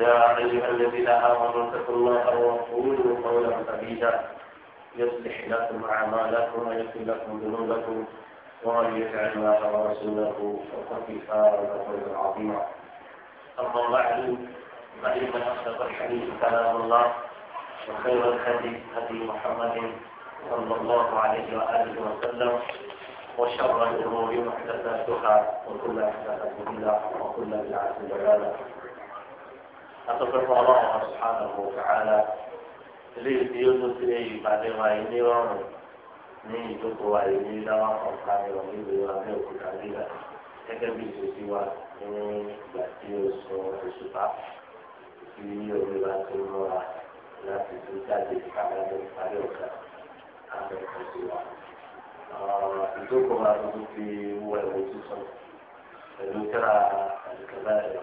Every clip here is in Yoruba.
يا أيها الذين آمنوا اتقوا الله وقولوا قولا سديدا يصلح لكم أعمالكم ويغفر لكم ذنوبكم ومن يطع الله ورسوله فقد فاز فوزا عظيما أما بعد فإن أصدق الحديث كلام الله وخير الهدي هدي محمد صلى الله عليه وآله وسلم وشر الأمور محدثاتها وكل محدثة بدعة وكل بدعة ضلالة أتفرق الله سبحانه وتعالى eléyìí tí yóò tó sílẹ̀ yìí ìpàdé wa yìí ní rọrùn ní ìjókòó wa yìí ní dáwà kọ̀ọ̀kan ìwà nílò ìwà ní òkúta lílà gẹ́gẹ́ bí ìṣesí wa ní ìgbà tí ó sọ òṣùpá tí omi bá tó múra láti tó jáde kára ní ìparí ọ̀gá àbẹ̀kọ̀ sí wa. ìjókòó wa ló fi wúwo ẹ̀wọ̀ sísọ pẹ̀lú kíra àdìkẹ́lá ẹ̀rọ.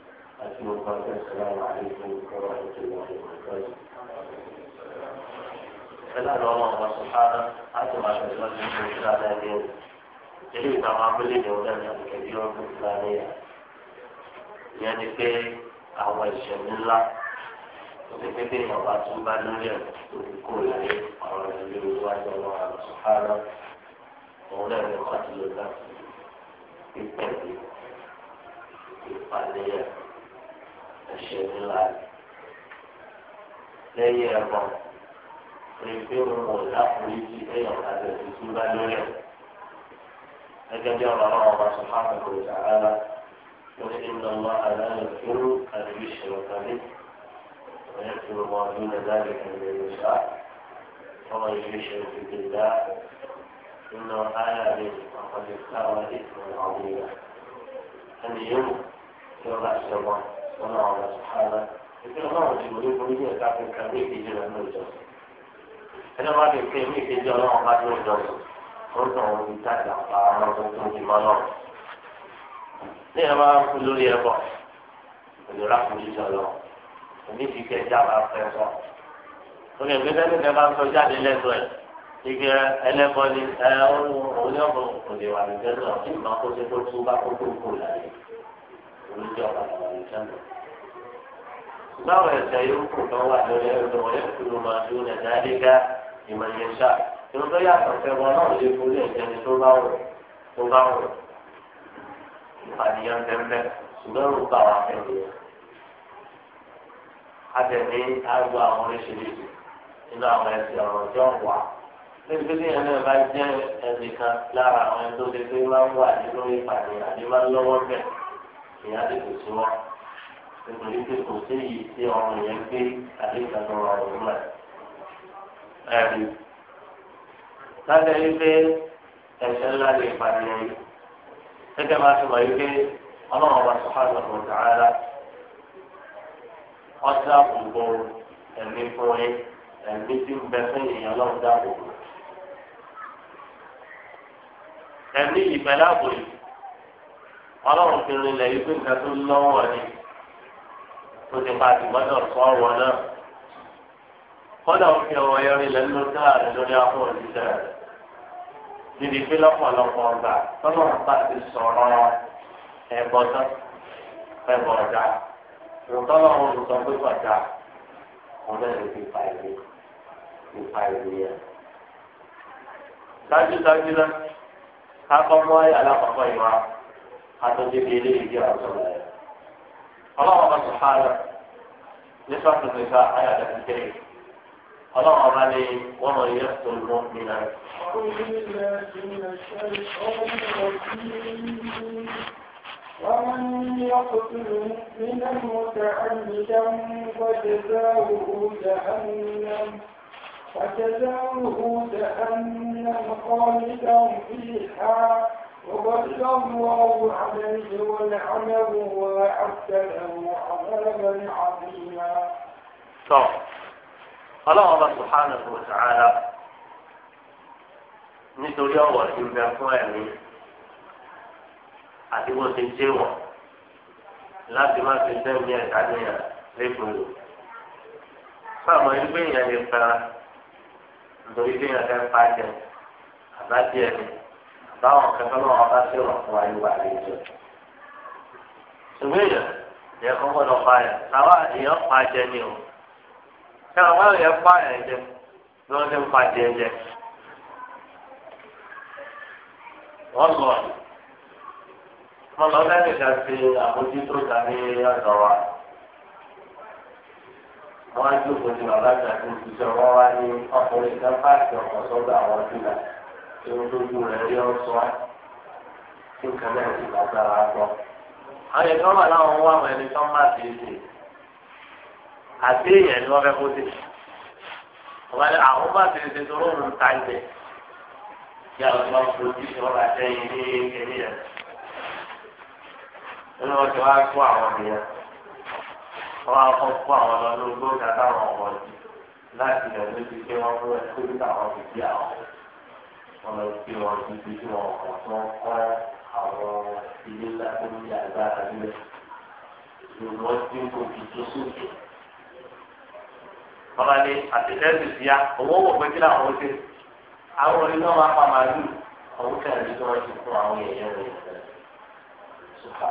المقاطع السلام عليكم ورحمة الله وبركاته سلام الله سبحانه أتوا على جلال المشكلة هذه إلي تعاملي لأولاد الكبير والإسلامية يعني في أول الشملة وتكتب مقاطع بانوية وكل عليه أرى النبي صلى الله عليه وسلم أولاد قتل النفس بالتدريب بالقانية ẹ̀ṣẹ̀ ńlá lẹ́yìn ẹ̀kọ́ pèpè òun ò láforíjì lẹ́yìn ọ̀gá rẹ̀ tuntun bá lórí ẹ̀. gẹ́gẹ́ bí ọ̀rọ̀ àwọn ọba sọ fáwọn ẹ̀kọ́ ìtàlára ó ní ìlànà àlàyé fúrú àdébí ṣẹlẹ̀ kàlẹ́ wọ́n ti rọ̀ wọn ní nàìjíríà kẹ̀lẹ́ ìṣá ọmọ ìlú ìṣẹ̀lẹ̀ fìdí dá nínú ayé àlẹ́ ọ̀pọ̀lọpọ̀ àwọn ìtàn àwọn ìlú ẹni yóò tí ó bá ṣe wọn. ọlọ́run bá lè pè ní ìkejì ọlọ́run bá lórí ìjọsìn ó tàn wọn ní tájà pa ọlọ́run tó tó ti mọ́ lọ́run ní ẹ̀ máa ń kú lórí ẹ̀kọ́ òdòrà kò ní jọ lọ òní fi kẹjá máa fẹ́ sọ òní ìgbésẹ̀ máa ń sọ jáde lẹ́sọ̀ ẹ̀ ike ẹlẹ́bọ ni ẹ òní ọ̀pọ̀ òdè wà ní kí n kó ṣe kó tún bá kó tó kó láyé òní lọ àlùjáde. báwo ẹ̀sẹ̀ yòókù kan wà lórí ẹ̀rọ wọlé kúrò máa dúró nà dáadéka ìmọ̀ yẹn ṣá ìwọ́n tó yàtọ̀ sẹ́wọ́n náà lè forí ẹ̀jẹ̀ ni tó bá wọ̀ tó bá wọ̀ ìpànìyàn tẹ́lẹ̀ ṣùgbọ́n ó bá wa tẹ̀lé yẹn. àtẹ̀lé àgbo àwọn oríṣiríṣi nínú àwọn ẹ̀sìn ọ̀rọ̀ lára àwọn ẹni tó ṣe pé máa ń wà nínú ìpàdé àbí lọ́wọ́ bẹ̀ ìyá ti kò sí wọn nítorí pé kò sí èyí tí ọmọ yẹn gbé àdéhùn ọ̀rọ̀ rẹ̀. ẹ̀rí lábẹ́ wípé ẹ̀ṣẹ̀ ńlá lè pàdé yìí gẹ́gẹ́ bá ti mọ̀ wípé ọlọ́run ọba sọ́kàtà kò dára ọjà gbogbo ẹ̀mí fún yín ẹ̀mí tí ń bẹ fún èèyàn ọlọ́run dáàbò bò. ẹ̀mí ìbẹ̀láàbò yìí ọlọ́run fi pé nǹkan tó lọ́wọ́ ni tó ti pa sọ ọ̀rọ̀ náà kọ́dà ó fi ọ̀rọ̀ yọrí lẹ́nu lórí afọ òṣìṣẹ́ rẹ̀ níbi pé lọ́pọ̀lọpọ̀ ọgbà tọ́lọ̀ bá ti sọ̀rọ̀ ẹ̀bọ̀ tán ẹ̀bọ̀ ọ̀dà òtọ́lọ̀ olùsọ pé bọ̀dà ọ̀dà lè fi pa ìwé ìpa ìwé yẹn. dájúdájú náà ká kọ́ mọ́ àyà alákọ̀ọ́kọ́ ìwà àtọ́jú ilé ìdí àwọn sọ̀rọ̀ yẹn. فلوما الصحابة نسبة النساء حياة الكريم اللهم علي ومن يقتل مؤمنا ومن يقتل مؤمنا متعمدا فجزاؤه جهنم فجزاؤه جهنم خالدا فيها الله عليه ولعنه وأعد له عذابا عظيما طب الله سبحانه وتعالى nítorí ọ̀wọ̀ tí ń bẹ fún ẹ̀mí àti bó ti jẹ́ wọ̀ láti má fi dẹ́mi ẹ̀ka níyà lẹ́gbẹ̀rún. fáwọn ẹgbẹ́ yẹn lè fẹ́ra nítorí bí yẹn fẹ́ pa jẹ àbájẹ táwọn kankan ọba sí ọ̀rọ̀ fún wa yóò wà lẹ́yìn tó. ṣùgbọ́n èèyàn yẹ kó gbọ́dọ̀ pa ẹ̀ táwa èèyàn pa jẹ ni o. ṣé àwọn èèyàn pa ẹ̀ jẹ ni wọ́n ti ń pa jẹ jẹ. wọ́n lọ wọ́n lọ lẹ́yìn ká àbójútó tàbí ọ̀dọ̀ wa. wọ́n á jókòó ní bàbá àgbà tó ti sọ wá ní ọkùnrin kan pàṣẹ ọ̀pọ̀ sọ́dọ̀ àwọn jùlọ ìwọ gbogbo rẹ̀ yọ sọ ẹ́ tí nǹkan náà ti lágbára gbọ́. àwọn èèyàn wà láwọn wá àwọn ẹni tó ń ti ṣe àti èèyàn ni wọ́n fẹ́ kó dé. ọ̀gá ni àwọn bá ti ṣe tó lóun ta ibẹ̀ kí àwọn ọmọ fojú ṣe wọ́n bá tẹ́ ní ẹni yẹn. nínú ọjọ́ wa kó àwọn ènìyàn wọ́n á kọ́ kó àwọn lọ lóògbé òkè àtàwọn ọ̀pọ̀ láti lọ lójú pé wọ́n mú ẹ kó dé àwọn òbí àwọn wọn lọ wọn títí tí wọn kàn tí wọn kọ́ àwọn ilé ńlá tó ní àgbára nílẹ̀ ìlú wọn tí kò fi tó sókè. bàbá ní àtẹ̀lẹ́sì sí ya owó wò pé kí làwọn ó ṣe àwọn orin náà máa pa màálù àwọn kẹrin wọn ti fún àwọn èèyàn rẹ sùkà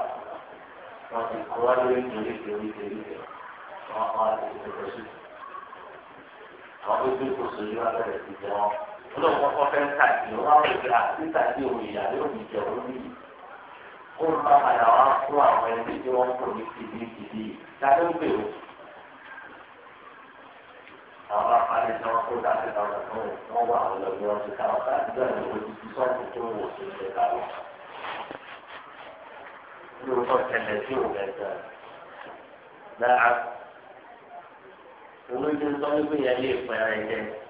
wọn ti kọ wá lórí torí torí torí rẹ wọn kọ àti ìdókòsí àwọn tó dókòsí yóò abẹ́rẹ́ ti jẹ wọn olóòwò kọ́kọ́ fẹ́ ń tàbí wọ́n á pèsè àtúntà ti káwọn bá dídá ní ojú tí sọ́ọ̀tù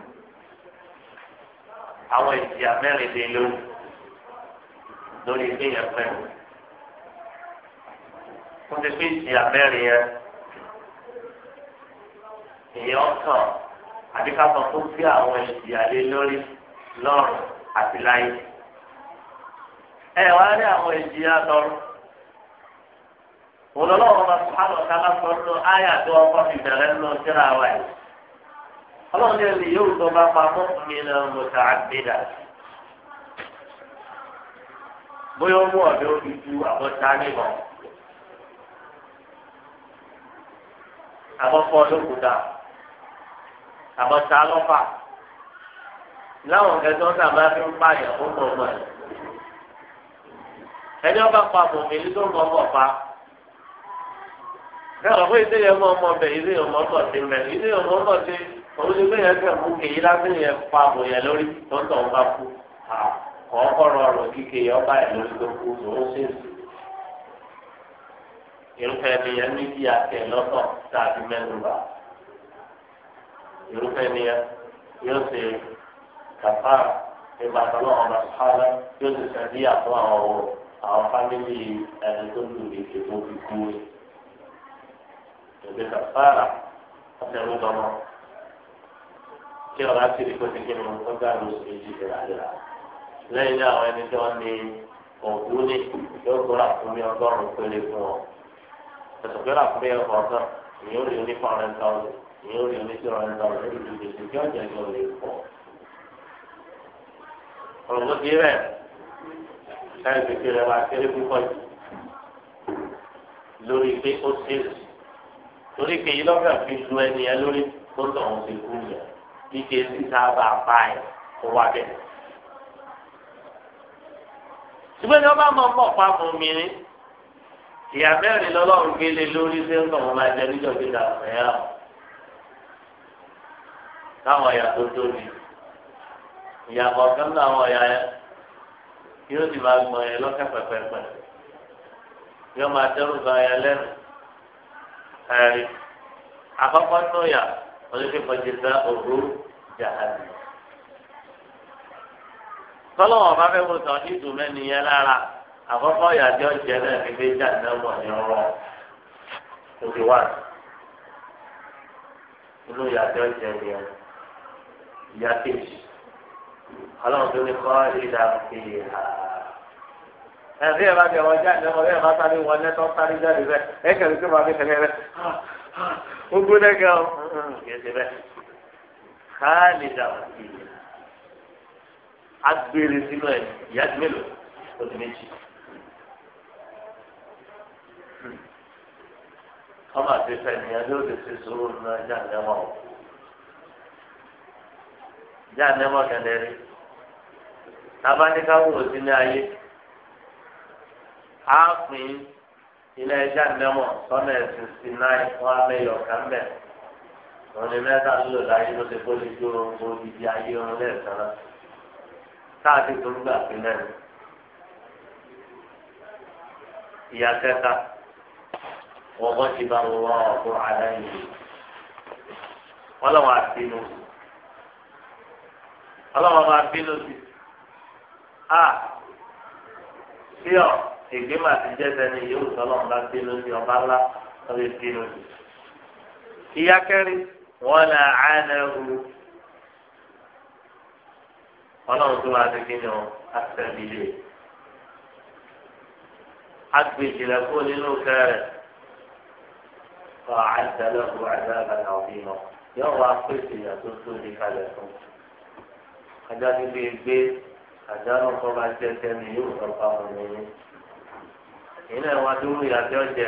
àwọn ìjìyà mẹ́rìndínlógún lórí kéèyàn pẹ́ wọ́n ti pín ìjìyà mẹ́rin yẹn èèyàn kàn àbí ká sọ fún bí àwọn ìjìyà lé lórí lọ́rùn àti láyé ẹ wá rí àwọn ìjìyà lọ́rùn olólùwọ́n bá sùn àlọ́ ká lásán lọ áyà tó ọkọ̀ ìbẹ̀rẹ̀ lọ síra wa yìí ọlọ́run ní ẹni yóò tó bá pa mọ́kùnrin mọ̀tà àgbéga bóyá ó mú ọ̀dọ́ òbí ju àbọ̀tá níbọn àbọ̀fọ́ lókùtà àbọ̀tá lọ́fà láwọn kẹtọ́ sábà fi ń pààyàn ó mọ̀ mọ̀ ẹ̀ ẹni ọba pa mọ̀mìlì tó mọ̀ mọ̀ pa ẹ ọ̀pọ̀ ìdíyẹ mọ̀ mọ̀ bẹ̀ ìdíyẹ mọ̀ mọ̀ sí mẹ́ ìdíyẹ mọ̀ mọ̀ sí òun ti gbẹ̀yẹ̀ fẹ́ mú kéyí lásán yẹn pa àbò yẹn lórí tó ń tọ̀ bá kú àkọ́kọ́ rọrùn kíkè yẹn ọba yẹn lórí tó kú lòún ṣe é irúfẹ́ ni yẹn ní kí a tẹ̀ lọ́tọ̀ tàbí mẹ́nuba irúfẹ́ ni yẹn yóò ṣe kàfà ìbátan náà ọ̀nà sùpàdà yóò ṣe sẹ́díyà fún àwọn ọ̀rọ̀ àwọn fámìlì ẹni tó lù ní ètò ìkú rẹ̀ tí ọba ti rí kóso kí ni mo tó gbàgbé oṣù méjì lè ràdìrà lẹ́yìn náà àwọn ẹni tí wọn ní òkú ní yóò gbọrọ fún mi ọgọ́rùn péré fún ọ ẹsùn gbọrọ fún mi ọgọ́rùn ìyẹn ò lè ní fún ọ̀rẹ́ ńlá ọ̀rẹ́ ìyẹn ò lè ní sí ọ̀rẹ́ ńlá ọ̀rẹ́ ìlú gbèsè kí ọjà yóò lè pọ̀. ọ̀rọ̀ ti rẹ̀ ẹ̀ gbèsè rẹ̀ wá é lórí pé kíkẹ́ síta bá a bá yẹn kó wá bẹ́ẹ̀. ṣùgbọ́n ní wọ́n bá mọ̀ mọ̀ pa mọ̀ mi ni ìyá mẹ́rin lọ́lọ́run gbélé lórí ṣé ń tọ̀wọ́n máa jẹ níjọ́ gbéra ẹ̀yà káwọn ẹ̀yà tó tóbi ìyá kọ̀ọ̀kan náà àwọn ẹ̀yà yẹn yóò sì máa gbọ̀n yẹn lọ́kẹ́ pẹ̀pẹ̀pẹ̀ yóò máa dẹ́rù bá yẹn lẹ́nu àkọ́kọ́ nù yà onífífọ́ jẹ́sà òru jahanna. tọ́lọ́wọ́ bá fẹ́ kó sọ ìdù mẹ́ni yẹn lára àkọ́kọ́ ìyàjọ́ jẹ́ náà ní pé jáde náà ní ọ̀rọ̀ òkè wà inú ìyàjọ́ jẹ́ ni ọ ìyá kejì ọlọ́run tó ní kọ́ ìdá ìhà ẹ̀sìn ẹ̀ bá bẹ̀ wọ́n jáde náà wọ́n bẹ́ẹ̀ bá sáré wọn lẹ́tọ́ sáré jáde bẹ́ẹ̀ ẹ̀ kẹ̀lé tó máa fi tẹ̀lé rẹ̀ gbogbo dẹgẹ o gẹ̀ẹ́sì bẹ́ẹ̀ káàlì dàrú agbèrè sínú ẹ̀ ìyá mélòó oṣù méjì. ọmọ àti fẹmi ẹni ó lè fi sòrò náà já nẹmọ o já nẹmọ kẹlẹ rí tabaníkà wò ayé á ilé ẹja nẹ́mọ̀ sọ́nà ẹ̀sìn sí náì wọ́n á mẹ́yọ̀ kánbẹ̀ wọ́n ní mẹ́ta lò láyé ló ti kó lè jó ohun tó di di ayé ohun lẹ́ẹ̀kan náà káàdì tó ń gbà pé lẹ́nu. ìyá kẹta wọ́n bọ́ ti bá wọn wọ́n ọ̀gbọ́n aláìní wọ́n lọ́wọ́ àbínú ọlọ́wọ́ máa bínú sí a sí ah, ọ ègbé máa ti jẹ́ sẹ́ni yóò sọ́lọ́ ńlá bínú sí ọba ńlá lórí bínú sí. ìyá kẹrin wọn là á nà ẹrù ọlọ́run tó wá sí kí ni ọ àtẹ̀lélẹ̀ agbèjìlẹ̀ kó nínú kẹrẹ ọ̀ àtẹlẹ̀ kó àtẹlẹ̀ kó àbí mọ́ yóò wá pèsè ìyàtọ̀ tó di kalẹ̀ fún ajá níbi gbé àjálù kọ́ bá jẹ́ sẹ́ni yóò sọ fáwọn ọmọ èyí náà wá dúró ìyá tí ó jẹ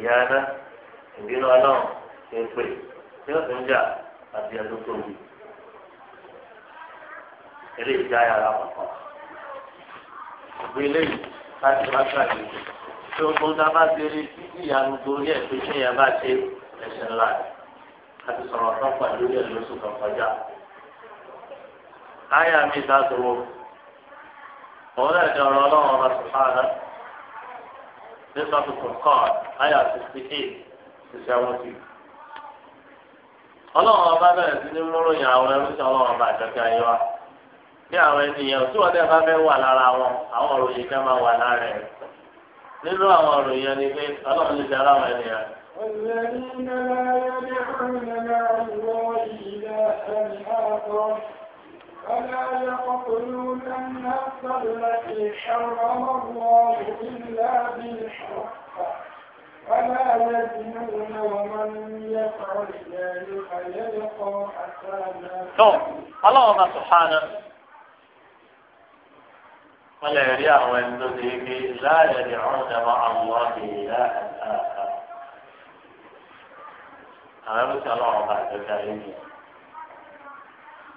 ìyá ẹ̀dá ìbínú ọlọ́run ti ń pè tí ó sì ń jà àti ẹ̀dùn tó wù. eléyìí já yàrá pàpà ògbé eléyìí láti wá sàgbé tí ó gbóná bá ti rí títí ìyanu torí ẹ̀ pé ṣé ìyá bá ṣe ẹ̀ṣẹ̀ ńlá rẹ̀ àti sọ̀rọ̀ lórí ẹ̀ lóṣù tó kọjá. Aya mi ta sọ̀rọ̀, òun náà ni ọ̀rọ̀ ọlọ́run ọba sùpáàdà nípa tuntun kan àyà sixty eight sí seventy. ọlọ́run ọba bẹ̀rẹ̀ sí ní múròyìn àwọn ẹrú sí ọlọ́run ọba àjọkẹ́ ayé wa bí àwọn ènìyàn tí wọ́n dẹ́ bá fẹ́ wà lára wọn àwọn òròyìn kan máa wà lára ẹ̀ nínú àwọn òròyìn ẹni pé ọlọ́run ló ti ara àwọn ènìyàn. الذين الله إلها آخر ولا يقتلون النفس التي حرم الله إلا بالحق ولا يزنون ومن يفعل ذلك يلقى حسنا الله سبحانه wọ́n lè rí àwọn ẹni tó ti gbé láàyè ní ọ̀dàmọ́ àwọn ìlà àtàkà àwọn ẹni tó ti ọlọ́run bá àjọjà yìí nìyẹn.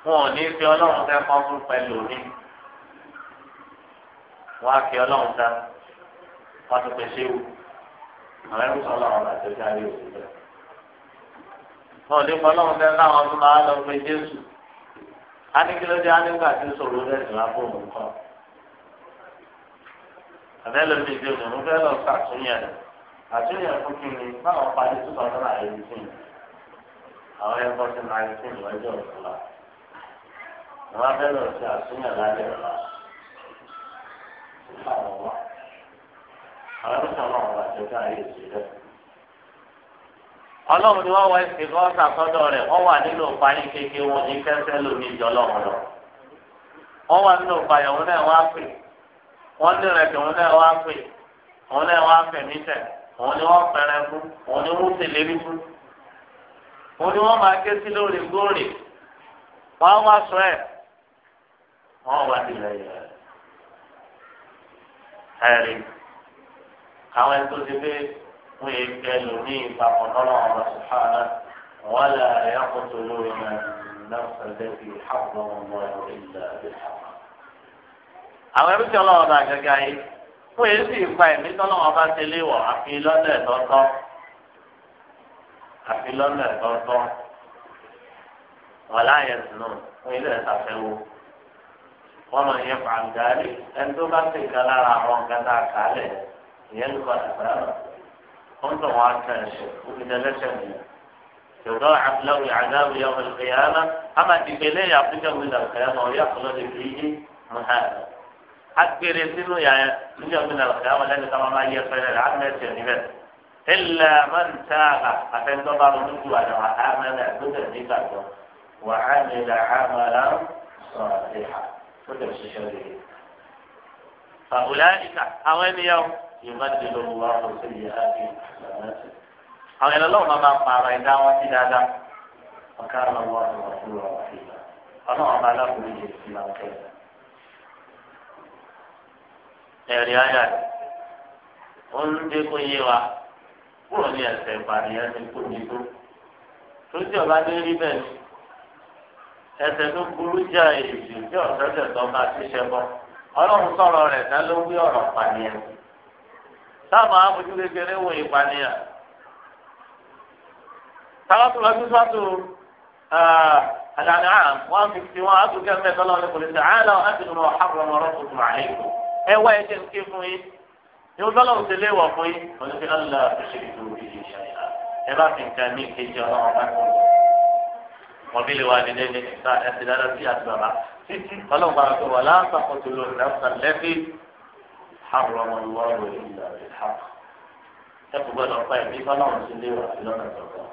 wọn ò ní fi ọlọ́run fẹ́ kọ́ fún pẹ̀lú mi wọn á fi ọlọ́run fẹ́ wọn ti pèsè wù àwọn ẹrú sọ lọ́wọ́ àti ọjà rí òkú rẹ̀ wọn ò ní fi ọlọ́run fẹ́ láwọn tó máa lọ pé Jésù anikilode anigba ti sọ̀rọ̀ rẹ̀ ní abóhùn nǹkan àbẹ́lẹ̀ mi ti ọ̀nà fẹ́ lọ sàtúnyẹ̀ àtúnyẹ̀ fún kí ni báwọn parí tó sọ̀rọ̀ náà èyí sí àwọn ẹ̀kọ́ sí náà èyí sí ìwájú ọ̀sán àwọn abẹ́rẹ́ ọ̀sẹ̀ àtúnyàn lálẹ́ ọ̀la àwọn tó sọ̀rọ̀ àwọn àjọká ayé ìṣẹ̀lẹ̀. ọlọ́run ni wọ́n wá ẹsẹ̀ kí sàkọ́dọ̀ rẹ̀ wọ́n wà nínú ìparí kékeré wọn ní kẹ́sẹ́ lómi ìjọlọ́run lọ. wọ́n wà nínú ìpayà náà pè wọ́n ní náà pè náà wọn wá sí lẹ́yìn rẹ̀ ẹ̀rí àwọn ẹni tó ti pé wọn yẹ kí ẹlòmíì papọ̀ lọ́nà ọ̀rọ̀ sùpàdà wọn là yàkóso lórí náà lọ́sọ̀dẹ́ fi hàbọ̀ ọmọ ẹ̀rọ ìlà rẹ̀ hàbọ̀. àwọn ẹbí tí ọlọ́run náà gẹ́gẹ́ ayé wọn yẹ sì pa ẹ̀mí tọ́lọ́wọ́n bá ti léwọ̀ àfi lọ́nà ẹ̀tọ́tọ́ àfi lọ́nà ẹ̀tọ́tọ́ wọn láyẹ̀ sùn náà wọn yẹ ومن يفعل ذلك أن تبقي كلا رعون كذا كاله يلقى أسرار كنت معاكا الشيء وإذا لشني يضاعف له العذاب يوم القيامة أما تكلي يعطيك من القيامة ويخلد فيه مهانا حتى يرسلوا يا من القيامة لأن تمام ما خير العامة تنبت إلا من تاغى أتن تبار نجوى وآمن بدر نكاته وعمل عملا صالحا ó lè ṣiṣẹ́ rẹ̀. fàwùláìkà àwọn ènìyàn yóò bá dé lóru wá kó sí ìyá àti ìgbàlódé. àwọn ènìyàn lọ́wọ́ máa pa ara ìdá wọn sí dáadáa. ọ̀ká àwọn ọmọ ọmọ fún wa wà sílá ọlọ́run bá alákùnrin yìí sí máa ń ẹ̀rí ayà rẹ̀ ó ń dé kó yé wa kúrò ní ẹ̀sẹ̀ ìpànìyàn ti kó ní tó. tó tí ọba dé rí bẹ́ẹ̀ ni ẹsẹ̀ tó burú jẹ́ èyí tí ọ̀sẹ̀sẹ̀ tó bá ṣiṣẹ́ bọ́ ọlọ́run sọ̀rọ̀ rẹ̀ dá ló wí ọ̀rọ̀ pànìyàn táwọn abojú kékeré wò ìpànìyàn táwọn tó lọ sí sọ́tù àdàdà one fifty one àtúnkẹ́ mẹ́tọ́ lọ́wọ́ ní polisi àádọ́ àtúnkẹ́ mọ́ àbúrò mọ́ ọ̀rọ̀ tuntun àlejò ẹ wá ẹjẹ ń fún yín ní ọlọ́run ti léwọ̀ fún yín ọlọ́run bá tó mọ̀bílì wa nílé ní ká ẹsẹ̀ dáadáa sí àgbàrá títí ọlọ́run bá tó wà láǹfààní tó lò nàfà lẹ́bí àrùnmọ̀lọ́rọ̀ ìlà ìhà ẹ̀kọ́ gbọ́dọ̀ pa ẹ̀mí fọlọ́run sí ilé wa lọ́nà tọ̀tọ̀.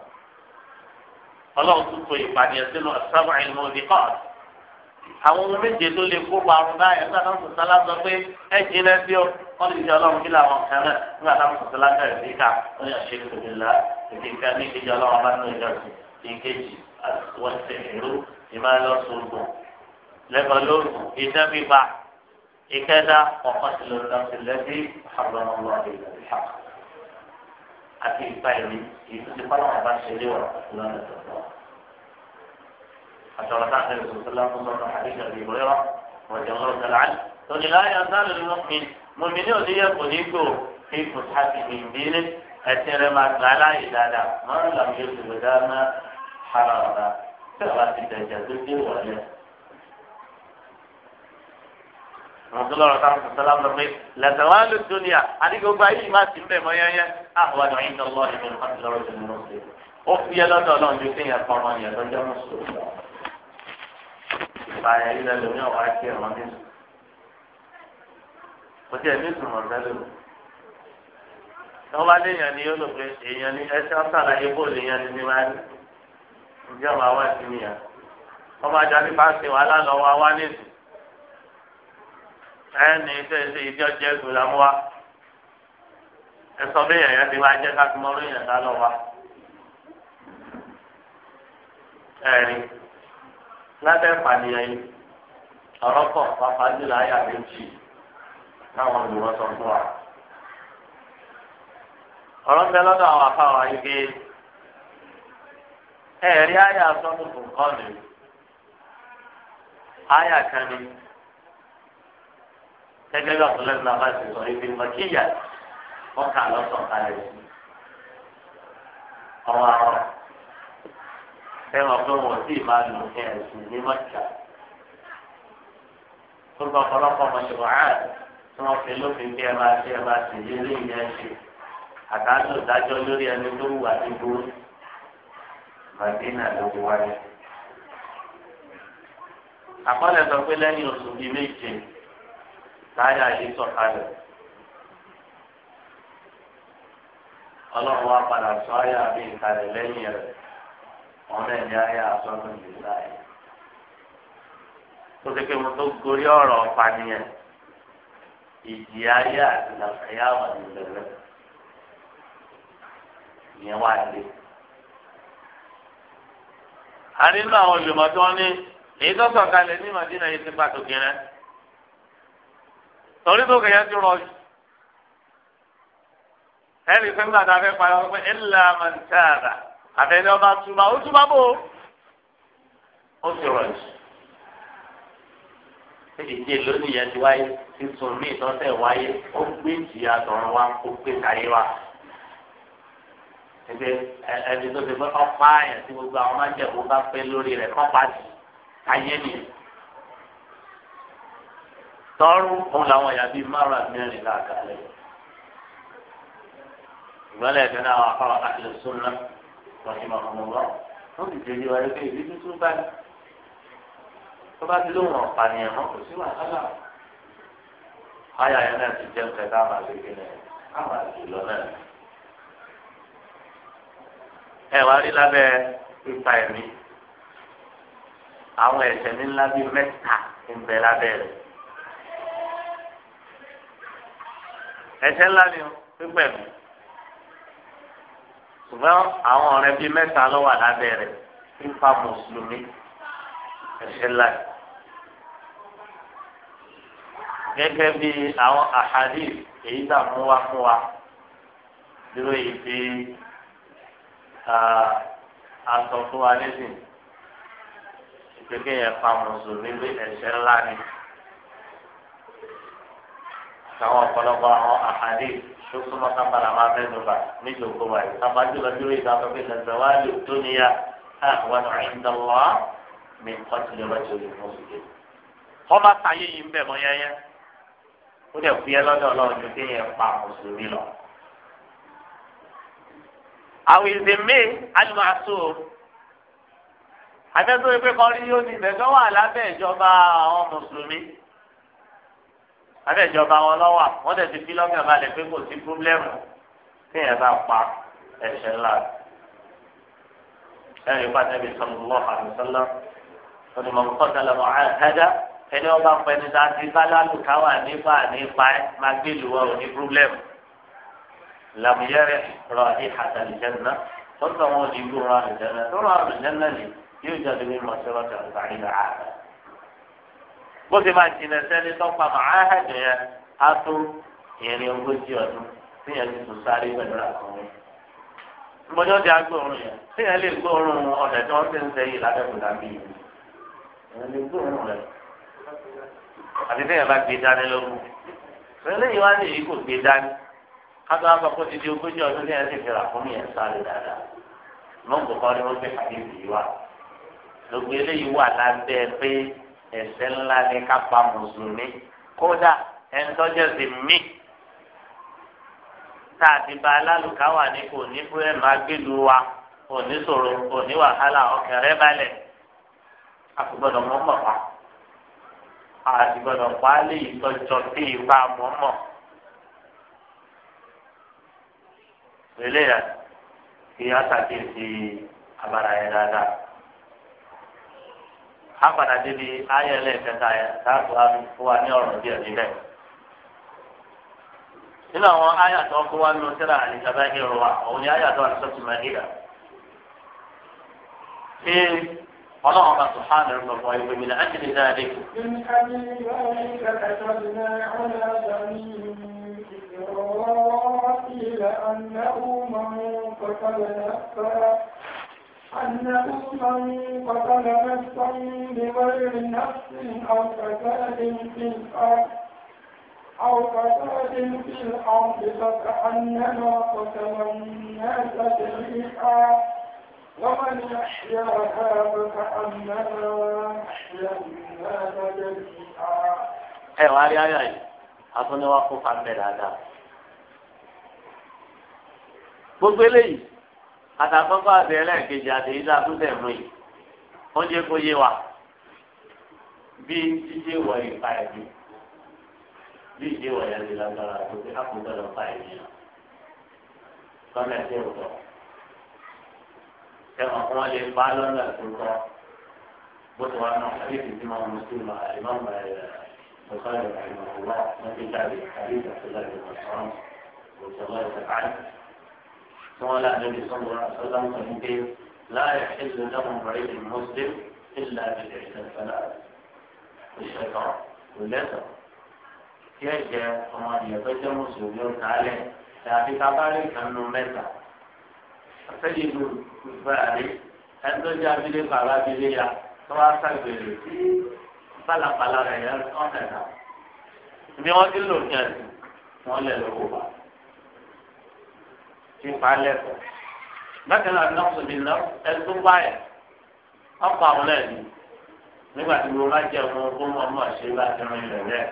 ọlọ́run tún tó ìpàdé sínú sábà ìlú nìkan àwọn ohun méje tó lè kó parun báyìí nígbà táwọn sọ̀tàlá sọ pé ẹ jìnnà sí ọ wọn lè jẹ ọlọ́run kí làwọn kan náà nígbà táwọn sọ̀tàlá bẹ̀rẹ̀ sí ká wọn yà ṣe kòkòrò lá èdè ní ìdíjọ ọlọ́run bá tó ìjọ sí والسحر بما لا صلب لبلور إذا ببع إكذا وقتل النفس الذي حرم الله إلى الحق أكي فايري يسوس فلا أبا شري ورحمة الله حتى الله تعالى صلى الله عليه وسلم حديث أبي هريرة رضي الله تعالى عنه تقول لا يزال المؤمن مؤمنه ذي يقوليكو في فتحة من دينه أتنى ما تعالى إلى ما لم يصب دارنا harara tí a bá ti dẹ̀jẹ̀ tó dé wọlé. Rasulullah sallallahu alaihi wa sallam pe lẹsẹwàá ló dúnìá adigunba yìí má ti bẹ mọ yẹnyẹ àwọn àdùn yìí lọ́wọ́ ìlú ìfàtí lọ́rọ̀ ìlú mọsẹ ó fi yẹ lọ́dọ̀ náà ju kéèyàn fọmọ yẹn lọ́jọ́ mùsùlùmí. ìbáyà ilẹ̀ lómi ọ̀wá kí ẹ̀rọ ní sùn. ni yóò lò pé èèyàn ni ẹ̀ṣẹ́ ọ̀sán àlàyé bóòlù èèyàn ni ní eh, máa ìdí ọmọ àwa ti nìyà ọmọ àjọ nípa ṣe wàhálà lọ́wọ́ àwa nìsí ẹni iṣẹ́ iṣẹ́ ìdí ọjọ́ ẹgbẹ́ la mú wa ẹsọ bẹ́ẹ̀ yẹn ti wá jẹ́ ká fi mọ́rọ́ yẹn dá lọ́wọ́ ẹ̀rí lábẹ́ ìpànìyàn yìí ọ̀rọ̀ pọ̀ pàápàá jùlọ àyà méjì táwọn olùwọ́sọ fún wa ọ̀rọ̀ ń àwọn afáwọn ayé bíi. ẹ̀rí àyà sọ́nù kò kọ́ ni àyà kan ni gẹ́gẹ́ bí ọ̀sán lẹ́nu làbá ti sọ ibi mọ̀kíyà ọkà lọ́sàn kalẹ̀ sí ọwọ́ àwọn ẹ̀wọ̀n pé wọ́n sì máa lò ní ẹ̀sùn ní mọ̀kíyà tó ọ̀pọ̀lọpọ̀ mọ̀ṣẹ̀wọ̀ ààrẹ tí wọ́n fi lófin bí ẹ máa ṣe ẹ máa ìyẹn ṣe àtàlù ìdájọ́ lórí ẹni tó wù màdínà ló ti wáyé. àkọọ́lẹ̀ sọ pé lẹ́yìn oṣù bíi méje táyà yìí sọ̀kalẹ̀. ọlọ́run wa padà sọ àyà bíi ìkàlẹ̀ lẹ́yìn rẹ̀ ọ̀nà ẹ̀mí àyà sọ́dún yìí láàyè. tó ti pé mo tó gorí ọ̀rọ̀ ọ̀pá nìyẹn ìjì ayé àti làkàyà wà nílẹ̀ rẹ̀ ìyẹn wà lé a nínú àwọn olùmọ̀ tí wọ́n ní èyí tó sọ̀ kalẹ̀ ní Madina yìí ti pàtó kìnnà torí tó kẹ̀yẹ́ ti rọ̀ yìí ẹ̀rí fẹ́ nígbà tá a fẹ́ parí wọn pé ẹ̀là máa ń tẹ́ àdá àfẹ́ni ọba túmọ̀ ó túmọ̀ bò ó ti rọ̀ yìí ìdíje lónìí yẹn ti wáyé títún míì tọ́tẹ̀ wáyé ó gbé ìjìyà tọ̀run wa ó gbé káyé wa ẹgbẹ́ ẹni tó ti pé ọ̀pá àyàn tí gbogbo àwọn máa ń jẹ̀bú bá pé lórí rẹ̀ kọ́pá sí ayé ni. tọ́rù òun làwọn ìyá bíi márùn àmìrin làkà lẹ́yìn. ìgbọ́lẹ̀ ẹ̀dẹ́ náà wà fáwọn àkìlẹ̀ sọ́nà lọ́yìn ọ̀hún lọ. wọ́n ti jẹ́ ìwà ẹgbẹ́ ìbí tuntun báyìí. tó bá ti lóhùn ọ̀pá ni ẹ̀hán kò sí wàhálà. ayà yẹn náà ti jẹ́ kẹta àmàlẹ́ ẹ wá rí lábẹ́ ipa ẹ̀mí àwọn ẹ̀ṣẹ̀ ní ńlá bíi mẹ́ta ń bẹ lábẹ́ rẹ̀ ẹ̀ṣẹ̀ ńlá ni pípẹ́ mi ṣùgbọ́n àwọn ọ̀rẹ́ bíi mẹ́ta ló wà lábẹ́ rẹ̀ pípa mùsùlùmí ẹ̀ṣẹ̀ ńlá gẹ́gẹ́ bíi àwọn àhàdí èyí tá mú wá fún wa dúró yìí bíi aṣọ fún wa nísìn ìpínlẹ̀ yẹn pa mùsùlùmí bí ẹ̀ṣẹ̀ ńlá ni àwọn ọ̀pọ̀lọpọ̀ àwọn àhàdé tó súnmọ́ kápálà máa fẹ́ nùbà níjókòó wa yìí sábà jùlọ dúró ìdáfẹ́ pé lẹ́sẹ̀ wá lè tó níyà àwọn ọ̀rẹ́dá lọ́ mi kọ́ tilẹ̀ wájú rẹ̀ mọ́sùlùmí. wọ́n bá ta yé yìí mọ́ yẹ́yẹ́ ó dẹ̀ fúyẹ́ lọ́dọ̀ ọlọ́run ju kéèyàn pa mùsùlùmí lọ àwọn ìzèmé alimọ̀tò àtẹ́tọ́ ìpè kan rí yóò ní ìbẹ̀gbẹ́ wà lábẹ́ ìjọba àwọn mùsùlùmí lábẹ́ ìjọba wọn lọ́wọ́ wọ́n tẹ̀ ti fi lọ́kàn balẹ̀ pé kò sí pírọ́blẹ́mù téèyàn bá pa ẹ̀ṣẹ̀ ńlá ẹ̀rí pàtẹ́bí sallallahu alaihi wasallam onímọ̀ kọ́tàlá mọ̀ àdáda ẹni ọba pẹ̀lú dáadé bá lálùkáwà nípa nípa máa gbé lùwọ́ òní pírọ́blẹ́mù làmúyẹ́rẹ́ rọ ìhàtà ìjẹ́nà tó ń tọ́wọ́ di gbó rọ ìjẹ́nà tó rọ ìjẹ́nà ni yóò jáde ní mọ̀ṣẹ́lọ́tà ìbàdàn àhà. bó ti máa jìnà sẹ́ni tó pa màá hàjẹ́ yẹn á tó ìrìn ogójì ọdún tí yẹn ti tún sáré pẹ̀lú àkọ́wé. ìmọ̀jọ́ di agbóhùn yẹn tí yẹn lè gbóhùn ọ̀dẹ̀ tí wọ́n ti ń sẹ́yìn lábẹ́kùnrin àbí yìí. ìyẹn lè gbóhùn rẹ̀ àti tí yẹn bá gbé dání lógún. ìrẹ́lẹ́yìn wá ní èyí kò gbé dání kátó wá sọ pé títí ogójì ọdún ní ẹsẹ̀ fìlà fún mi ẹ̀ sáré dáadáa mọ́n kò kọ́ ni wọ́n gbé hadith yìí wá gbogbo eléyìí wà lábẹ́ pé ẹ̀ṣẹ̀ ńlá ni ká pa mùsùlùmí kódà ẹ̀ńtọ́jọ́ sì mí tá a ti ba alálùká wà ní kò ní fún ẹ̀ máa gbélu wa kò ní sọ̀rọ̀ kò ní wàhálà ọkàn rẹ balẹ̀ a kò gbọ́dọ̀ pa á léyìí tọ́jọ́ sí ipa mọ́ pẹ̀lẹ́ yà kí á ṣàkíyèsí abala yẹn dáadáa. a padà débi ayẹlẹ kẹta yẹn láti wá fún wa ní ọ̀rọ̀ díẹ̀ níbẹ̀. nínú àwọn ayàtọ̀ kó wá ní oṣẹ́lá àdìgbàbá ìrò wa òun ni ayàtọ̀ àdìsọ́tù mẹ́gídà. ṣé ọlọ́run bá tún hàn lórí ọ̀pọ̀ ìwé mi náà ẹ̀jẹ̀ nígbà dé. ìkànnì ìwà ìkàkàtà ìlà ọ̀là àgbà mi ìrọ̀rọ̀. قيل أنه من قتل نفسا أنه من قتل نفسا بغير نفس أو فساد في الأرض أو فساد في الأرض فكأنما قتل الناس جميعا ومن يحياها فكأنما أحيا الناس جميعا. أيوة أيوة أيوة أظن وقوفا بلا gbogbo eléyìí àtàkọ́kọ́ àti ẹlẹ́ẹ̀kejì àti ìdá tó tẹ̀ mú yìí wọ́n jẹ́ kó yé wa bí jíjẹ́ wọ ìpa ẹ̀mí bí ìjẹ́ wọ ìyá ti lágbára tó fi àkùnkọ́ lọ pa ẹ̀mí náà lọ́nà ẹ̀sẹ̀ ọ̀tọ̀ ẹ̀wọ̀n kan lè bá lọ́nà tó tọ́ bó ti wà náà àbí ìdí máa mú sí ma ìmọ̀ mọ̀ ẹ̀ ọ̀sán ìrìn àjò wà wọ́n ti àbí ìdàkúdà wọn là níbi sọmọ àtọlá wọn ní pé láàyè ìlú lọ́wọ́ mọ̀rẹ́ ìlú mùsùlùm ìlà ìlú ìṣẹ̀fẹ̀lá ìṣẹ̀tọ̀ kò lẹ́tọ̀ kí ẹ jẹ ọmọ ìyẹ̀fẹ́ jẹ́ mùsùlùmí ó tààlẹ̀ tàbí kábàárẹ̀ ìkànnù mẹ́ta àfẹ́lẹ́ ìlú ìfẹ́ràdé ẹ̀ńtọ́jú abílé bàbá abílé ya tó wá sàgbèrè sí pálapàla rẹ̀ yẹn ọ̀tẹ̀ta bí wọ́n ti lò ní ẹ̀sìn wọ́n lẹ̀ lọ́wọ́ bàbá ti pa lẹ́kọ̀ọ́ bákan náà nọ́ọ̀sì mi lọ ẹtún báyẹ̀ ọkọ̀ àwọn náà ni nígbà tí mo bá jẹ ọmọ ogún ọmọ ṣe bá ti rìn rẹ̀ rẹ̀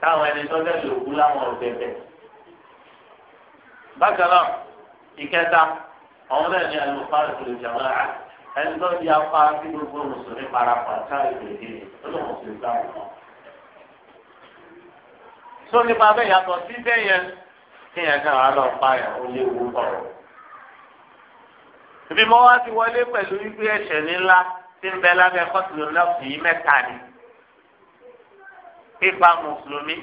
táwọn ẹni tó lẹ́sùn òkú láwọn ọ̀gẹ̀dẹ̀ bákan náà ìkẹta àwọn náà ni àlùfáà ìpìlẹ̀ ìjàmbá ẹni tó di apá tí gbogbo mùsùlùmí parapọ̀ káà ìgbèdè olóhùn sí ìgbà wọn. sọ nípa bẹ́ẹ̀ yàtọ̀ sí bẹ́ẹ̀ yẹn kéèyàn kan wà lọ pa yẹn ó léwu pọ̀. ibi mo wá ti wọlé pẹ̀lú wípé ẹ̀ṣẹ̀ ńlá tí ń bẹ lábẹ́ kọ́tùlù nọ́ọ̀sì yìí mẹ́ta ni. pípa mùsùlùmí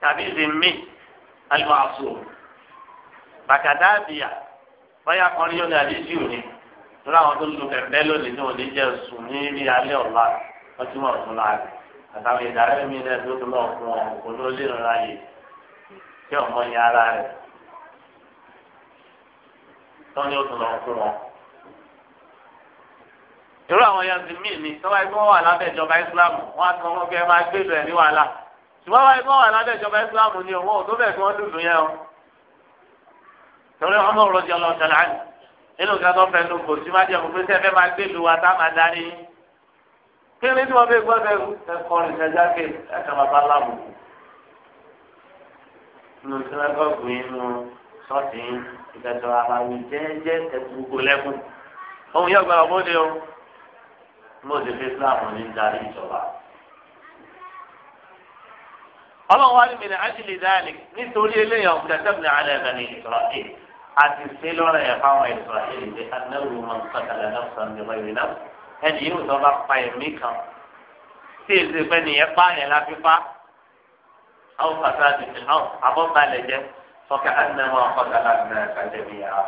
tàbí zimmi alimọ̀ àṣù bàtàdá àbíyà báyà kan ní yóò dàbí sí òní lórí àwọn tó lu kẹ̀kẹ́ lónìí ní òní jẹ́ sùn ní ní alẹ́ ọ̀la ọtí mọ̀ ọ̀tún láàrin àtàwọn ìdárẹ́ mi náà tó lọ́ọ̀ fún ọ tí ọmọ yẹn ara rẹ̀ tọ́ni ó tún lọ fún wọn. irú àwọn yẹn ti mí ni tọ́wọ́ ẹgbẹ́ wọn wà lábẹ́ ìjọba Islam wọn á tún wọn kẹ́ máa gbé ìlú ẹ̀ wàhálà ṣùgbọ́n wọn ẹgbẹ́ wọn wà lábẹ́ ìjọba Islam ni òun tó bẹ̀ kí wọ́n dùdú yẹn o. torí ọmọ òrò jẹ láàyè nínú ìgbà tó fẹ́ ló kò sí má jẹ́ kó pé sẹ́fẹ́ máa gbé ìlú wa tá máa darí nínú sinagogu yín nínú ṣọ́ọ̀ṣì yín ìgbàjọ aláwí jẹ́ẹ́jẹ́ ẹ̀dúgbò lẹ́kùn. ohun yóò gba ọmọdé o mo ti fi Islam ní darí ìjọba. ọlọ́run wá ní mi ní ájílì dáàlì nítorí eléyàn ọ̀gbẹ́sẹ̀mù ní alẹ́ ẹ̀fẹ́ ní Israel àti ṣe lọ́rọ̀ ẹ̀ fáwọn Israel ṣe anáwó wọn kọ́tàlẹ̀ náà ẹni yóò sọ bá pa ẹ̀mí kan tí èsì pẹ́ nìyẹn pààyàn láfífá àwọn fàtà àdìsí àwọn àbọ̀balẹ̀ jẹ́ fọkà ànàmọ́ ọ̀kọ̀tà láti náà kàjẹ́bí yà á.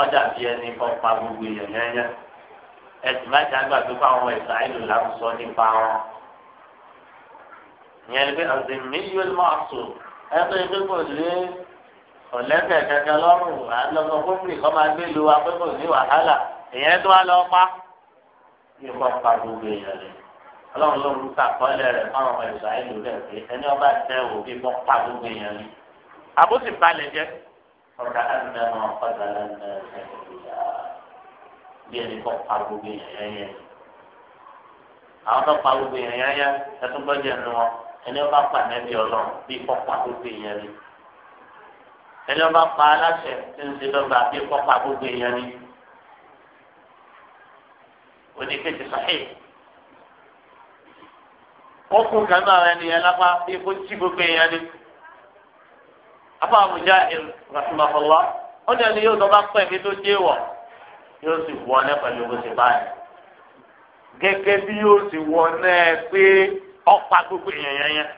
ọjà bí ẹni kọ́ pa gbogbo èèyàn yányá ẹ̀sìn má jà gbà tó fáwọn ẹ̀sà ìlú làwùsọ nípa wọn. ìyẹn ni pé ọ̀sìn mílíọ̀nù mọ́ọ̀sù ẹgbẹ́ ìgbẹ́ kò lé ọ̀lẹ́sẹ̀ kankan lọ́rùn àlọ́sọ fúnmi kọ́ máa gbé lu apẹ́kọ̀ọ́ ní wàhálà ìyẹn tó wá lọ pa. yóò kọ́ pa gbogbo èèyàn lẹ́yìn ọlọ́run ló ń sàkọọ́lẹ̀ rẹ̀ fáwọn ọmọ ìgbà ìlú rẹ̀ pé ẹni ọba tẹ òbí bọ́ pa gbogbo èèyàn ni. àbúsì balẹ̀ jẹ́. ọ̀gá àná ọ̀gá àná bí ẹni kọ́ pa gbogbo èèyàn yẹn yẹn. àwọn tó pa gbogbo èèyàn yẹn yẹn ẹtún gbọ́dọ̀ ẹnu wọn ẹni ọba pa nẹ́bí ọlọ́run bí kọ́ pa gbogbo èèyàn ni. ẹni ọba pa aláṣẹ tí ń ṣe lọ́gbà bí kọ́ pa gbogbo èèyàn ni. oníkejì sọ́hìn ó kún kan náà ẹni yẹn lápá ikú tí gbogbo èèyàn ni. afa abuja rahimahullah ó ní ẹni yóò dọ́gba pẹ́ mi tó dé wọ̀ yóò sì wọ ọ́nẹ́ pẹ̀lú bó ṣe báyìí. gẹ́gẹ́ bí yóò sì wọ ọ́nẹ́ pé ọ̀pá gbogbo èèyàn yẹn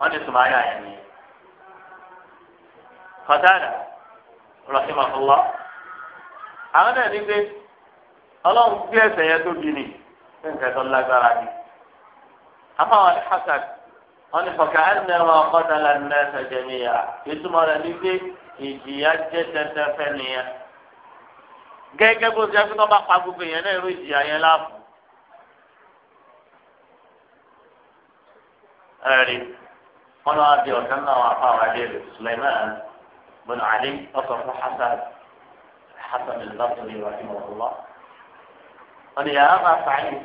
wọ́n ní sùnmọ́ ayé àyẹ̀ nìyẹn. kọ́tàdà rahimahullah àwọn náà ní pé ọlọ́run gbé ẹsẹ̀ yẹn tóbi ni nǹkan tó lágbára ni. àbáwọn ní hasan wọn ní fọkà ẹnìmọ ọkọdàlà mẹsàn jẹmíyà ìtumọ̀ rẹ̀ ní pé ìjìyà jẹ tẹtẹ fẹ nìyẹn gẹ́gẹ́ bó ṣe fi tọ́ bá pa gbogbo yẹn náà irú ìjìyà yẹn láàbù. ẹ̀rí wọn lọ́wọ́ di ọ̀sán náà wà fáwọn adéèrè Suleiman bin Ali ọkọ̀ fún Hasan Hasan al-Basri rahimahullah wọn ni yàrá bá sàáyìn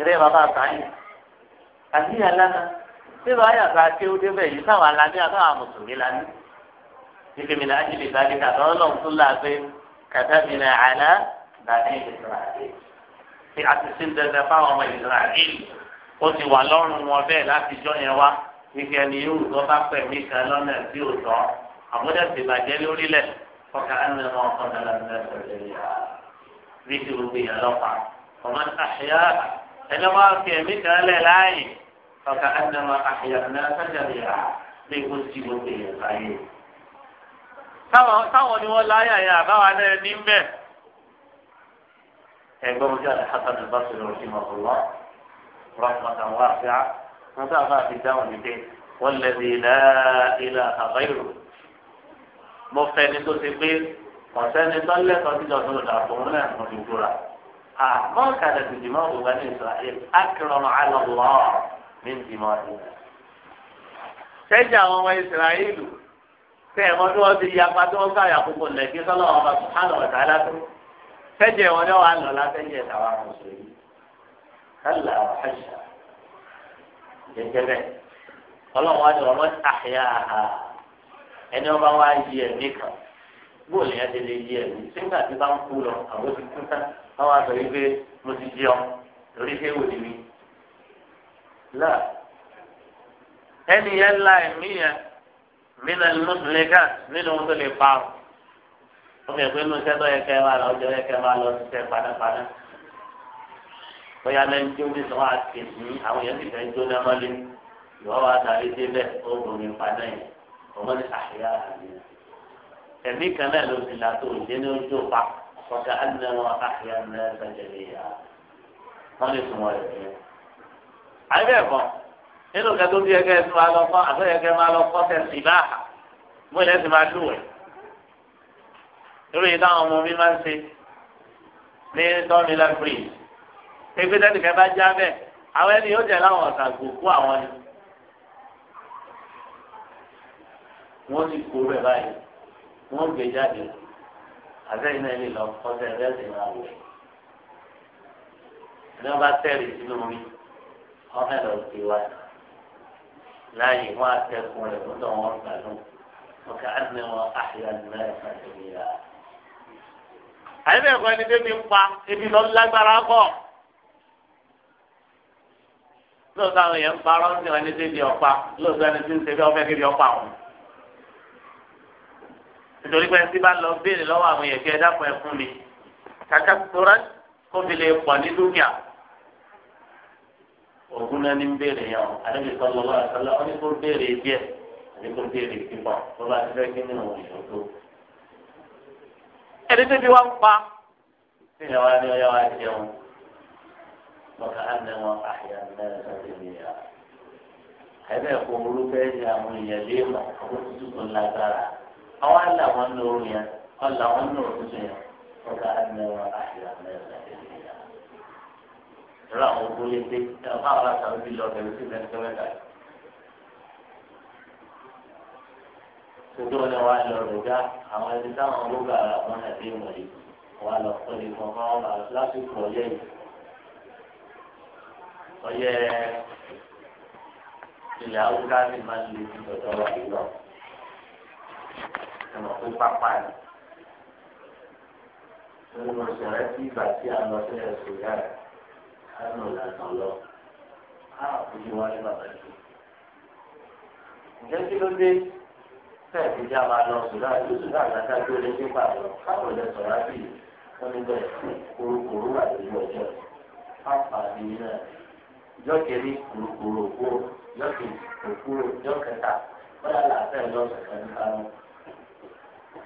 eré bàbá sàáyìn. àníyàn lánàá síbi àyàtọ̀ àti ọdẹ bẹ́ẹ̀ yìí táwọn aláníyà táwọn mùsùlùmí lánàá níbi mi náà jìbìtì àti kàtà ọlọ́run tó láàbẹ kàtà mi náà àná bàbá ìsirahàlì tí a ti sin dandan fáwọn ọmọ ìsirahàlì ó ti wà lọ́rùn wọn bẹ́ẹ̀ láti jọ yẹn wá nígbà ni yóò tó bá pẹ̀ mí kan lọ́nà tí ò tọ́ àbúdá ti bàjẹ́ lórílẹ̀ fọkà ẹnu ẹ̀ máa kọ́ ẹni wọn fi ẹ̀mí kan lẹ̀ láàyè ọkà ẹnìmọ àyànnà sájàdìyà bí kò sí gbogbo èèyàn láyè. táwọn ni wọn láyà yẹn àbáwa náà ní mbẹ. ẹgbẹ́ wọn jẹ́ Al-Hasan al-Basri rahimahullah rahmatan wasi'a wọn sábà fi dáhùn nígbẹ́ wọn lẹ́bi láìlà àbáyọ̀ mo fẹ́ ni tó ti pé ọ̀sẹ́ni tó lẹ́tọ̀ọ́ sí ti gbóra. ما كانت دماء بني إسرائيل أكرم على الله من دمائهم sẹ́jà àwọn ọmọ ìsìráìlù sẹ́ẹ̀mọ́ tí wọ́n ti tí wọ́n púpọ̀ lẹ́kí sọ́lá wọn bá sùhánù ọ̀tá sẹ́jà wọn ni wọ́n á lọ látẹ́jẹ́ kálá àṣà ọmọ àyà ẹni wọn bá wá yí ẹ̀mí kan bóòlù yẹn ti lè yí ẹ̀mí sígbà tí bá ń kú lọ káwọn àtọ̀ yìí pé mo ti jẹun torí pé wò ni mi. là ẹni yẹn la ẹ̀mí yẹn mí náà ló ń lè ká nínú ohun tó lè pa ọ. wọ́n fi ẹ̀pẹ́ lóṣẹ́ tó yẹ kẹ́ ẹ máa lọ ọjọ́ yẹ kẹ́ ẹ máa lọ ṣiṣẹ́ padàpadà. bóyá lẹ́nu tí ó ní sọ́wọ́ àti ìsìn àwọn èèyàn ti fẹ́ jóná mọ́lé ìwọ́n wa tàbí débẹ̀ ó bomi padà yẹn ọmọ ní àyà àmì kan náà ló ti là tó ìdí ní ojú pa kọjá àdínẹ́wọ̀ àhìá mẹ́ta jẹ̀lẹ̀ yá wọ́n lè sùn wọ́n rẹ̀ jẹ́. àyẹ̀bẹ̀ kọ́ nínú kẹtó bí ẹgẹ tó máa lọ kọ́ àtọ́ ẹgẹ máa lọ kọ́ tẹ̀sí bá a mú ilẹ̀ sì máa dùn wẹ̀. lórí táwọn ọmọ mi máa ń ṣe ní tọ́mílà bridge ẹgbẹ́ tẹ́nìkẹ́ bá já bẹ́ẹ̀ àwọn ẹni yóò jẹ́ láwọn ọ̀sà gòkú àwọn ni. wọ́n ti kó bẹ̀ báyìí wọ́n gbé jáde àtẹ̀yìn náà lè lọ kọjá ẹgbẹ́ sì máa wò ní wọn bá tẹ̀lé sínú mi ọmọ ẹ̀ lọ sí wa láàyè wọn àtẹkùn rẹ̀ fún tọ̀ wọn gbàdún wọn kà á ní wọn àyà nínú ẹ̀ fàtẹ̀lé yà. àyẹ̀bẹ̀ ẹ̀kọ́ ẹni débi ń pa ebi lọ lágbára kọ̀ lóòótọ́ àwọn èèyàn ń parọ́ ń sèwọ́n ẹni débi ọ̀pá lóòótọ́ ẹni tí ń ṣe bí ọ nítorí pé ẹtí bá lọ béèrè lọ́wọ́ àwọn èèyàn kí ẹ dákun ẹ fún mi kàkà tóra kó fi lè pọ̀ ní dúkìá ògùn náà ní ń béèrè yẹn o àdébí sọlọ lọ àtàlà ó ní kó béèrè díẹ̀ àbí kó béèrè pípọ̀ tó bá ti fẹ́ kí nínú òṣèlú tó. ẹni tó fi wá ń pa tí ìyá wa ní ọyá wa jẹun lọ́kà á ní wọn àyà mẹ́rin sọ́dọ̀ ìyá ẹ̀bẹ̀ kò burú fẹ́ ní àwọn èèyàn lé àwọn àlà wọn ló ń yẹn ọ̀là wọn ló ń tún yẹn ọ̀gá àdìmẹ́wà àyà mẹ́ta ìdílé rẹ àwọn ògbólé dé ọba àwọn àtàwọn ibi lọ bẹ̀rẹ̀ sí mẹ́ta mẹ́ta yìí. tòtò ni wà á lọ rògbà àwọn ẹni táwọn olóògbé ara wọn àti ìmọ̀ lọ pẹ̀lú ìfọ̀nfọ̀n ọba lásìkò ọyẹ yìí. ọyẹ ilẹ̀ haúsá ni máa ń le tọ̀tọ̀ wà yìí lọ ẹ̀mọ̀ tó pápá ni. Nínú ìṣẹ̀lẹ̀ tí ìgbà tí a lọ sí ẹ̀sùn ìyá rẹ̀, a nù lànà lọ. A òbí wọn ní bàbá jù. Ǹjẹ́ kí ló dé? Bẹ́ẹ̀ ti já máa lọ sùdá ìlú sùdá àgbàdá tó lé nípa àlọ́. Káwọn ilẹ̀ sọ̀rọ̀ á bì í. Wọ́n ní bẹ́ẹ̀ kúrúkúrú wà lórí ọjọ́. Pápá mi náà. Ìjọ́ kẹ́lí kúrúkúrú òkúrò. Ìjọ́ kẹ́lí òkúrò. Ìjọ́ kẹta. Bọ́lá làásẹ̀ lọ́sọ̀ọ́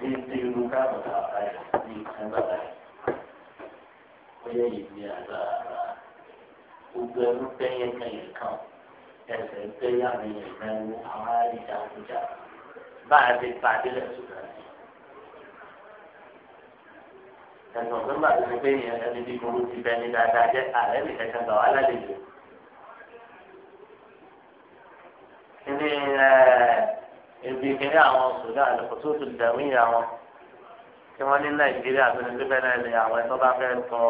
ètò ìlú káàbọ̀tà àbáyọ ní ìkànnì bóyá yìí ní àgbàrá gbogbo ẹnu tẹ́yẹ kẹyìn kan ẹsẹ̀ tẹ́yà mi yẹn mẹ́wọ́ àwọn àríjàkújà bá a ti pàdé lẹ́sùn náà ẹnu ọ̀gbọ́n bá ti pé yẹn ẹni bí eh, burú ti bẹ ní dáadáa jẹ́ ààrẹ lè kẹ́kẹ́ gbà wá lálejò. ní ẹ ibi kìíní àwọn sudan àlùkòtò tó dàmí àwọn kí wọ́n ní nàìjíríà tó ní bíbẹ́ náà ni àwọn ẹ̀tọ́ bá fẹ́ tọ́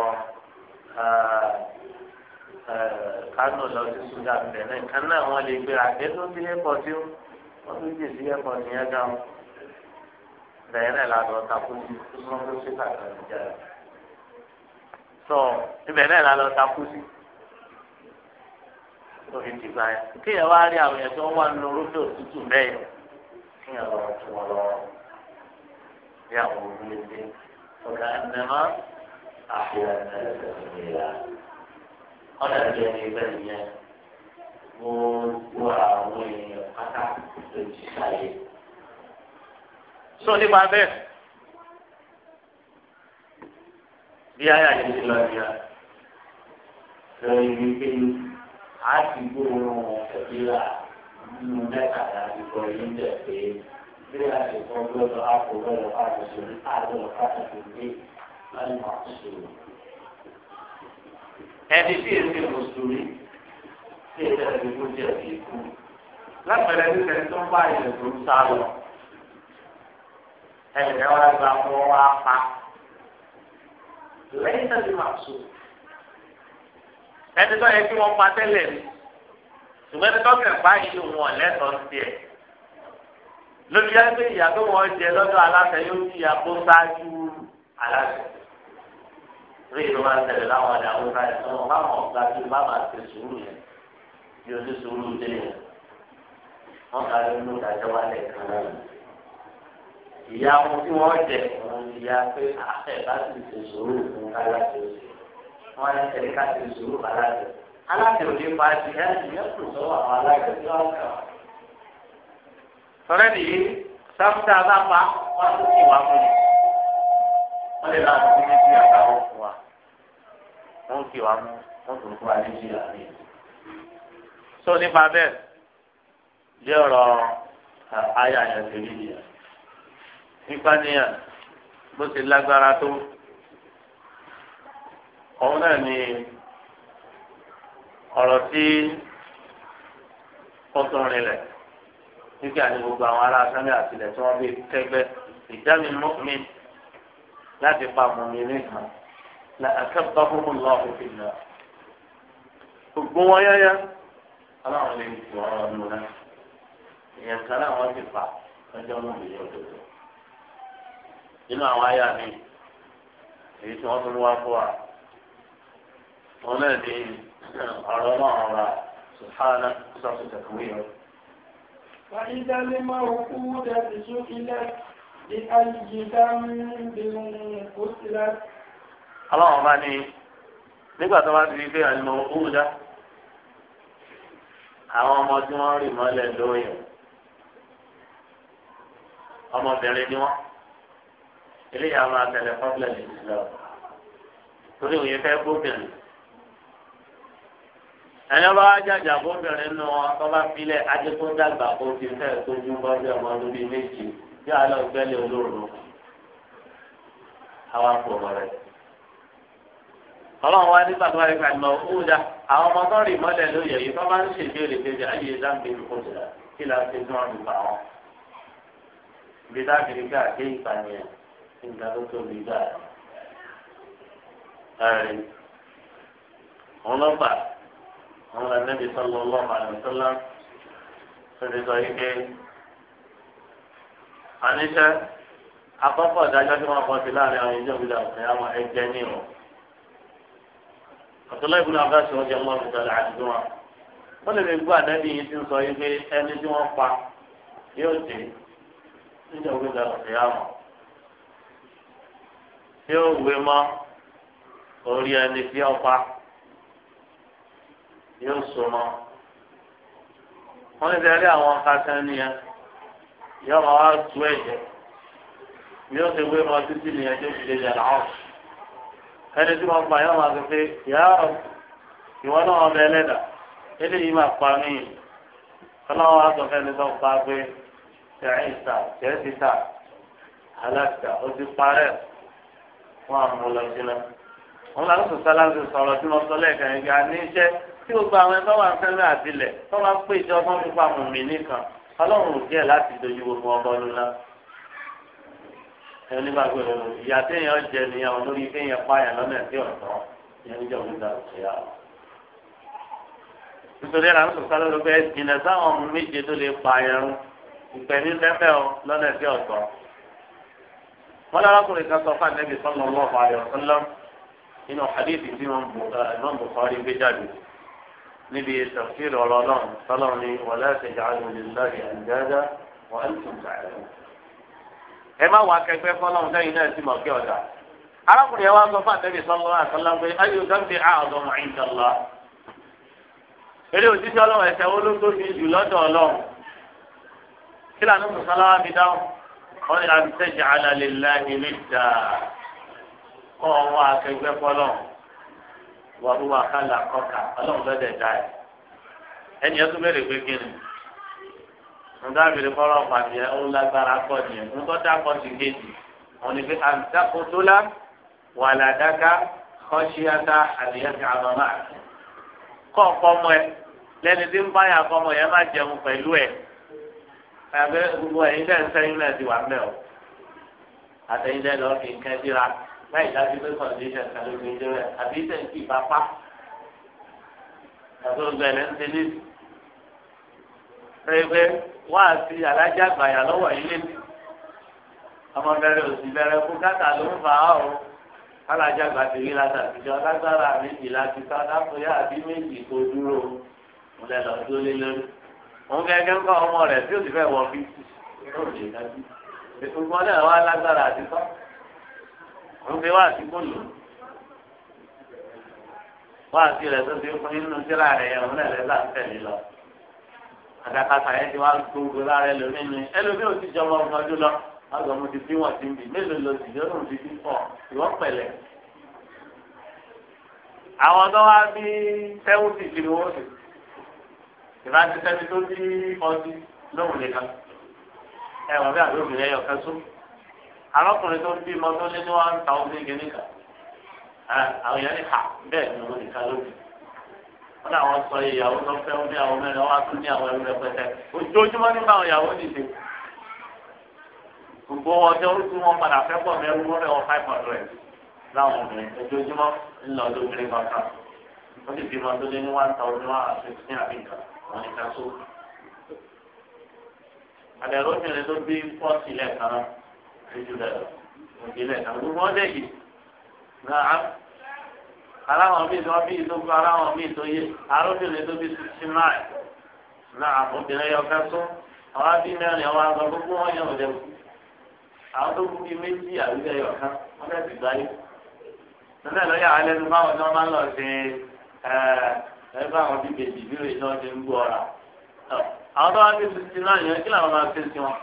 kánò lọ sí sudan bẹ̀rẹ̀ kan náà wọ́n lè gbéra dé tó sí ẹ̀pọ̀ tí ó wọ́n tún jì sí ẹ̀pọ̀ nìyẹn gan bẹ̀rẹ̀ náà làdọ̀ takú sí wọ́n tó sí kàkà níjà sọ ibẹ̀ náà làdọ̀ takú sí òfin tìgbà yẹn kéèyàn wá rí àwọn ẹ̀tọ́ wà nínú orúkọ òtútù bẹ́ẹ̀ kéèyàn lọ tún wọn lọ bí àwọn òbí lè ọ̀gá ẹ̀mẹ́má àfihàn ẹ̀ẹ́dẹ̀gbẹ̀yà ọ̀dà ìjọ ní ibẹ̀ nìyẹn gbogbo àwọn èèyàn pátá ló ti ṣàyè. sọ nípa bẹ́ẹ̀ bí ayé àyè ti lọ nìyà lórí wípé a ti gbóòórùn ẹ̀bí rà nínú mẹ́ta láti kọ ìlú tẹ̀ pé bí a ṣe kọ́ gbọ́dọ̀ àpò gbọ́dọ̀ pàṣẹ ní àgbọ̀dọ̀ pàṣẹ ní láti máa tún ṣòro. ẹni tí èsì mùsùlùmí tí èsì ẹ̀sìn tó jẹ̀ sí ikú lápẹ̀rẹ̀ nípa ẹni tó ń bá ilẹ̀ tó ń sá lọ ẹnìkan wá gba ọmọ wa pa lẹ́yìn tẹ̀lé màá sùn ẹni tó yẹ kí wọ́n pa tẹ́lẹ̀ mi ṣùgbọ́n ẹni tọ́kẹ̀ báyìí wọn lẹ́tọ̀ọ́ sí ẹ̀ lórí ẹgbẹ́ ìyá tó wọ́n jẹ lọ́dọ̀ aláṣẹ yóò ti yà kó ṣáájú aláṣẹ rí ló máa ń tẹ̀lé láwọn ọ̀dà àwọn ọ̀gá ẹ̀ sọ́nà báwọn ọ̀gá tí ó bá máa ṣe sùúrù yẹn bí o ní sùúrù délé yẹn wọ́n ká ló ń lò dájọ́ wá lẹ́ẹ̀kan náà ìyá wọn tí wọ́n jẹ ìyá pé àfẹ́ ah, bá sì ṣe sùúrù alákẹ̀rù ní pa ẹ́ ti sọ́wọ́ àwọn alákẹ̀rù ní ọ̀kà. sọ̀rọ̀ nìyí sáfùtà bá pa wọ́n tún sì wá fún mi. wọ́n lè láti fi ní bí àtàwọn fún wa. wọ́n kì wá mú wọ́n tún fún wa ní sọ nípa bẹ́ẹ̀ bí ọ̀rọ̀ ayé àyànfẹ́ mi nípa nìyà bó ti lágbára tó. òun náà ni ọ̀rọ̀ tí kọ́tún rinlẹ̀ nígbà ní gbogbo àwọn ará sáré àtìlẹ̀ tí wọ́n fi kẹgbẹ́ ìjámi mọ́mí láti pa mọ́mí nìkan la akẹ́kọ̀ọ́ fún mi lọ́wọ́ fi nà. gbogbo wọn yáyá aláwọn lè fi ọ̀rọ̀ nù náà èèyàn kan náà ti pa lọ́jọ́ mọ́mí yóò nínú àwọn àyà mi èyí tí wọ́n tún wá fún wa wọn náà ní ọ̀rọ̀ náà ọ̀rọ̀ sùhánà sọ́ọ̀tù tẹ̀kùwìyọ. فإذا الموءودة سئلت بأي ذنب قتلت ọlọ́run bá ní nígbà tó bá ti di pé àlùmọ̀ òwúdà àwọn ọmọ tí wọ́n rì mọ́lẹ̀ lóyún ọmọbìnrin ni wọ́n eléyàwó máa tẹ̀lé fọ́bílẹ̀ lè ti lọ torí òye fẹ́ gbóbìnrin ẹ̀yọ́ bá wá jàjà bóbìnrin nù wọn tó bá filẹ̀ adékúndàgbà kó fi fẹ́ tójú bọ́bí ọmọ ọdún bíi méjì yóò á lọ gbẹ́lẹ̀ olóòrùn àwọn àpòmọ̀ rẹ̀. ọlọ́run wá nígbà tó wá rí pàdé lọ ó dá àwọn ọmọ tó rìn mọ́lẹ̀ lóye yìí tó bá ń ṣèbéèrè pé ayé dáńgbé kò tó kí la ṣe tún ọdún bá wọn. ibi dábìrì gbà dé ìpànìyàn nígbà tó tóbi gbà. ẹ̀rín òun ló fà á àwọn ànábì sọlọ lọ́wọ́ àlùsọ́lá tóbi sọ yìí pé àníṣe akọ́kọ́ ìdájọ́ tí wọ́n kọ́ sí láàrin àwọn ìjọ ìgbìlẹ̀ ọ̀sẹ̀ àwọn ẹgbẹ́ ní ìrọ̀ àtúnlá ìbùnú abáṣe wọn jẹ mọ́ ọ̀rùn sọlá àdúgbò wọn wọ́n lè fi gbọ́ ànábì yìí ti ń sọ yìí ẹni tí wọ́n pa yóò dé níjọ ìgbìlẹ̀ ọ̀sẹ̀ àwọn yóò wé mọ́ orí ẹni tí wọ́n yóò so mọ́ wọ́n àwọn kásán nìyẹn yóò máa wá tu ẹ̀jẹ̀ yóò ṣe wé mọ́ títí nìyẹn tó fi lè yà láwọn ẹni tí wọ́n gbà yóò máa sọ pé yàrá ìwọ náà ọmọ ẹlẹ́dà eléyìí máa pa mí ọlọ́wọ́ wa sọ fẹ́ni tó pa pé tẹ̀yìn ta tẹ̀yìn ti alága ó ti parẹ́ wọn àmúlọ jìnnà wọn làwọn sọ sálá ń sọ̀rọ̀ tí wọn sọ lẹ́ẹ̀kan yìí a tí gbogbo àwọn ẹgbẹ́ wa ń fẹ́ràn àtìlẹ̀ tó máa ń pè jọ ọmọ nípa mùmí nìkan ọlọ́run ò díẹ̀ láti dojú gbogbo ọmọ ọdún náà. ẹni bá gbèrò ìyá téèyàn jẹ nìyàwó lórí téèyàn pààyàn lọ́nà ẹ̀sìn ọ̀tọ̀ ìyẹn ń jẹ́ òkúta òṣèyà. nítorí ẹ̀rọ àwọn sọ̀tà lórí pé jìnnà sáwọn ọmọ méje tó lè pààyàn kan sọ fún àtẹ́bí sọ́nà ọ̀fọ̀ àyọ̀ sọ́nà nínú àdéhìí tí wọ́n ń bọ̀ نبي تفسير على نعم صلوني ولا تجعلوا لله أندادا وأنتم تعلمون ẹ má wàá kẹgbẹ́ fọlọ́run sẹ́yìn náà sì mọ̀ kí ọ̀dà arákùnrin yẹn wá sọ fún àtẹ́bí sọlọ́ àtọ́lá pé ayé gánbé àádọ́mọ ìjọba eré òṣìṣẹ́ ọlọ́run ẹ̀sẹ̀ wo ló tó fi jù lọ́dọ̀ ọlọ́run kí lànà mùsàlámà mi dáhùn wọ́n ní àbísẹ́jà alálẹ́ láàyè níta kọ́ ọ̀wọ́ akẹgbẹ́ fọlọ́run wà wúwa kálá kọ́kà ọlọ́run lọ́dẹ̀ dá ẹ̀. ẹni ẹ tún bẹ̀rẹ̀ pé kí ni nǹkan àbẹ̀rẹ̀ kọ́rọ̀ pàdé ẹ̀ ó lágbára kọ́ ni ẹ̀ nǹkan dá kọ́ sí kéjì wọn ni pé àǹtakótólá wà làdáká kọ́ṣíátá àdìyẹ́sì àmọ́má. kọ́ ọ̀kọ́ ọmọ ẹ lẹ́ni tí ń báyà kọ́ ọmọ yẹn má jẹun pẹ̀lú ẹ̀ àbẹ gbogbo ẹ̀yin dẹ́ sẹ́yìn náà ti wà mẹ́ o àtẹ̀yin dẹ́ lọ́ọ́ fi nǹkan síra láì dájú pé foundation kan ló gbé jẹ́ àbí sẹ́ǹtì bá pa àti ọgbẹ́ ẹ̀ ń tẹ́lẹ̀ pẹ́ẹ́pẹ́ wá sí alájà gbàyà lọ́wọ́ ilé mi ọmọbẹ̀rẹ̀ òsì bẹ̀rẹ̀ fún káta ló ń fà á o alájà gbà tèmi láti àtijọ́ lágbára méjì láti ká láfọyà àbí méjì tó dúró mo lẹ lọ tó lé lórí òun gẹ́gẹ́ ń kọ́ ọmọ rẹ̀ tí ó sì fẹ́ wọ fífi ó lè dájú ètò ìgbọ́n náà lágbára àti òun fi wá sí kóòlù wá sí rẹ̀ tó ti fún nínú síra rẹ̀ yẹn òun lẹ́rẹ̀ là ń tẹ̀lé lọ. àdàkàtà yẹn ti wá gbogbo lára ẹlòmíín ni ẹlòmíín ò ti jọmọ ọmọ ọdún lọ ọgbọ̀n mo ti bí wọn ti ń bì mélòó lọ sí yóò lóun ti bí pọ̀ ìwọ́n pẹ̀lẹ́. àwọn tó wá bí sẹ́wọ́ntì ti wọ́n sì ìrántí sẹ́ni tó bí ọtí lóhùn nìkan ẹ̀wọ̀n bí àdóbìnrin arákùnrin tó ń bí ọmọ tó lé ní one thousand kìíní kan àwọn yẹn ní ha bẹ́ẹ̀ ni owó nìkan ló bí wọn làwọn sọ ìyàwó tó fẹ́ wọn bí àwọn mẹ́rin wọn á tún ní àwọn ẹrú rẹpẹtẹ ojoojúmọ́ nígbà àwọn ìyàwó nìṣe gbogbo ọjọ́ orúkú wọn padà fẹ́ pọ̀ mẹ́rin wọn rẹ̀ wọn five hundred láwọn obìnrin ojoojúmọ́ ńlọ lóbìnrin kan kan wọ́n ti bí ọmọ tó lé ní one thousand one hundred sixteen àbí nǹkan wọn ní ká ìjùlẹ̀ ìjìnlẹ̀ àwọn wọn dẹ̀ yìí náà aláwọn míì tó bí ìdókòó aláwọn míì tó yé arúgbìnrin tó bí sixty nine náà obìnrin yọ ká tó àwọn abí mẹ́rin àwọn àgbà gbogbo wọn yẹn ò dẹ̀ kú àwọn tó kú bíi méjì àwùjọ yọ ká wọn fẹ́ẹ́ ti gbáyé nínú ẹ̀ lọ́yà alẹ́ tó yẹn kí làwọn máa fi sí wọn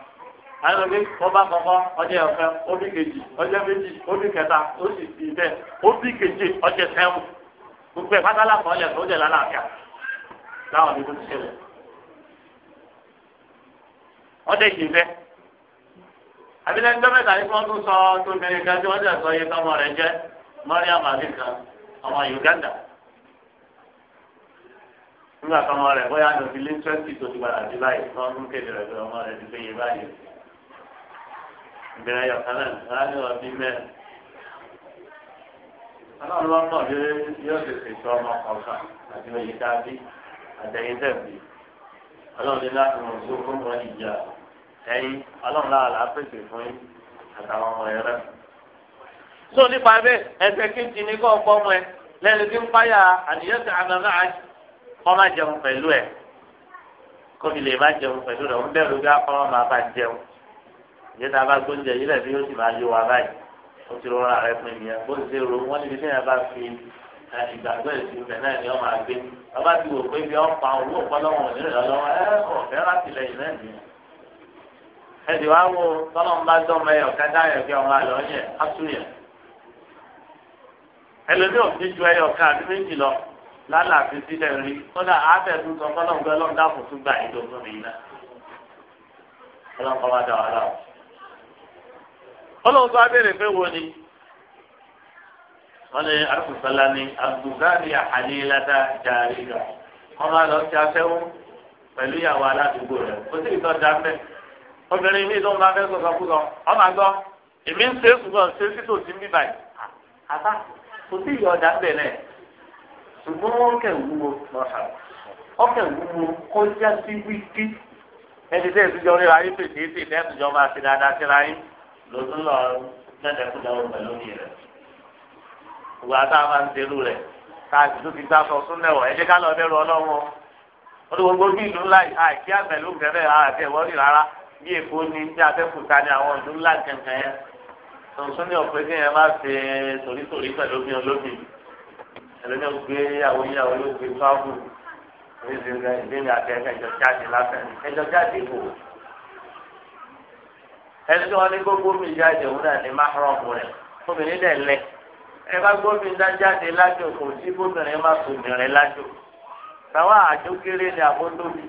àwọn ọmọdé ọba kọkọ ọjọ́ ọ̀fẹ́ omi kejì ọjọ́ méjì omi kẹta oṣù sí bẹ́ẹ̀ omi kejì ọjọ́ sẹwọn gbogbo ẹ pátá làkọ ọlẹ tó jẹ lálàáfíà láwọn ọdún tó ṣẹlẹ̀ ọdẹ yìí bẹ abilẹ ńdọ mẹ́ta wọn tún sọ tó mẹ́rin kan wọn jẹ sọ yẹ tọmọ rẹ jẹ Mariam abika ọmọ Uganda nígbà tọmọ rẹ bóyá lọ fi tó ti gbàdá báyìí wọn tún kéde rẹ pé ọmọ rẹ ti gbé báyìí ìbẹ̀rẹ̀ yọ̀kálẹ̀ láàrin ọdún mẹ́rin. ọlọ́run lọ́pọ̀ bí yóò ṣe ṣètò ọmọ kọ̀ọ̀kan àti oyè dábí àtẹ̀yìntẹ̀bí ọlọ́run ní láti mọ̀ sí ogún wọn ìjà ẹ̀yìn ọlọ́run láàlá pèsè fún yín àtàwọn ọmọ ẹ̀rẹ́. sọ nípa bẹ́ẹ̀ ẹsẹ̀ kejì ní kọ́ ọ̀pọ̀ ọmọ ẹ lẹ́nu tí ń páyà àdìyẹ́sẹ̀ àgbàgbà kọ́ má jẹun pẹ̀lú ẹ̀ kó fi lè má jẹun pẹ̀lú rẹ̀ ń bẹ̀rù bí akọ́rọ́ máa bá jẹun yẹn tá a bá gbóúnjẹ yìí lẹ́bi yóò sì máa yé wa báyìí ó ti rọra rẹ pin nìyẹn bó ti ṣe ro wọ́n níbi téèyàn bá fi ìgbàgbọ́ ìsìn bẹ̀ náà ni wọ́n máa gbé bàbá ti wò pé bí wọ́n pa owó ọ̀pọ̀lọpọ̀ nílẹ̀ lọ́wọ́ ẹ ọ̀fẹ́ látìlẹyìn náà nìyẹn. ẹ ti wá wo tọ́lọ́mù bá dọ́mọ ẹyọ kẹta ẹ̀yọ kí ọmọ àlọ́ yẹn á tún yẹn. ẹlòmíì òfin ju ẹyọ kan àti méjì lọ lálàáfin sílẹ̀ rí kódà ábẹ̀tún sọ fọlọ́mù gbẹ́lọ́mù dáàbò tún gbà yín tó fún mi náà. ọlọ́mù ọlọ́run tó á béèrè pé wo ni wọ́n lè àkùsọ̀lá ni àbùgáàbì àhàlélátà jàrígà wọ́n máa lọ sí afẹ́wọ́ pẹ̀lú ìyàwó aládùúgbò rẹ̀ kó sì tọ́ da mẹ́ obìnrin mi tó ń bá fẹ́ sọ̀sọ̀ kú sọ ọmọ àgbọ̀ èmi ń ṣe ṣùgbọ́n ṣe títò sí mi báyìí àbá kò sí ìyọ̀ ọ̀dà bẹ̀ náà ṣùgbọ́n wọ́n kẹ̀ wúwo lọ́sà ọkẹ̀ wúwo kọjá sí wíkí ẹni tẹ́ ìtújọ́ rí yín pèsè lọ́dún lọ pẹ̀lú mi rẹ̀ ìwà tá a máa ń serú rẹ̀ tá a ti sáfọ súnlẹ̀wọ̀ ẹ jẹ́ ká lọ bẹ̀rù ọlọ́wọ́ olùgbogbo bí ìlú ńlá àìkí àpẹ̀lú kẹfẹ́ àti ẹ̀wọ́rì rárá bí èkó ni bí abẹ́kúta ni àwọn ìlú ńlá kankan yẹn tuntun ní ọ̀pẹ kí yẹn má ṣe tòlítòlí pẹ̀lú mi olómi ẹlẹ́ni ò gbé àwọn ìyàwó yóò gbé fáwọn ìgbésẹ̀ ìgbésẹ̀ àti ẹ̀jọ̀ jáde lásán ẹ̀jọ̀ jáde kò ẹni tí wọn ní gbogbo mi jáde òun náà ní máhrọ́ọ̀mù rẹ̀ obìnrin dẹ̀ lẹ ẹ bá gbogbo mi dá jáde lájò kò sí gómìnrin má sòmìnrin lájò tàwa àjò kéré ni àbótóbi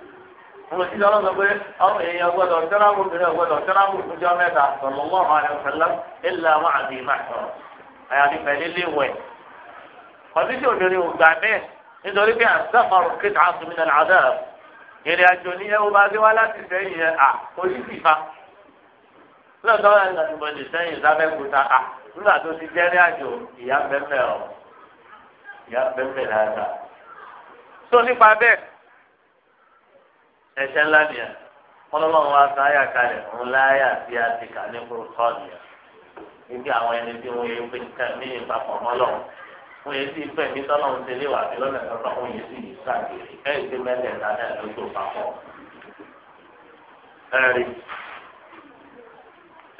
mo ti lọ́wọ́ sọ pé ọmọ èèyàn gbọ́dọ̀ tẹ́lámù obìnrin gbọ́dọ̀ tẹ́lámù ìfúnjọ́ mẹ́ta sọ̀rọ̀ wọ́n máa rẹ̀ fẹ́lá ẹ̀là wọn àti ìmà sọ̀rọ̀ àyàfi pẹ̀lú ilé wẹ̀ kọ́síṣẹ́ obìnrin ò gbà bẹ́ẹ̀ nítorí pé àtàkùn kíkà àtúmínà àdáà àjò ní ẹ lọ́dọ̀ ọ̀la nígbà tí mo lè sẹ́yìn lábẹ́kúta a nígbà tó ti jẹ́rẹ́ àjò ìyá bẹ́ẹ̀ ọ̀ ìyá bẹ́ẹ̀ dáadáa. tó nípa bẹ́ẹ̀ ẹ̀ṣẹ̀ ńlá nìyẹn ọlọ́run wa sọ àyà kalẹ̀ òun láyà sí àti kà ní kúrúkọ́ nìyẹn. ibi àwọn ẹni tí wọ́n yẹ pé ní ìpapọ̀ mọ́ lọ́wọ́ wọ́n yẹ sí pẹ̀lú tọ́lọ́run ti lé wà sí lọ́nà tọ́tọ́ wọ́n yẹ sí yìí káàkiri ẹ̀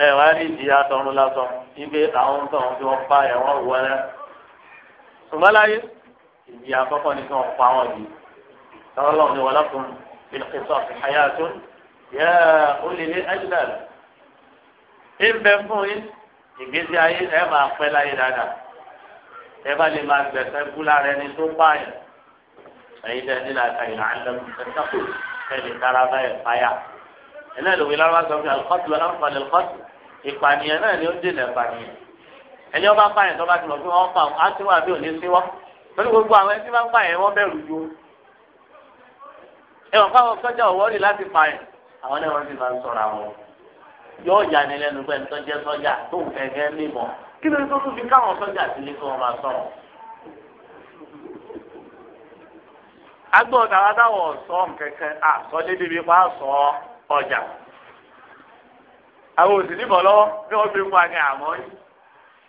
ẹ wá rí ìdíyà tọrun lásán ibi àwọn tó ń fi wọn pa ẹwọn wọlé ṣùgbọ́n láyé ìdíyà àkọ́kọ́ ni kí wọ́n pa wọn yìí tọ́lọ́ ni wọ́n lọ́kùn ìlùkìsọ̀ àyàtò yẹ olèlé ẹ̀jìnàlì ìbẹ̀ fún yín ìgbésí ayé ẹ máa pẹ́ láyé dáadáa ẹ bá lè máa gbẹ̀sẹ̀ kú lára ẹni tó pààyàn ẹ̀yin dẹ́ni láta ìlànà ìṣẹ́sàkó ẹni tára báyìí fáyà ẹlẹ́yìn lómi lọ́wọ́ sọ fún alikọ́tù ọlọ́mọ alikọ́tù ìpànìyàn náà ni ó dènà ìpànìyàn ẹni ọba pààyàn tó bá ti mọ̀ pé wọ́n pa á ti wà bí òní sí wọ́n pẹ̀lú gbogbo àwọn ẹni tí wọ́n pààyàn wọ́n bẹ̀rù ju ẹ wọ́n fáwọn sọ́jà ọ̀wọ́ rí láti pààyàn àwọn náà wọ́n ti máa ń sọ̀rọ̀ àwọn yóò yà ní lẹ́nu pẹ̀lú sọ́jà sọ́jà tó ń kẹ̀kẹ́ níbọn kí ló ń tó tún fi káwọn sọ́jà sílé kí wọ́n máa sọ̀rọ̀ agbọ́n tàwa táwọn sọ nǹkankan àsọdé bíbí pa á ọjà àwọn òsì níbọ̀ lọ́wọ́ bí wọ́n fi mú wa ní àmọ́ yìí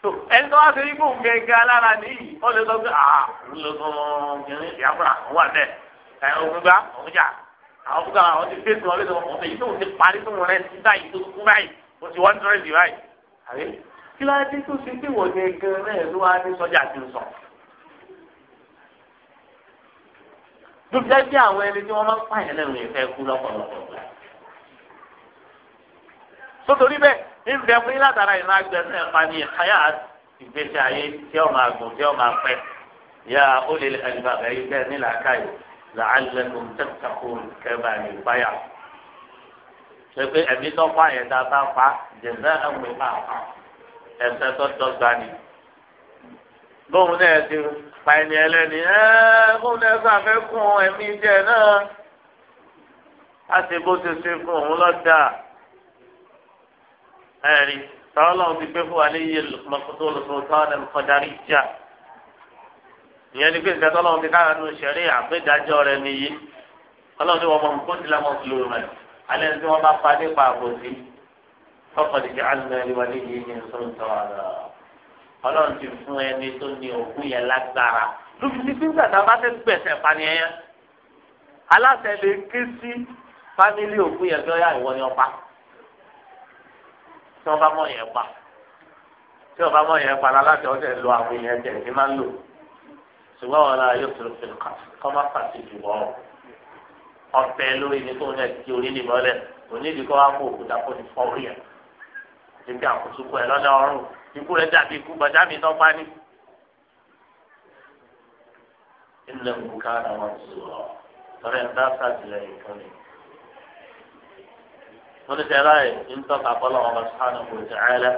tó ẹni tó wá sí ikú gẹ́gẹ́ alára nìyí ó lè sọ pé àà ń lọ sọ ọmọbìnrin ìyàfúrà òun wà bẹ́ẹ̀ ẹ òun gbá òun jà àwọn fúgà àwọn ti fèsì wọn lẹsọ ọmọ yìí tóun ti parí tóun rẹ ti dá yìí tó kú báyìí o ti wọ́n dúró ìdìbò yìí. àbí kí ló dé tó ṣe pé wọ́n gẹ́gẹ́ náà ló wá ní sọ́jà ti sọ. dúpẹ́ bí àwọn ẹni tí wọ́n máa ń pààyàn lẹ́nu ìfẹ́ kú lọ́pọ̀lọpọ̀ tó torí bẹ́ẹ̀ ń bẹ fún yín látara ìran agbẹ̀sẹ̀ ìpani àyà ìgbésí ayé tí ó máa gùn tí ó máa pẹ́ yá ó lè àlùbà bẹ́ẹ̀ yín bẹ́ẹ̀ nílà káyì làálẹ̀kùn tẹ̀síkàkùn kẹ́bà ní ìpáyà. ṣé pé ẹ̀mí tó pa yẹn tá pa jẹ̀sẹ̀ ẹ̀wọ̀n ìpá pa ẹ̀sẹ̀ tó dọ́gba ni. bóun náà ti pa ẹni ẹlẹ́ni ẹ́ bóun náà sàfẹ́kùn ẹ̀mí jẹ náà á ti bó ti ṣe fún òun lọ́jà ẹ̀rí sọ̀rọ̀ lọ́wọ́ ti gbé fún wa léyìí lọ́kọ́tò lọ́sọ̀tàn ẹ̀mọ́kọ́dárí jà ìyẹn ni pé ìgbàtọ́ lọ́wọ́ ti káyọ̀ ní sẹ̀rí àpéjájọ́ rẹ nìyí ọlọ́run ni wọ́n mọ̀ nǹkó ti lámọ̀ fúlò rẹ̀ alẹ́ ní wọ́n bá pa nípa àbòsí tọkọ̀dé jẹ́ alùpùpù wa léyìí ní sọ̀tọ̀ àrà ọlọ́run ti fún ẹni tó ní òkú yẹn lágbára tí wọ́n bá mọ̀ yẹn pa tí wọ́n bá mọ̀ yẹn pa aláṣẹ ọ̀sẹ̀ lo àwọn yẹn tẹ̀ ní máa ń lò ṣùgbọ́n wọn náà yóò tó fi kọ́ má pàṣẹ jù wọ́n ọ̀pẹ lórí ni kó náà ti orí ni mọ́lẹ̀ onídìí kọ́ wá kó òkúta kó ti fọ́ orí ẹ̀ ti fi àkóso kọ ẹ̀ lọ́dọ̀ ọ̀run ikú rẹ̀ dàbí ikú bàjá mi tán pa ní. ilé ìwúkà náà ti sọ̀rọ̀ lọ́rẹ́ ń dá sàtìlẹ́yìn fún mi wọ́n ti sẹ́ra ẹ̀ ń tọ́ka fọlọ́ ọ̀rọ̀ sánà kò tẹ̀ ẹ́ lẹ́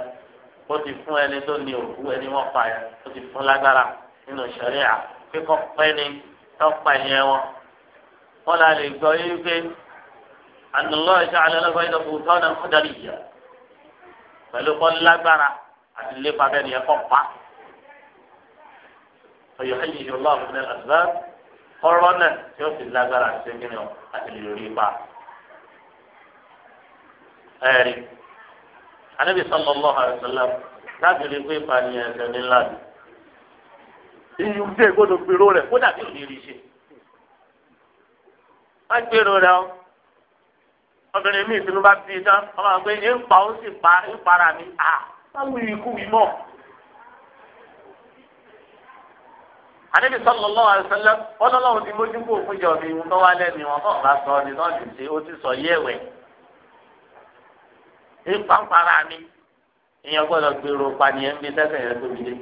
ó ti fún ẹni tó ní òkú ẹni wọ́n pa yẹn ó ti fún lágbára nínú ṣẹ̀ríà kíkọ́ pẹ́ ni tó pa yẹn wọn. wọ́n la lè gbọ́ yín pé ànàlọ́ ìṣe àlọ́lọ́gbọ́ yìí lọ́kùn tó ọ̀nà kó darí yẹ pẹ̀lú kọ́ lágbára àti lépa bẹ́ẹ̀ ni ẹ kọ́ pa. ọ̀yọ̀ ẹ̀yìn ìṣòro ọ̀rọ̀ náà tí ó lágbára àti ẹ̀rí anábì sọlọ lọ àrùsọlá láti rí pé ìpànìyàn ńlá ń gbèrò kó dàbí ṣe. gbèrò obìnrin mi ìsinmi bá bí tán ọmọ àgbẹ̀ ẹ̀ ń pa ó sì pa ń para mi à báwo ikú yìí mọ̀. àdébí sọlọ lọ kó mi wọn sọ ti ìpàǹpàrà mi ìyẹn gbọ́dọ̀ gbèrò panìyàn bí sẹ́sẹ̀ yẹn tóbi dé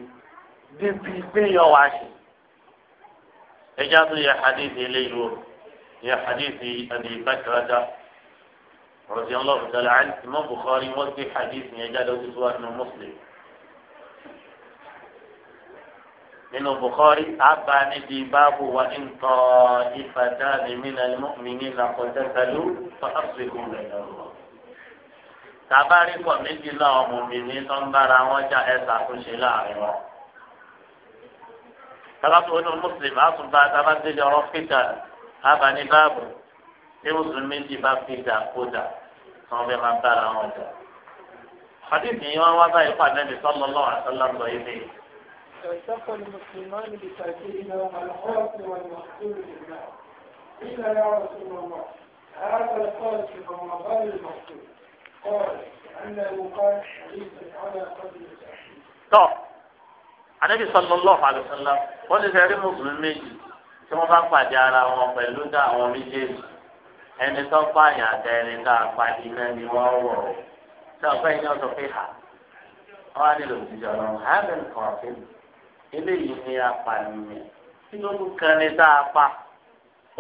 bíbí gbéyàn wá sí. ẹja tó yẹ hadith eléyìí o yẹ hadith Abi Bakrata radiyallahu ta'ala anhu Imam Bukhari wọ́n gbé hadith yẹn jáde ó tó wà nínú Muslim. nínú Bukhari abba níbi báàbù wa ń tọ́ ìfàdá lèmi náà mọ́mí fún àṣìkò rẹ̀ lọ́wọ́ tàbárí pọ̀ méjì náà ọmọ mi ní tó ń bára wọn já ẹ ṣàtúnṣe láàrin wọn. tàbátú onú mùsùlùmí àtúntà tàbátú ilé ọ̀rọ̀ fìdá abàní báàbò ní mùsùlùmí méjì bá fìdá kódà tí wọ́n máa bára wọn jà. àdìsí yìí wọ́n wá báyìí pàdé mi sọ́lọ́ lọ́wọ́ àtọ́lá lọ ilé. ارتقى يا رسول الله هذا الخاص وما بال المقتول tọ́ anabi sallallahu alaihi wasallam wọ́n ti sẹ́rí mùsùlùmí méjì tí wọ́n bá pàdé ara wọn pẹ̀lú dá àwọn méjèèjì ẹni tó pààyàn àti ẹni tá a pa iná ni wọ́n wọ̀ ọ́ tí ọ̀pẹ́ yìí ọ̀sọ̀ fi hà wọ́n á nílò òjijì ọ̀rọ̀ hàmín kọ̀ọ̀fín eléyìí ni apànìyàn tí ló tún kan ní tá a pa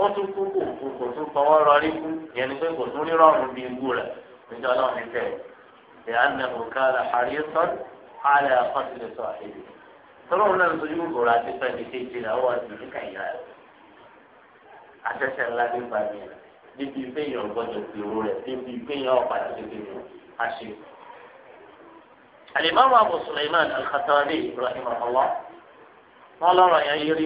ó tún kú kò kò tún fọwọ́ rọrí kú yẹn ni pé kò tún rírọ̀rùn bí ikú rẹ̀ ìjọ náà ní bẹ́ẹ̀ ẹ̀ ànàmù kára àríyàtọ̀ àlẹ́ àkọsílẹ̀ sọ àìlè tọ́lọ́run náà sojú kòkòrò àti pẹ́ẹ́lí kejì rẹ̀ ọwọ́ àti ìdíkà ìyá rẹ̀ àtẹ̀sẹ̀ ńlá ní gbàgbé níbi ìpéyàn gbọ́dọ̀ gbèrò rẹ̀ níbi ìpéyàn ọ̀pàdé kékeré àṣe. àlèmáwò Abu Sulaiman al-Khattabi rahimahullah wọn yẹn yí rí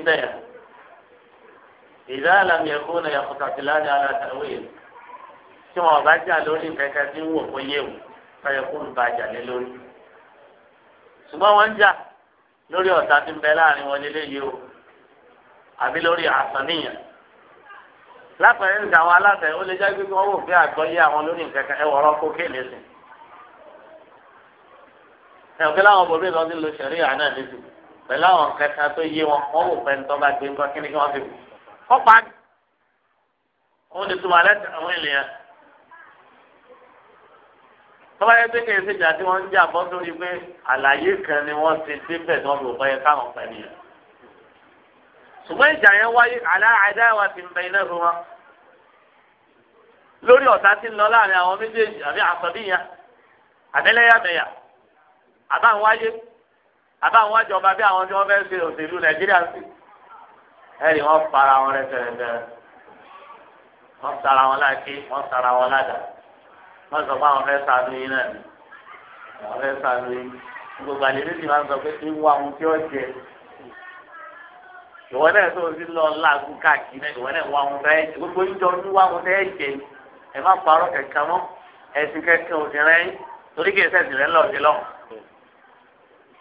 ìdá àlàmì ẹ̀kọ́ náà yàtọ̀ tàbí láàrin ara tàwé tí wọn bá jà lórí kẹkẹ tí ń wò ó yé o káyọ kó ń ba jà lé lórí ṣùgbọ́n wọ́n ń jà lórí ọ̀tá tí ń bẹ láàrin wọn lélẹ́yìí o àbí lórí àsàníyàn lápẹ̀rẹ̀ nǹkan àwọn aláṣẹ ó lè jẹ́ pé wọ́n wò pé àgbọ́yé àwọn lórí nǹkan kan ẹwọ̀rọ̀ kó kéèlè sí ẹ̀ òkè láwọn bòbí lọ sí lo ṣẹ̀rí àná lẹ́sìn pẹ̀lú àwọn kẹta tó yé wọn wọ́n wò pé nítorí bá gbé nǹkan kí ni kí wọ́n fi wò. ọ̀pá òun lè túmọ̀ alẹ́ àwọn ènìyàn tọ́ba yẹn pé kìí ṣèjà tí wọ́n ń jà bọ́ sórí pé àlàyé kan ni wọ́n ti débẹ̀ tí wọ́n lò bọ́ yẹn káwọn pẹ̀lú yẹn. ṣùgbọ́n ìjà yẹn wáyé àlá àdáwà ti ń bẹ iná fún wọn. lórí ọ̀tá tí ń lọ láàrin àwọn méjèèjì àbí àsọdíyàn àbẹ́lẹ́yàmẹ̀yà àbáwọn wáyé àbáwọn bí àwọn tí wọ́n fẹ́ ṣe òṣèlú nàìjíríà sí. ẹ̀rì wọ́n wọ́n sara wọn láàkí wọ́n sara wọn sọ fún àwọn fẹẹ sàánú yín náà ni àwọn fẹẹ sàánú yín gbogbo àlejò sì máa ń sọ pé kí n wá ohun tí ó jẹ ìwọ náà tó o ti lọ láàgùn káàkiri náà ìwọ náà wá ohun fẹẹ gbogbo ìjọ ní wá ohun fẹẹ jẹ ẹ má parọ́ kẹkẹ mọ ẹsìn kẹkẹ òsì rẹ torí kí ẹsẹ ìsìn rẹ lọ sí lọ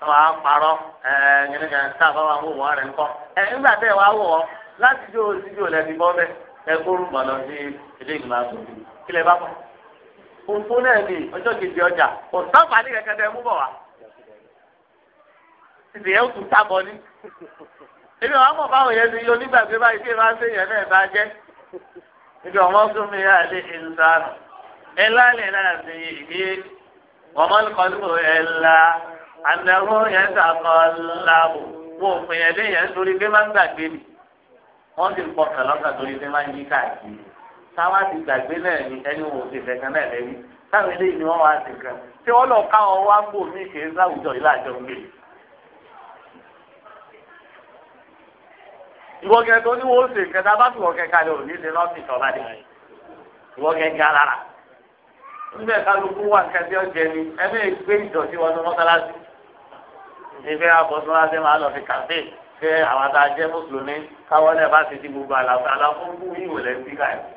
wọn á parọ́ ẹ ẹgbẹrún kan tá a bá wà wò wọn rẹ ńkọ́ ẹ nígbà tẹ wàá wò ọ láti jó o sí jó o lẹbi bọ bẹ òǹtó náà ni ọjọ́ kejì ọjà ọ̀sánfà ní kẹ̀kẹ́ tẹ mú bọ̀ wá. títí yẹn ó tún sábọ ní. èmi àwọn ọmọ báwọn yẹn ti yọ nígbàgbé báyìí tí èèyàn ṣe yẹn náà bá jẹ́. ibi ọmọ fún mi yára dé ìlúsàánù. ẹ lálẹ́ náà ti ìdí ọmọ nìkanú ẹ la àdàrú yẹn sàkọ làbò wọ òpin ẹ̀dẹ́ yẹn torí pé máa ń gbàgbé mi. wọ́n ti pọ̀ kàlọ́kà torí pé máa ń yí káàkiri táwa ti gbàgbé náà ni ẹni wò ti fẹ̀kan náà lẹ́yìn táwọn eléyìí ni wọ́n wá sí kan tí wọ́n lọ káwọn wá ń bò mí kì í sáwùjọ ìlà àjọ ń gbé. ìwọ gẹ tó ní wọn ó ṣe nǹkan tá a bá fi wọ kẹka lè òní ṣe lọ́sìn ìtọ́ba dé ìwọ gẹ ga lára níbẹ̀ kálukú wà nǹkan tí ni ẹ bẹ́ẹ̀ gbé ìdọ̀tí wọnú mọ́sálásí ìfẹ́ abọ́sọ́lásí máa lọ fi kàfé ṣé àwọn àtàjẹ́ mùsùlùmí káwọn náà bá ti di gbogbo àlàfo àlàfo ń bú ìwòlẹ́ sí káyọ̀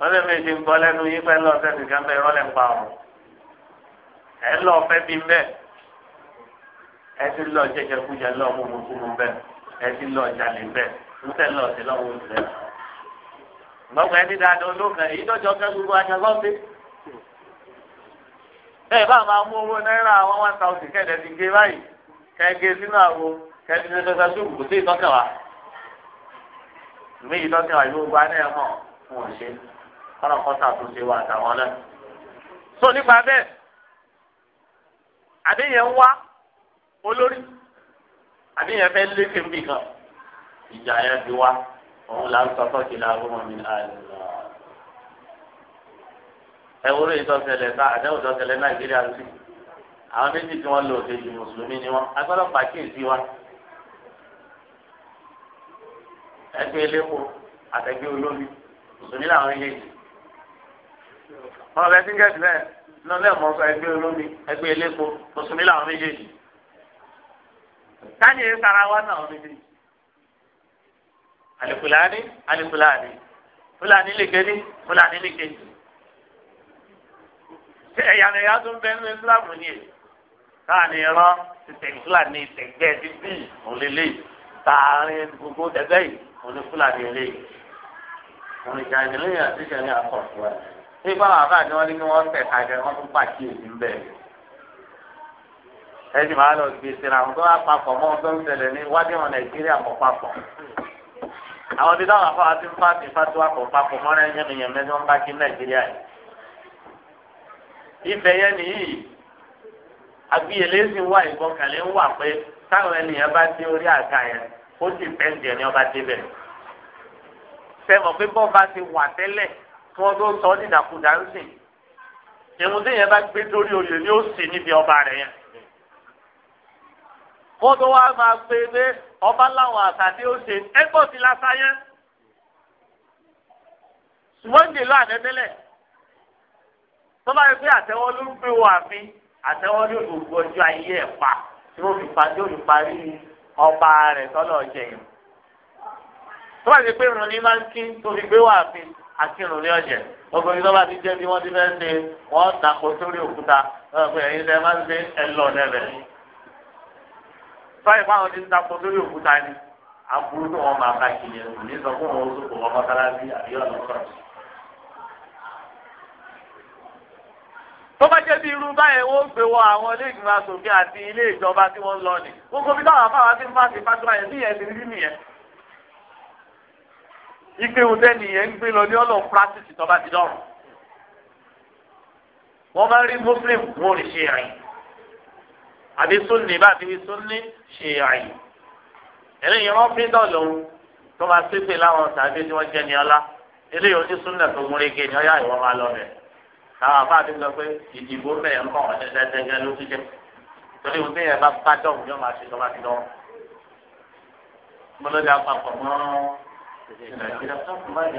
wọ́n lè fi ṣe ń gbọ́ lẹ́nu yín pẹ́ lọ́ọ̀fẹ́ nìkan bẹ́ẹ̀ rọ́lẹ̀ ń pa ọ̀rọ̀ ẹ̀ lọ́ọ̀fẹ́ bí mbẹ́ ẹ ti lọ jẹjẹ kújẹ lọ mú mu kú mu bẹ́ẹ̀ ẹ ti lọ jalè bẹ́ẹ̀ ń tẹ́ lọ sí lọ́wọ́ òṣèlè. gbọ́gbọ́n ẹni dáadọ́ olóògbé èyí tó jọ kẹ́ gbogbo aṣọ lọ́ọ̀fẹ́. bẹ́ẹ̀ bá máa mú owó náírà àwọn one thousand kẹ́ẹ̀dẹ̀ ti gé báyìí kẹ́ẹ̀gẹ́ sínú àwo kẹ́ẹ̀dẹ̀ kọ́nà kan ṣàtúnṣe wa àtàwọn náà. So nípa bẹ́ẹ̀ àdéhìyẹn ń wá olórí àdéhìyẹn fẹ́ lékè ń bì kan ìjà yẹn ti wá òun là ń sọ tọ́jú láàbù mọ́ mi àlọ́. ẹ wúlò ìtọ́sẹ̀lẹ̀ ká àdéhùn ìtọ́sẹ̀lẹ̀ nàìjíríà sí àwọn méjì tí wọ́n lò ṣe ju mùsùlùmí ni wọ́n agbọ́dọ̀ pàkíyèsí wa ẹgbẹ́ elépo àtẹgbẹ́ olómi mùsùlùmí làwọn méjèèjì wọn bẹ tíńkẹ́tì bẹ́ẹ̀ náà lẹ́ẹ̀ mọ́ sọ ẹgbẹ́ olómi ẹgbẹ́ eléko mùsùlùmí làwọn méjèèjì káyé sara wa náà wọn méjèèjì alifulani alifulani fulani lekeni fulani lekeni ẹ̀yàn ẹ̀yà tó ń bẹ nínú islam ni ẹ̀ káàní rán títẹ̀ fúlàní tẹ̀gbẹ́ títí òlélẹ̀ tààrin gbogbo tẹ̀gbẹ́ yìí òní fúlàní eléyìí òní ìjà ìdílé yẹn àti ìjà ní bí báwọn àbá ni wọn ní kí wọn tẹ kájọ wọn tún pàkíyèsí ń bẹ ẹ sì máa lọ gbé síra àwọn tó wá papọ̀ mọ́ ohun tó ń ṣẹlẹ̀ ní wájú wọn nàìjíríà mọ́ papọ̀ àwọn ibi táwọn afáwọn ti ń fa ti fa tó wà pọ̀ papọ̀ mọ́ra ẹ̀yẹ́ nìyẹn mẹ́tí wọ́n bá kí nàìjíríà yìí ibẹ̀ yẹn nìyí àgbìyẹlé wà ìgbọ́kànlé ń wà pé táwọn ènìyàn bá dé orí àga yẹn ó sì fẹ́ǹdì ẹni ọba débẹ̀ sẹ́wọ̀n pé bọ́ọ̀ bá ti wà tẹ́lẹ̀ kí wọ́n tó sọ ọ́ dìdàkudà ń sìn ìrùn tí yẹn bá gbé torí oyè ni ó sì níbi ọba rẹ̀ yẹn wọ́n tó wá máa gbé pé ọba láwọn àtàdé ó ṣe ẹgbọ́n ti lásán yẹn ṣùgbọ́n ìdè lọ àdẹ́tẹ́lẹ̀ tó bá yẹ pé àtẹ́wọ́ ló ń gbé wọ àfin àtẹ́wọ́ ní gbogbo ọjọ́ ayé ẹ̀ pa tí wọ́n fi parí ó ọba rẹ̀ tọ́lọ̀ jẹ̀yìn tó bá yẹ pé ìrùn ni máa ń kí tó fi gbé wọ àfin akínrun ní ọ̀jẹ̀ gbogbo ibi tó bá ti jẹ́ bí wọ́n ti fẹ́ ṣe wọ́n tako sórí òkúta ọ̀pẹ ẹ̀yin lẹ́ máa ń gbé ẹlọ lẹ́bẹ̀. sọ́yìn fáwọn ti ń tako sórí òkúta ni aburú tó wọn máa ka kiri ẹ̀rù ní sọ fún wọn oṣù kò wọ́n mọ́sálásí àríyá lọ́sọ̀. tó bá jẹ́ bí irú báyẹn wọ́n gbé wọ àwọn ilé ìgbìmọ̀ asòfin àti ilé ìjọba tí wọ́n lọ ní gbogbo bí táwọn afáwọn ti ń fásitì ìkéwù tẹ́ni yẹn ń gbé lọ ní ọlọ́run practice tọ́ba ti dọ́rùn wọ́n máa ń rí muslim wọn ò lè ṣe àyè àbí sunni bá àbí sunni ṣe àyè eléyìí wọ́n fi dọ̀ lòun tó máa pépè láwọn tàbí tí wọ́n jẹ́ ní ọlá eléyìí oní sunna tó gún régé ni ọyá ìwọ́n máa lọ bẹ̀ táwọn àbá àti sọ pé ìdìbò bẹ́ẹ̀ ń bọ̀ wọ́n dẹ́dẹ́dẹ́gẹ́ ló ti jẹ́ torí wọn bẹ́ẹ̀ bá bá dọ̀hùn ìgbàgbé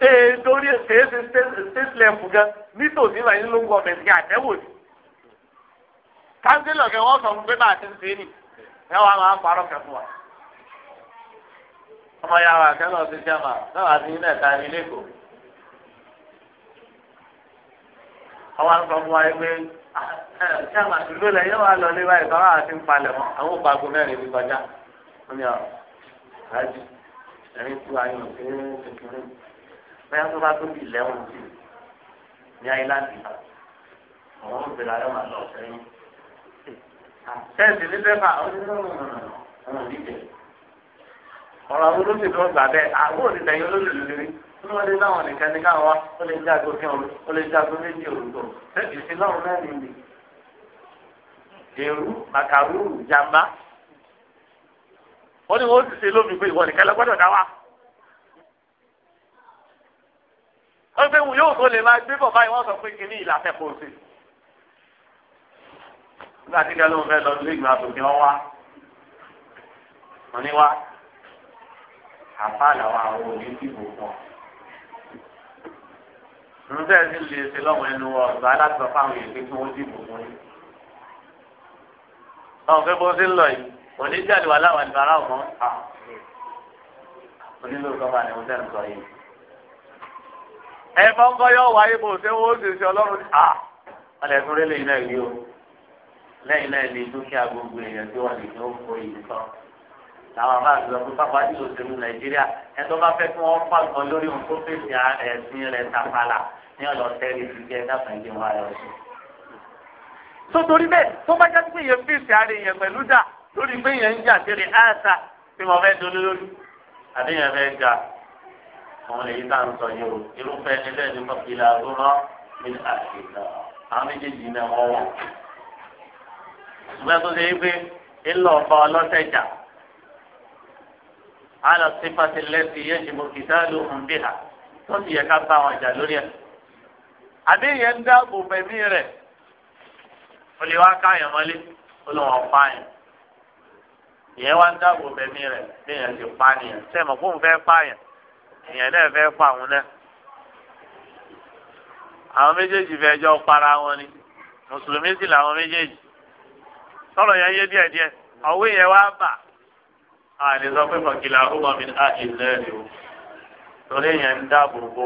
ee torí èsì state level gan nítòsí wà nínú gọọmenti kí àtẹwò ni kánsílọ̀ kẹ́ wọ́n sọ fún pé bá ṣe é ẹ wàá máa parọ́ kẹ́ fún wa ọmọ ya wa kẹlẹ ọsẹ jama náà àti ilé ẹka ní lẹkọọ àwọn àgbà wọn wáyé pé ṣé àwọn àdúgbò lẹ yóò wá lọ lé báyìí báwa àti ń palẹ̀ mọ́ àwọn òpá ago mẹ́rin ti kọjá wọ́n ní ọ̀ rájú ẹ̀rín tú ayé òkèèrè kékeré bẹ́ẹ̀ tó bá tóbi lẹ́wọ̀n sí ní áìláńdì náà àwọn òbèrè ayé máa lọ sẹ́yìn. sẹ́ǹsì ní bẹ́ẹ̀ ọ̀rọ̀ olóṣèlú ọgbà bẹ́ẹ̀ àwọn òṣìṣẹ́ olóṣèlú lérí ní wọ́n lé láwọn nìkan ní káwọn wá ó lè jẹ́ àgbo kí ọ̀rọ̀ ó lè jẹ́ àgbo méjì òrùtò tẹ́tì sí lọ́rùn mẹ́rin ni. èrú màkàrú jàmbá ó ní wọ́n ti ṣe lómi pé ìwọ nìkan lọ gbọ́dọ̀ dá wa. ó gbé wù yóò tó lè máa gbé bọ̀ báyìí wọ́n sọ pé kíní ìlà fẹ́ kó o sí. nígbà tí kẹlẹ́ fẹ́ lọ sí ìgbà tó kí wọ́n wá wọ́n ní wá àfa làwọn àwọn òní nfẹ ti lè ṣe lọ́wọ́ ẹnu wọ ọgbà aláṣọ fáwọn èèyàn pé kí wọn dìbò fún yín. àwọn òfin bó ṣe ń lọ yìí oníjàdì wà láwọn ìbára ọmọ à onílò sọfà ni wọn sẹnu sọ yìí. ẹ fọ́nkọ́ yóò wáyé bò ṣé wọ́n ṣe ṣe ọlọ́run à ọlẹ́ tún rélé iná ìlú o lẹ́yìn náà ní dúkìá gbogbo èèyàn tí wọ́n lè ní ó fún ìlú sọ. làwọn bá lọ fún pápá tí òṣèlú nàìjíríà ẹ tó bá fẹ́ kí wọ́n fà ní ọ̀dọ̀ tẹ́lẹ̀ ti jẹ́ dábàá ilé wọn ayọ̀ sí. tó torí bẹ́ẹ̀ tó bá jẹ́ pé èèyàn fèsì ara èèyàn pẹ̀lú dà lórí pé èèyàn ń jà sí rẹ̀ tí mo fẹ́ dolé lórí àbí èèyàn fẹ́ ga àwọn èyí tá à ń sọ yìí o irúfẹ́ ẹni bẹ́ẹ̀ ni kọ́kí la gbọ́nà ní àṣìṣe àwọn méjèèjì náà wọ́n wọ̀. ṣùgbọ́n tó ṣe é pé ńlọ ọba ọlọ́tẹ̀jà á lọ sí pàṣẹ lẹ́sìn yẹ́n ti mo kìtà lóhùn bí ha tó sì yẹ ká bá wọn jà lórí ẹ̀ àbí yẹn ń dáàbò bẹ̀mí rẹ̀ ó lè wá káyọ̀ mọ́lé ó lè wọ́n pa yẹn ìyẹn wá ń dáàbò bẹ̀mí rẹ̀ bí yẹn ti pa nìyẹn sẹ́mọ̀ fóun fẹ́ pa yẹn ìyẹn náà fẹ́ pa òun náà àwọn méjèèjì fẹ́ jọ para wọn ni mùsùlùmí sì làwọn méjèèjì sọ̀rọ̀ yẹn yé díẹ̀díẹ̀ ọ̀wé yẹn wá bà àlè sọ pé kọ̀kìlà ọmọ mi ní àìlẹ́rìí o torí yẹn ń dáàbò bo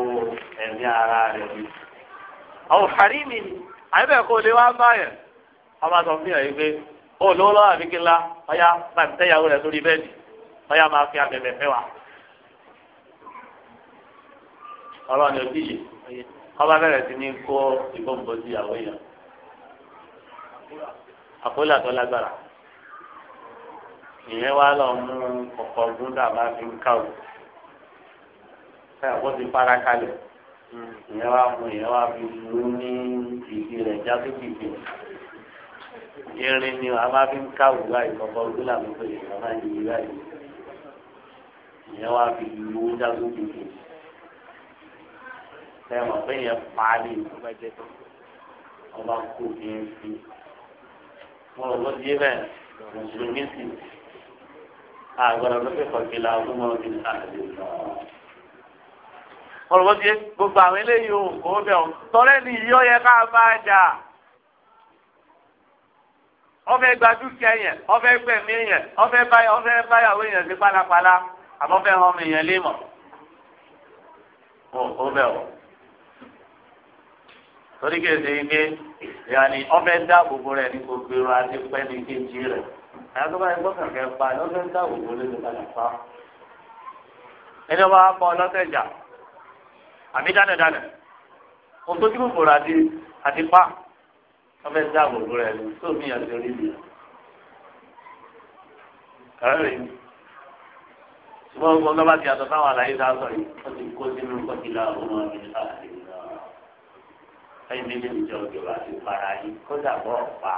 ẹ̀mí ara rẹ̀ bíi àwọn òfàrí mi ni àyẹ̀bẹ̀ kò lè wá bá yẹn ọmọ àtọ̀ fi hàn yín pé ó lówó lọ́wọ́ àbí kí ńlá ọ̀yá máa ń tẹ́yàwó rẹ̀ lórí bẹ́ẹ̀dì ọ̀yá máa fi abẹ̀bẹ̀ fẹ́ wa. ọlọ́ni òbí yìí ọba bẹ̀rẹ̀ sí ní kó ìbombo sí ìyàwó yẹn àpòlì àtọ́ lágbára ìyẹn wá lọ mú ọ̀pọ̀ ọdún dàbá fi ń káwọ́ ẹ̀ àpò ti fara kalẹ̀ ìyẹn wá mú ìyẹn wá fi lù ú ní ìdí rẹ̀ jáde kìkì irin ni a máa fi ń káwù báyìí kọ́kọ́ ojú làmú pé ìyẹn máa ń yí báyìí ìyẹn wá fi lù ú jáde kìkì sẹ́wọ̀n pé yẹn paálí ọba kú kí n fi mo rò ló dé bẹ́ẹ̀ mùsùlùmí sì àgbàdo ló fi kọ̀kí la ọdún mọ́ ọdún àti ìlú náà ọ̀rọ̀ ti gbogbo àwọn eléyìí ò kó bẹ̀ ọ́ tọ́lẹ́ ni ìyọ́ yẹ ká bá a jà ọfẹ́ gba dúkìá yẹn ọfẹ́ gbẹ̀mí yẹn ọfẹ́ báyà ọfẹ́ báyàwó yẹn sí pálapàla àmọ́ fẹ́ hàn mí yẹn lémọ̀ ò kó bẹ̀ ọ́ torí kèsì yìí pé yanni ọfẹ́ dá gbogbo rẹ̀ ní gbogbo irun àti pẹ́ ní kéjì rẹ̀ àyàtọ̀ báyìí gbọ́kàn kẹ́ pa ọfẹ́ dá gbogbo rẹ̀ ní pálapàla ẹni wọ́n á pọ̀ ọlọ́tẹ̀jà àbí dánadáná ohun tó dúró kòrò àti àti pa wọn fẹẹ dá àbòrò rẹ lọ tó mi àti orí mi kàrẹ́rì ṣùgbọ́n gbogbo ọgbà bá ti yàtọ̀ sáwọn àlàyé tá a sọ yìí wọ́n ti kó sínú kọ́kílà ọmọ mi káàkiri náà ẹ̀yin mi ní ìjọ ìjọba ti para yìí kódà bọ́ ọ̀pá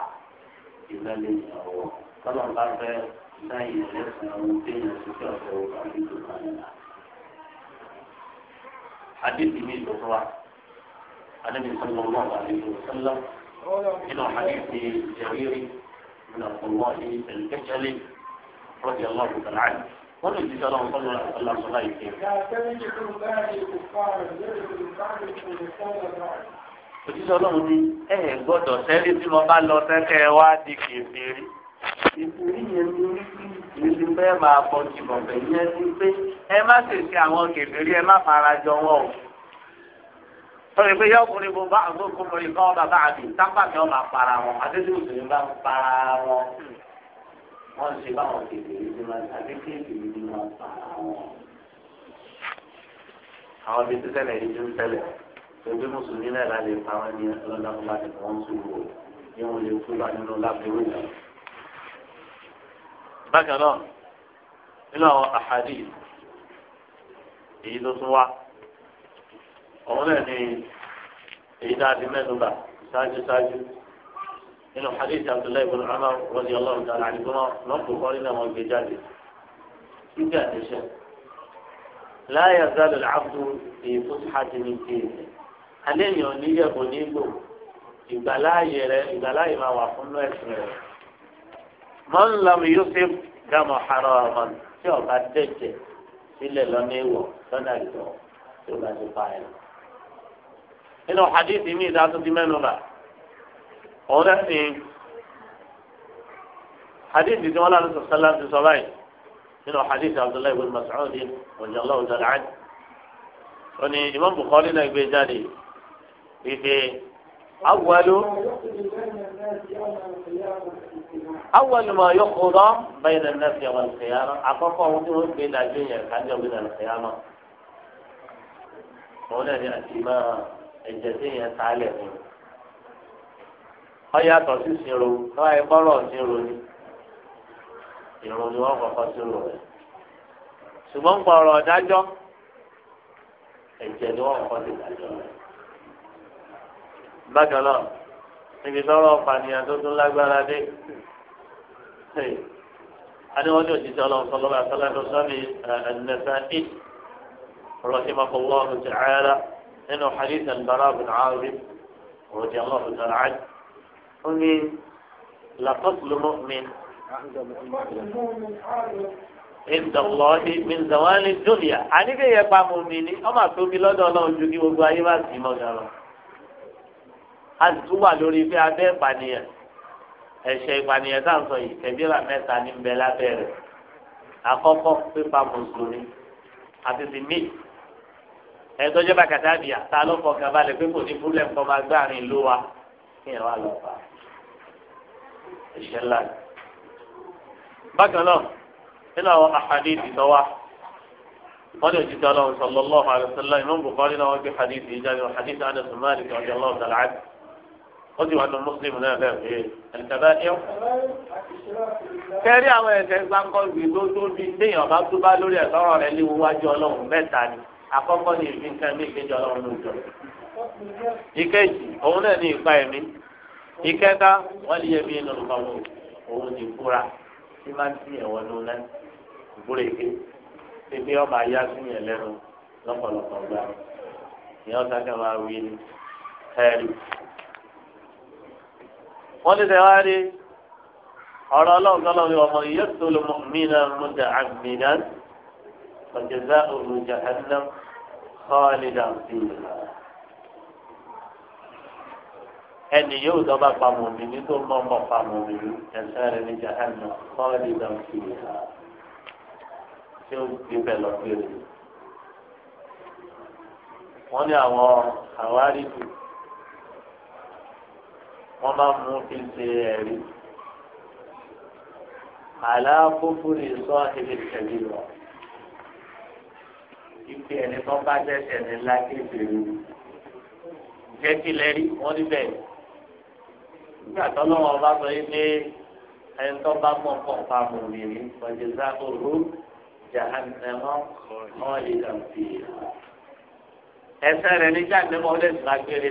ìlú ní ìyàwó tọ́lọ́ bá fẹ́ sáyìn ẹ̀lẹ́sìn ọ̀hún téèyàn ti fẹ́ ọ̀fẹ́ òkú àti ìjọba nìyà. حديث من الرواة النبي صلى الله عليه وسلم إلى حديث جرير من عبد الله الكجلي رضي الله تعالى عنه قال النبي صلى الله عليه وسلم òjíṣẹ́ ọlọ́run ní ẹ gbọ́dọ̀ sẹ́rí tí wọ́n bá lọ sẹ́kẹ́ wá di kìfìrí ìtòrí yẹn ní ìdí bẹ́ẹ̀ máa bọ̀ jìbọ̀ bẹ̀ yẹn ti pé ẹ má tètè àwọn kèfèrí ẹ má fara jọ wọn o. sọ̀rọ̀ pé yọkùnrin bó bá àgbókò mọ̀rí kọ́ bàbá àbí sábà mi ọ̀ máa para wọn àtẹ́tí òṣèlú bá para wọn. wọ́n ṣe báwọn kèfèrí ti máa tàbí kèfèrí ti máa para wọn. àwọn ibi tí yìí ti ń ṣẹlẹ̀ ebi mùsùlùmí náà lálẹ́ pa ní ọlọ́dún bákan náà nínú àwọn àhàdì èyí tó tún wá ọ̀hún náà ni èyí tá a ti mẹ́nu bà ṣáájú ṣáájú nínú hadith abdullahi ibn umar radiyallahu ta'ala anhuma lọ́pọ̀ kọ́rí náà wọ́n gbé jáde síbi àtẹ̀ṣẹ́ la yazalu al-abdu fi fushati min dinihi alẹ́ yẹn ní yẹ kò ìgbàláyè rẹ ìgbàláyè máa wà fún ẹ̀sìn rẹ̀ mọ́nlọ́mù yusuf dàmú haraman tí ọba tẹ̀jẹ̀ sílẹ̀ lọ́nà ìwọ̀ lọ́nà ìwọ̀ tí ọba ti pa ẹ̀. nínú hadith mi ìdá tó ti mẹ́nu bá ọ̀rẹ́ ni hadith tí wọ́n lánà sọ̀sọ́lá ti sọ báyìí nínú hadith abdullahi ibn mas'ud radiyallahu ta'ala anhu. wọ́n ní imam bukhari náà gbé jáde wípé awwalu awwalu ma yuqda bayna an-nasi wal qiyamah àkọ́kọ́ ohun tí wọ́n gbé dájú yẹn kájọ gbé dájú qiyamah òun náà ni àti máa ẹ̀jẹ̀ tí yẹn sálẹ̀ fún un ọyàtọ̀ sí sinro lọ́wọ́ ẹgbọ́rọ̀ sinro ni ìrùn ni wọ́n kọ́kọ́ sinro rẹ̀ ṣùgbọ́n pọ̀rọ̀ dájọ́ ẹ̀jẹ̀ ni wọ́n kọ́kọ́ ti dájọ́ rẹ̀ bákan náà níbi sọ̀rọ̀ pànìyàn tó tún lágbára dé aníwọ́n ní òṣìṣẹ́ ọlọ́run sọ lọ́wọ́ àtọ́lá tó sọ́ni ẹ̀ẹ́dẹ́sán ìd رحمه الله تعالى إنه حديث البراء بن عازب رضي الله تعالى عنه قل لقتل مؤمن عند الله من زوال الدنيا àní kéèyàn pa mùmínì ó mà tóbi lọ́dọ̀ Ọlọ́run ju kí gbogbo ayé bá sì mọ́ ọ̀dọ̀ a sì tún wà lórí pé abẹ́ ìpànìyàn ẹ̀ṣẹ̀ ìpànìyàn tá à ń sọ yìí kẹ̀bíra mẹ́ta ní bẹ lábẹ́ rẹ̀ àkọ́kọ́ pípa mùsùlùmí àti ti mí ẹ̀tọ́ jẹ́ bàkàtà bìyà tá a ló fọkàn balẹ̀ pé kò ní fúlẹ̀ kọ́ máa gbáàrin ló wa kí ẹ̀ wá lọ fà ẹ̀ṣẹ̀ ńlá ni. bákan náà nínú àwọn àhàdí ìtọ́wá wọ́n lè ti tọ́lọ́ sallallahu alaihi wasallam Imam Bukhari náà wọ́n gbé hadith ìjáde wọn hadith Anas Malik radiyallahu ta'ala ó sì wà ní mùsùlùmí náà bẹ́ẹ̀ pé ẹ̀ǹtẹ̀bá yẹn. kẹ́rí àwọn ẹ̀ṣẹ̀ gbàǹkọ́gbì tó tó bí téèyàn bá tó bá lórí ẹ̀ sọ́rọ̀ rẹ̀ léwu wájú ọlọ́run mẹ́ta ni àkọ́kọ́ ni ìfi nǹkan ní ìkejì ọlọ́run ló jọ. ìkejì òun náà ní ìpa ẹ̀mí ìkẹta wọ́n lè yẹ bí inú ló fọwọ́ òun ní ìkúra tí máa ń tì ẹ̀wọ̀n ló ná ìkúra èké ebi ọba ayá sí yẹn lẹ́nu lọ́pọ̀lọpọ̀ gbà ìyẹn ọ̀sán kẹ́ wí ẹ̀rí wọ́n ní sẹ́wá rí ọ̀rọ̀ ọlọ́run tọ́lọ́ ní ọmọ yìí yóò tó lọ mọ mìíràn múdà àmìíràn ọ̀jẹ̀dá òru jahannam kọ́ọ̀lìdà fìlà. ẹnì yóò dọ́gba pamọ́ mi ní tó mọ́ mọ́ pamọ́ mi ẹ̀sẹ̀ rẹ̀ ní jahannam kọ́ọ̀lìdà fìlà. tí ó gbé bẹ́ẹ̀ lọ wọ́n ní àwọn àwárí tuntun wọ́n máa mú kí n ṣe ẹ̀rí. àlàáfófúri sọ ibi ìṣẹ̀lẹ̀ lọ. ìpè ẹni tó bá dẹ́sẹ̀ ní lákèjìrì. jẹ́ kí lẹ́rí wọ́n níbẹ̀. nígbà tó lọ́wọ́ bá sọ yín pé ẹni tó bá mọ̀ pọ̀ pa mọ̀ nìyí pẹ̀lú ìzákòrò jahannama kọ́ ìdàmfì. ẹsẹ̀ rẹ̀ ní jáde mọ́ ọ́ lẹ́sìn lágbére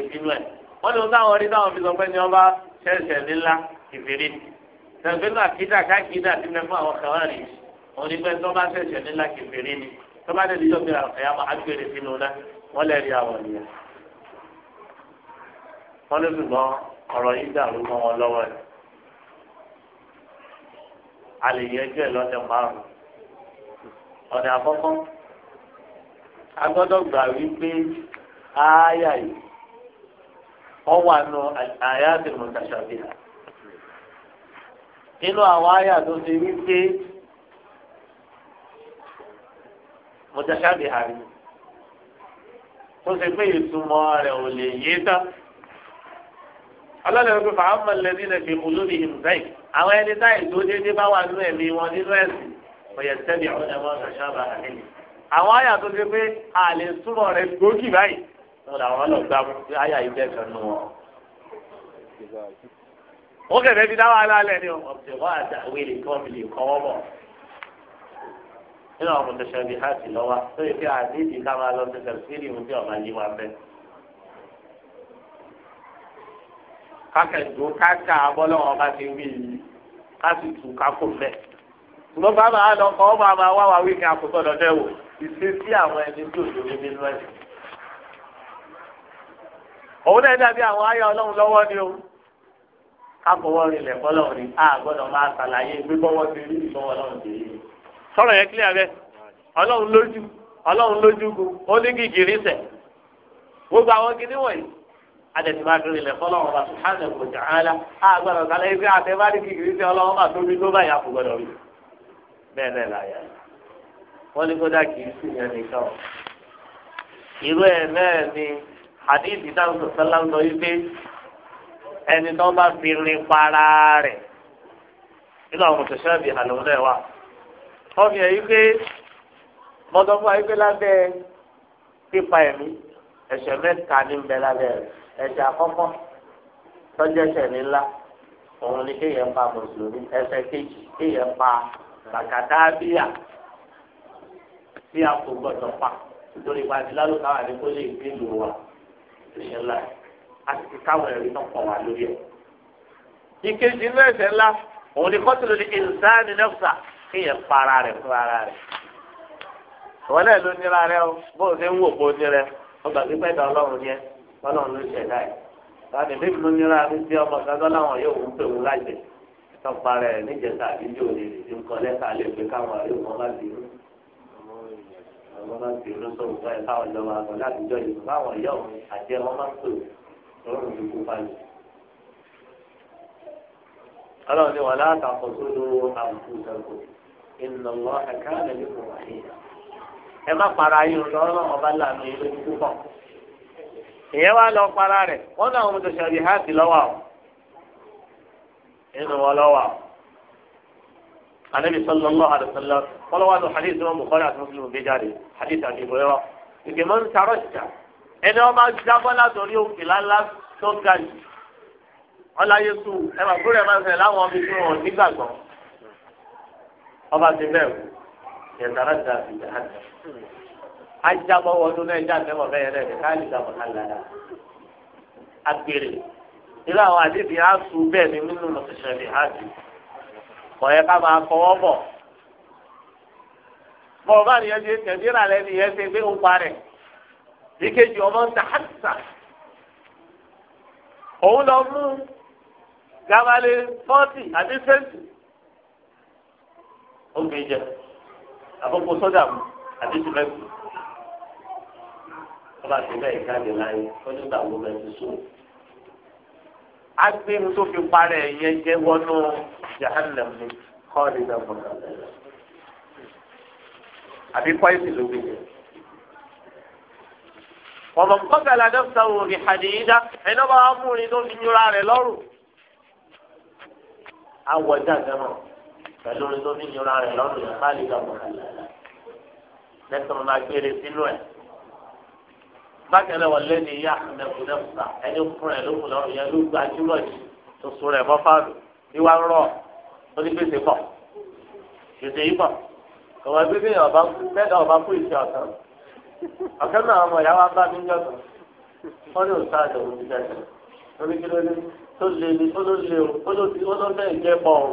wọ́n ní wọ́n táwọn rí táwọn fi sọ pé ní ọba ṣẹ̀ṣẹ̀ nílá ìfèrè tẹ̀gbẹ́nu àkídà kákídà ti mẹ́fún àwọn kàwárì wọ́n ní pé tọ́ba ṣẹ̀ṣẹ̀ nílá ìfèrè ni tọ́ba dẹ̀ níjọ́ bí àfẹ́yà máa gbére sínú náà wọ́n lè rí àwọn nìyẹn. wọ́n ní ṣùgbọ́n ọ̀rọ̀ yìí dàrú mọ́ wọn lọ́wọ́ rẹ̀ alè yẹn jẹ́ lọ́dẹ̀ márùn-ún ọ̀dẹ̀ àkọ́kọ́ ọwọ́ àánú àyà ti mọ̀ kàṣàbí ha. nínú àwọn àyà tó ti wí pé mọ̀tàṣàbí ha rí tó ṣe pé ìtumọ̀ rẹ̀ ò lè yé tán. ọlọ́dẹ̀ wípé fàámà lẹ́ni náà fi kúló ní ìmùtáì àwọn ẹni táì tó déédéé bá wà nínú ẹ̀mí wọn nínú ẹ̀sìn ọ̀yẹ̀ tẹ́lẹ̀ ọ̀dẹ̀ mọ̀ kàṣàbí rí. àwọn àyà tó ṣe pé àlè túmọ̀ rẹ̀ gbòógì báyìí wọn làwọn ọlọ́gbà pé yìí bẹ́ẹ̀ kan nù wọn. wọ́n kẹ̀kẹ́ ti dá wàhálà ni ọ̀pẹ̀ wá àti àwẹ̀lẹ̀ kí wọ́n fi lè kọ́ bọ̀. nínú àwọn ọ̀pọ̀tẹ̀sẹ̀ bíi hàtì lọ́wọ́ tó yẹ kí àdéhìí ká máa lọ sẹ̀sẹ̀ sílì mú bí ọ̀ma yí wa bẹ́. kákẹ́dùn káka abọ́lọ́wọ́ bá ti wí yìí ká sì tù kákò mẹ́. ṣùgbọ́n bàbá àlọ́ kọ́ ọ́ máa wá wá wí òun náà dàbí àwọn ayé ọlọ́run lọ́wọ́ ni o kápọ̀wọ́ rinlẹ̀ fọlọ́run a gbọ́dọ̀ máa ṣàlàyé gbígbọ́wọ́ ti rí ìgbọ́wọ́ ọlọ́run ti rí. sọ̀rọ̀ yẹn kílíà bẹ́ẹ̀ ọlọ́run lójú ọlọ́run lójú gu ó ní gìgì rísẹ̀ gbogbo àwọn gidi wọ̀nyí adẹ̀tí máa dúró ilẹ̀ fọlọ́run bá sùhánà kò jà a gbọ́dọ̀ ṣàlàyé pé àtẹ bá ní ọlọ́run bá tó hadith ìdáhùn sọ̀sọ́lá ń lọ yí pé ẹni tó bá fi rin para rẹ̀ nínú àwọn mọ̀tòṣẹ́ bíi àlọ́ náà wà. wọ́n fi hàn yí pé mọ́tọ́fún wa yí pé lábẹ́ pípa ẹ̀mí ẹ̀ṣẹ̀ mẹ́ta ní ń lábẹ́ ẹ̀ṣẹ̀ àkọ́kọ́ tọ́jú ẹ̀ṣẹ̀ ńlá òun ni kéèyàn pa mùsùlùmí ẹ̀ṣẹ̀ kejì kéèyàn pa bàkàtà bíyà tí a kò gbọdọ̀ pa nítorí ìpàdé lálùkáwà ní kó lè gbé lù wà ẹ̀ṣẹ̀ ńlá àti ti káwọn ẹ̀rí náà pọ̀ wá lórí ẹ̀. ìkejì ńlá ẹ̀ṣẹ̀ ńlá òun ni kọ́tùlù ní ìsáni nẹ́fùsà kéèyàn pa ara rẹ̀ fún ara rẹ̀. ìwọ́n náà ló nira rẹ o bóun ṣe ń wò bó nira ó gbà pípẹ́ ìdá ọlọ́run ni ọlọ́run ló ṣẹ̀dá ẹ̀. láti bí mo nira mi ti ọmọ gbàgbọ́ láwọn yóò wú pé òun lájẹ̀ ọmọ máa ń fi olóṣòwò fún ẹ káwọn lọ máa bọ láwùjọ yìí báwọn yọ àti ẹwọn máa ń tò lọrùn ní kópa yìí. ọlọ́run ni wọ́n láta àkóso ló àwùjọ ìṣẹ́kù iná lọ ẹ̀ka lẹ́yìn kò wà ẹ má para yín lọ́rọ̀ ọba lànà ìlú púpọ̀. ìyẹn wá lọ para rẹ̀ wọ́n náà wọ́n ti ṣàbí háàtì lọ́wọ́ àwọn. inú wọn lọ́wọ́ àwọn. ànábì sallallahu alaihi wasallam wọ́n wá lọ hadith náà Bukhari àti Muslim gbé jáde hadith àti ìbúrẹ́wà ìgbè mọ́ ń sarọ́ ìjà ẹni wọ́n bá jábọ́ látọ̀rí òkè lálá tó ga jù wọ́n láyé sùn ẹ máa gbúrẹ́ máa ń sẹ̀ láwọn ọmọ ìṣúná wọn nígbàgbọ́ ọba ti bẹ́ẹ̀ yẹ sara da ìjà àjà ajábọ̀ wọnú náà agbèrè ilé àwọn àdébìyàn á bẹ́ẹ̀ ni nínú ọ̀sẹ̀ ṣẹlẹ̀ á dì ọ̀yẹ́ ká máa fọwọ́ bọ̀ bọ̀ bá nìyẹn ṣe tẹ̀síra rẹ nìyẹn ṣe gbé ń parẹ́ ìkejì ọmọ ń ta àṣà òun lọ mú gabale fọ́tì àti sẹ́ǹtì ó gbé jẹ àkókò sọ́dà mu àti sìmẹ́ǹtì ọba ti bẹ́ẹ̀ jáde láyé ọdún tàwọn ọmọ ẹni sùn. agbẹ́nu parẹ́ yẹn jẹ́ wọnú jahannam ni kọ́ọ̀lì náà fọ́nà lẹ́yìn àbí kọ́ìsì ló wí. ọ̀mọ̀ nǹkan làdọ́ sọ̀rọ̀ ní àdìyídá ẹ̀nà bá wọn múrin tó fi nyúra rẹ̀ lọ́rùn. awọ jáde náà pẹ̀lú orin tó fi nyúra rẹ̀ lọ́rùn yẹn má lè gbàgbọ́ lẹ́sọ̀rọ̀ máa gbére sínú ẹ̀. bákan náà wọlé ní ìyá àmẹ́kùnẹ́kùnà ẹni fún ẹ̀ ló kùnà ìyẹn ló gba jùlọ yìí tó sùn rẹ̀ mọ́fáàlù ìwà rọ̀ ó ní gbèsè pọ̀ gbèsè yìí pọ̀ ọ̀wọ́ gbé bẹ́ẹ̀ ọba bẹ́ẹ̀ ọba fún ìṣẹ́ ọ̀sán ọ̀kẹ́ náà ọmọ ìyá wa bá mi jọ sọ wọ́n ní òṣà àjọ òun jẹ lórí kí ló ní tó lé ní ó ló lé o ó ló ti bẹ́ẹ̀ jẹ́ pọ̀ o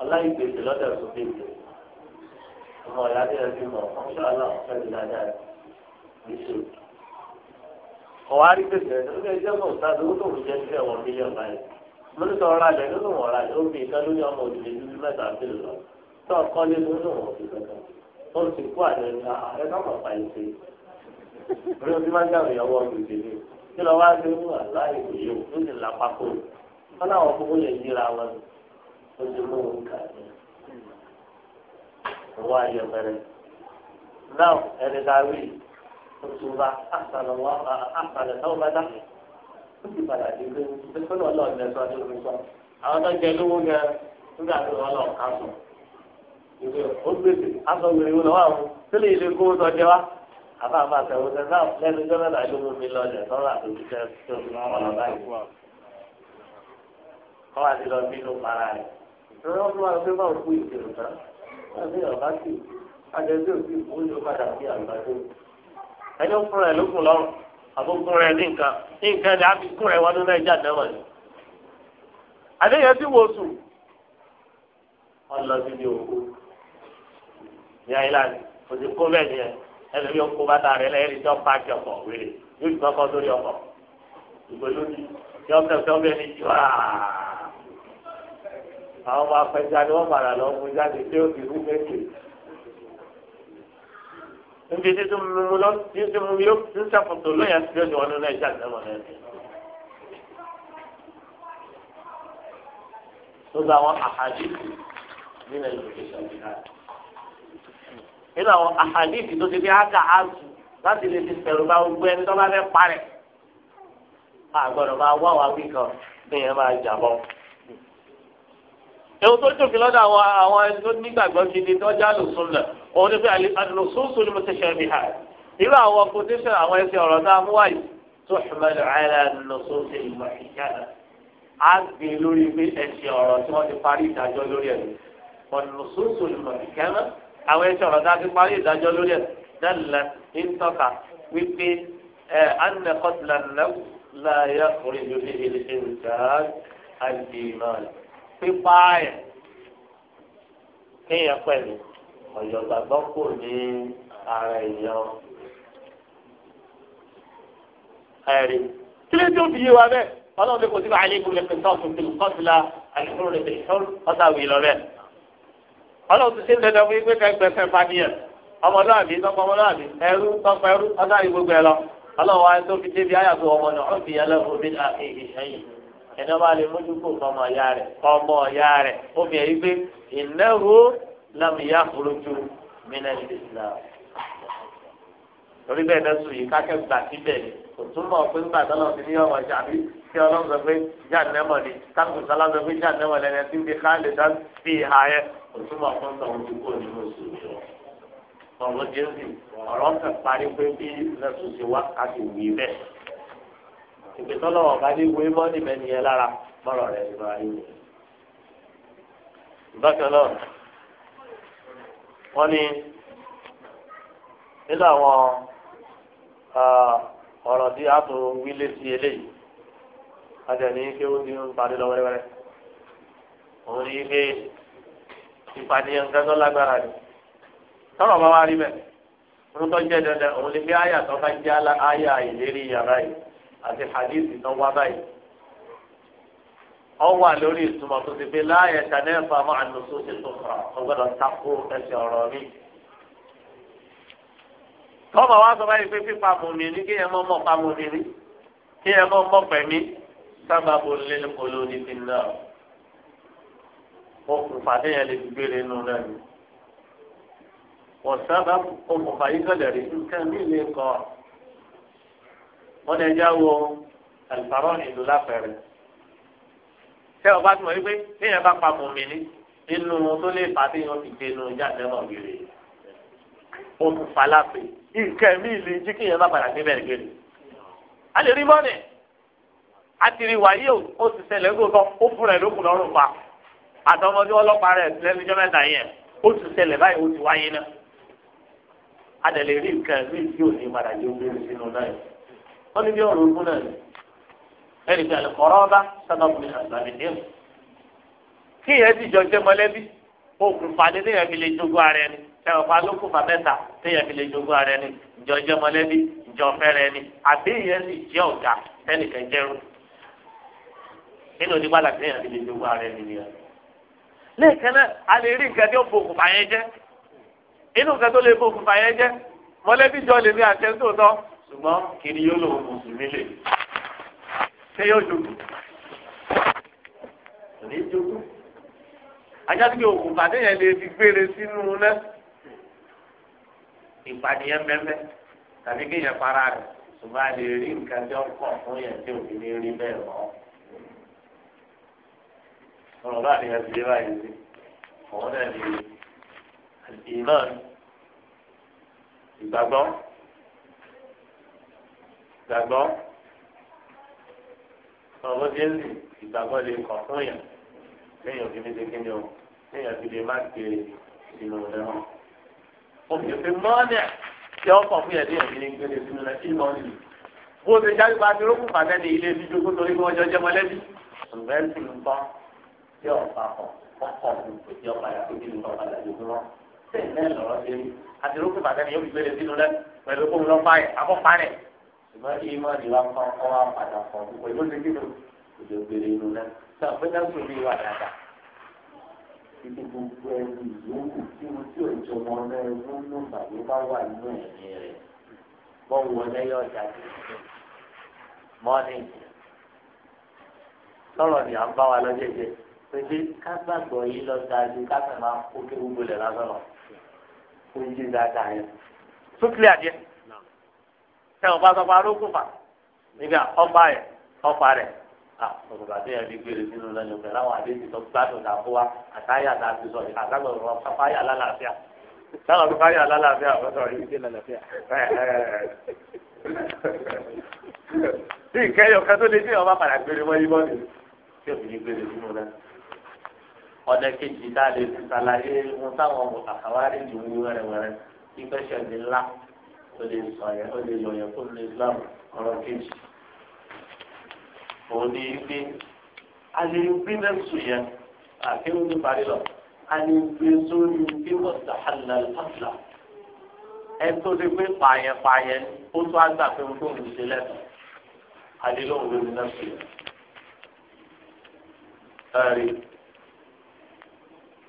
ọláyé gbèsè lọ́dẹ̀ tó bí mi ọmọ ìyá tí ẹ fi mọ̀ ọ̀ṣọ́ aláwọ̀fẹ́ mi lájà ìṣe ọ̀wá rí gbèsè ẹ̀ lórí ẹjẹ́ mọ̀ òṣà àjọ òun tó jẹ́ sí ẹ̀wọ̀n mílíọ̀nù báyìí lórí sọ̀rọ̀ rà lẹ̀ lórí wọ̀n rà ó fi ìkan lórí ọmọ òdìdí mẹ́ta bílù lọ tó ọkọ lé mú náà wọ́n tó ti kú àlẹ́ ní ah, ẹ ká mọ̀ pa ìṣe orí ojú máa ń dàrú ìyàwó ọdún ìdílé kí lọ wá sí wà láì wòye o tó sì la pákó wọn làwọn kókó lè yíra wọn ó ti mú òun kà ní owó ayé pẹrẹ náà ẹni ká rí òtúnba àtàlọwọ àtàlẹsáwọ bá ah, ah, dáhùn ó ti padà dé pé pé kó lọ lọ ọdún ẹsọ ọdún ìsọ àwọn tó jẹ lówó gan nígbà tó wọn lọ sùn ó aṣọ gbèrè wọn wà fún sílẹ̀ ilé kó sọ jẹ wá àbá àbá àtẹwò tẹ náà lẹ́nu tó mẹ́ta ló mú mi lọlẹ sọ̀rọ̀ àtòjú tẹ tó fi wọn wọn lọ báyìí kọ́ àti lọ bínú para rẹ̀ ìṣòro wọn fún wa pé báwo kú ìṣèlú tán wọn ní ọba sí àjẹsí òsì fún padà sí àgbàdo ẹjọ́ fún rẹ lókun lọ́rùn àbókun rẹ ní nǹkan ní nǹkan ni àbí kún rẹ wọnú náà jáde wọn àdéhùn ẹbí wo sùn ọlọ́ọ̀bí ní àyíláàdì kò sí kó bẹ́ẹ̀ ni ẹ ẹlòmíì ó kó bàtà rẹ lẹ́yìn tí wọ́n pààkì ọkọ̀ wéré yóò ti kọ́kọ́ sórí ọkọ̀ ìgbòlódì tí wọ́n kẹ́kẹ́ ọbẹ̀ ní jù àwọn ọmọ apẹja ni wọ́n padà lọ mú jáde tí ó fi rú méjì níbi tí tó mímú lọ tí tó mímú yó ń sàkóso lóyún àti lóyún wọn nínú ẹja ìdámọ̀ náà tó gba àwọn àhàjì nínú ìlú nínú àwọn àhàdìsì tó ti fi ága àtù láti lè fi sẹ̀rù bá gbogbo ẹni tó bá fẹ́ parẹ́ àgbọ̀dọ̀ máa wá wá wí kan ní ẹ máa jà bọ́. ewu tó jòkè lọ́dọ̀ àwọn àwọn ẹni tó nígbàgbọ́ gidi tó já lùsùn lẹ̀ òun ni pé àlùsùnsùn ni mo ti ṣe ẹ̀mí hà irú àwọn quotation àwọn ẹsẹ̀ ọ̀rọ̀ náà mú wáyé tó ṣùgbọ́n àìlà lùsùn ṣe ìgbà ìjáde á gbé lórí àwọn ẹṣẹ ọ̀rọ̀ dáa fi parí ìdájọ́ lórí ẹ̀ dẹ́lẹ̀ ìtọ́ka wípé ẹ anẹ kọ́tìlá láyà orí lórí ilé ìrìnsàn àdìmọ́n pípa ẹ̀ kéèyàn pẹ̀lú ọ̀yọ̀ gbàgbọ́ kò ní ara èèyàn ẹ̀rí. kí ló dé òbí yé wa bẹ́ẹ̀ ọlọ́run ní kò sí bá àlékún lè fi sọ́ọ̀tún fi kọ́tìlá àlùkò rẹ̀ bẹ̀rẹ̀ sọ́ọ̀tún ọ̀tàwé lọ bẹ́ẹ̀ ọlọ́run ti ṣe ń dandan fún yín pé kẹgbẹ́sẹ̀ fàníyàn ọmọlúwàbí tọpọ ọmọlúwàbí ẹrú tọpọ ẹrú ọdún àyè gbogbo ẹ lọ ọlọ́run wa tó fi débi ayàtò ọmọ náà ó fi yẹlẹ omi àkèké sẹ́yìn ẹni ọba lè mójú kó fọmọ ọ̀yá rẹ̀ ọmọ ọ̀yá rẹ̀ ó fi ẹ̀yí pé ìnáwó lámìyá kúròjú mílẹ̀ ìsìlá torí bẹ́ẹ̀ lẹ́sùn yìí kákẹ́gbà síbẹ̀ ni kò túmọ̀ pé ńgbà tọ́lọ̀ ti ní ọmọ òtúmọ̀ fún sọ̀rọ̀ ti kúrò nínú ìṣòro yọ. ọ̀rọ̀ jésù ọ̀rọ̀ ń fẹ́ parí pé bí lẹ́sùn ti wá a sì wí bẹ́ẹ̀. ìgbésọ́lọ̀ ọ̀gá ní wé mọ́nì mẹ́ni yẹn lára mọ́rọ̀ rẹ̀ nínú ayé mi. bákan náà wọ́n ní nínú àwọn ọ̀rọ̀ tí a tún wí lé sí eléyìí a jẹ̀ ní kí ó ti ń parí lọ wẹ́rẹ́wẹ́rẹ́ òun ní pé ìpànìyàn nǹkan tó lágbára ni tọrọ bá wá rí bẹ wọn tó jẹ dandan òun ni bí àyà tó bá jẹ àyà ìlérí yàrá yìí àti hadith tó wá báyìí ọ wà lórí ìtumọ̀ tó ti fi láàyè tànẹ́fà máa lò sóde tó fà ọ gbọdọ̀ takò ẹsẹ̀ ọ̀rọ̀ mi. tọ́mọ̀ wá sọ báyìí pé pípa mòmìnir kí ẹ mọ́ mọ́ pa mòmìnir kí ẹ mọ́ mọ́ pẹ̀mí sábàbò lẹ́nu kò lóde ti náà okùnfà téèyàn lè fi gbére nù náà ni wọ́n sábà okùnfà yìí gbọ́dọ̀ rí nǹkan mí lè kọ́ wọ́n lè já wo àlùfáàrọ̀ ìlú lápẹ̀rẹ̀ tẹ́ ọ bá tún wọ́n wípé téèyàn bá pa mọ̀mí ní nínú tó lè fà téèyàn fi dé inú jáde náà gbére okùnfà lápẹ̀ nǹkan mí lè jí kéèyàn bá padà débẹ̀ gbére a lè rí mọ́nẹ̀ àtìrí wàyí ó ti ṣẹlẹ̀ gbọ́dọ̀ ó fúnra ẹ̀ lókun lọ́rùn pa àtọmọdé ọlọ́pàá rẹ̀ lẹ́nu jẹ́ mẹ́ta yẹn ó ti ṣẹlẹ̀ báyìí ó ti wáyé náà adẹ̀lẹ̀ rí nǹkan rí tí ò ní padà jẹ́ obìnrin sínú náà wọ́n ní bí ogun náà ni ẹnì kan lè kọ́rọ́ ọba sábàbù ní àgbàmì ní ẹ̀mú kí ìyẹn ti jọ jẹ́ mọ́lẹ́bí òkùnfà ní téèyàn fi lè jogún ara ẹni ẹ̀wọ̀n pa lókùnfà mẹ́ta téèyàn fi lè jogún ara ẹni ìjọ jẹ́ mọ́lẹ́bí ìjọ fẹ́rẹ̀ ẹni àbí ìyẹn sì jẹ́ ọ̀gá ẹnì kan nínú onígbàlà téèyàn fi lè jogún ara ẹni nìyẹn lẹ́ẹ̀kan náà a lè rí nǹkan tí ó bo òkùnfà yẹn jẹ́ inú nǹkan tó lè bo òkùnfà yẹn jẹ́ mọ̀lẹ́bí jọ lè ní àṣẹ tó tọ́ ṣùgbọ́n kiri yóò lò mùsùlùmí lè ṣé yóò jogún ní jogún ajá sí pé òkùnfà téèyàn lè fi gbére sínú náà ìpànìyàn mẹ́mẹ́ tàbí kéèyàn para rẹ̀ ṣùgbọ́n a lè rí nǹkan tí ó fún yẹn tí òfin ní rí bẹ́ẹ̀ mọ́ ọ̀rọ̀ bá mi àti ìlera yìí sí ọ̀hún náà ni ìmán ìgbàgbọ́ ìgbàgbọ́ ọ̀rọ̀ bí ẹ̀sìn ìgbàgbọ́ lè kọ̀ fún yàn lẹ́yìn òfin méje kí ni o lẹ́yìn òfin lè má kéré ìlú rẹ̀ hàn. òfin òfin mọ́ọ̀nì tí ó kọ̀ fún yàn lẹ́yìn òfin gbélé sínú rẹ̀ sí mọ́ọ̀nì. bó o ṣe jáde pa abirókùn pàtẹ́ni ilé ìdíjú kó torí kí wọ́n jọ jẹ́ tí ọ̀pá kọ̀ ọkọ̀ òun tí ọ̀pá yà kó kí ni ọ̀pá yà yóò rọ̀ sẹ́yìn náà ṣe rí àti rúkú bàtà ni yóò fi gbére sínú rẹ pẹ̀lú kó ń lọ pa ẹ̀ abọ́ pa rẹ̀ ni wà kọ́ kọ́ wà padà kọ́ púpọ̀ yóò ṣe kíni òjò gbére inú rẹ sọ pé náà sùn ní ìwà dáadáa. Ibi gbogbo ẹni ìyókù tí mo tí ò jọ mọ náà ló ni à ń bá wa lọ jẹ́jẹ́ pèsè kágbàgbọ́ yìí lọ dájú káfẹ́ máa kó kí gbogbo lẹ̀ lásán lọ kó yí dáadáa yẹn. súkìlì àdìẹ tẹ ọba sọ pa arógùn fà nígbà ọba yẹ ọpa rẹ ọ̀rọ̀gbà tó yẹ fi gbére sínú lẹ́nu pẹ̀lú àwọn àdéhùn tó gbádùn dà fún wa àtàyà tá a ti sọ àtàgbọ̀ rọ fáyà lálàáfíà táwọn tó fáyà lálàáfíà wọ́n sọ yìí dé lálàáfíà. tí ìkẹyọ̀ kan tó lé sí ọba padà gbére wọ́n yí bọ́ọ̀lù tí òfin gbére sínú lẹ́nu ọ̀nà kejì tá a lè fi ṣàlàyé ohun táwọn àkàwárí jù ń wẹ́rẹ́wẹ́rẹ́ ìfẹ́ ṣẹ̀dí ńlá tó lè sọ yẹn tó lè lọ yẹn kó lè Islam ọ̀rọ̀ kejì. òun ni ibi a lè gbé mẹ́sù yẹn àkéwù ní parí lọ a lè gbé sórí bí wọ́n sàhálà lọ́sà ẹ tó lè gbé pààyàn pààyàn ó tó àgbà pé wọ́n tó ń ṣe lẹ́sìn a lè lọ́wọ́ lórí mẹ́sù yẹn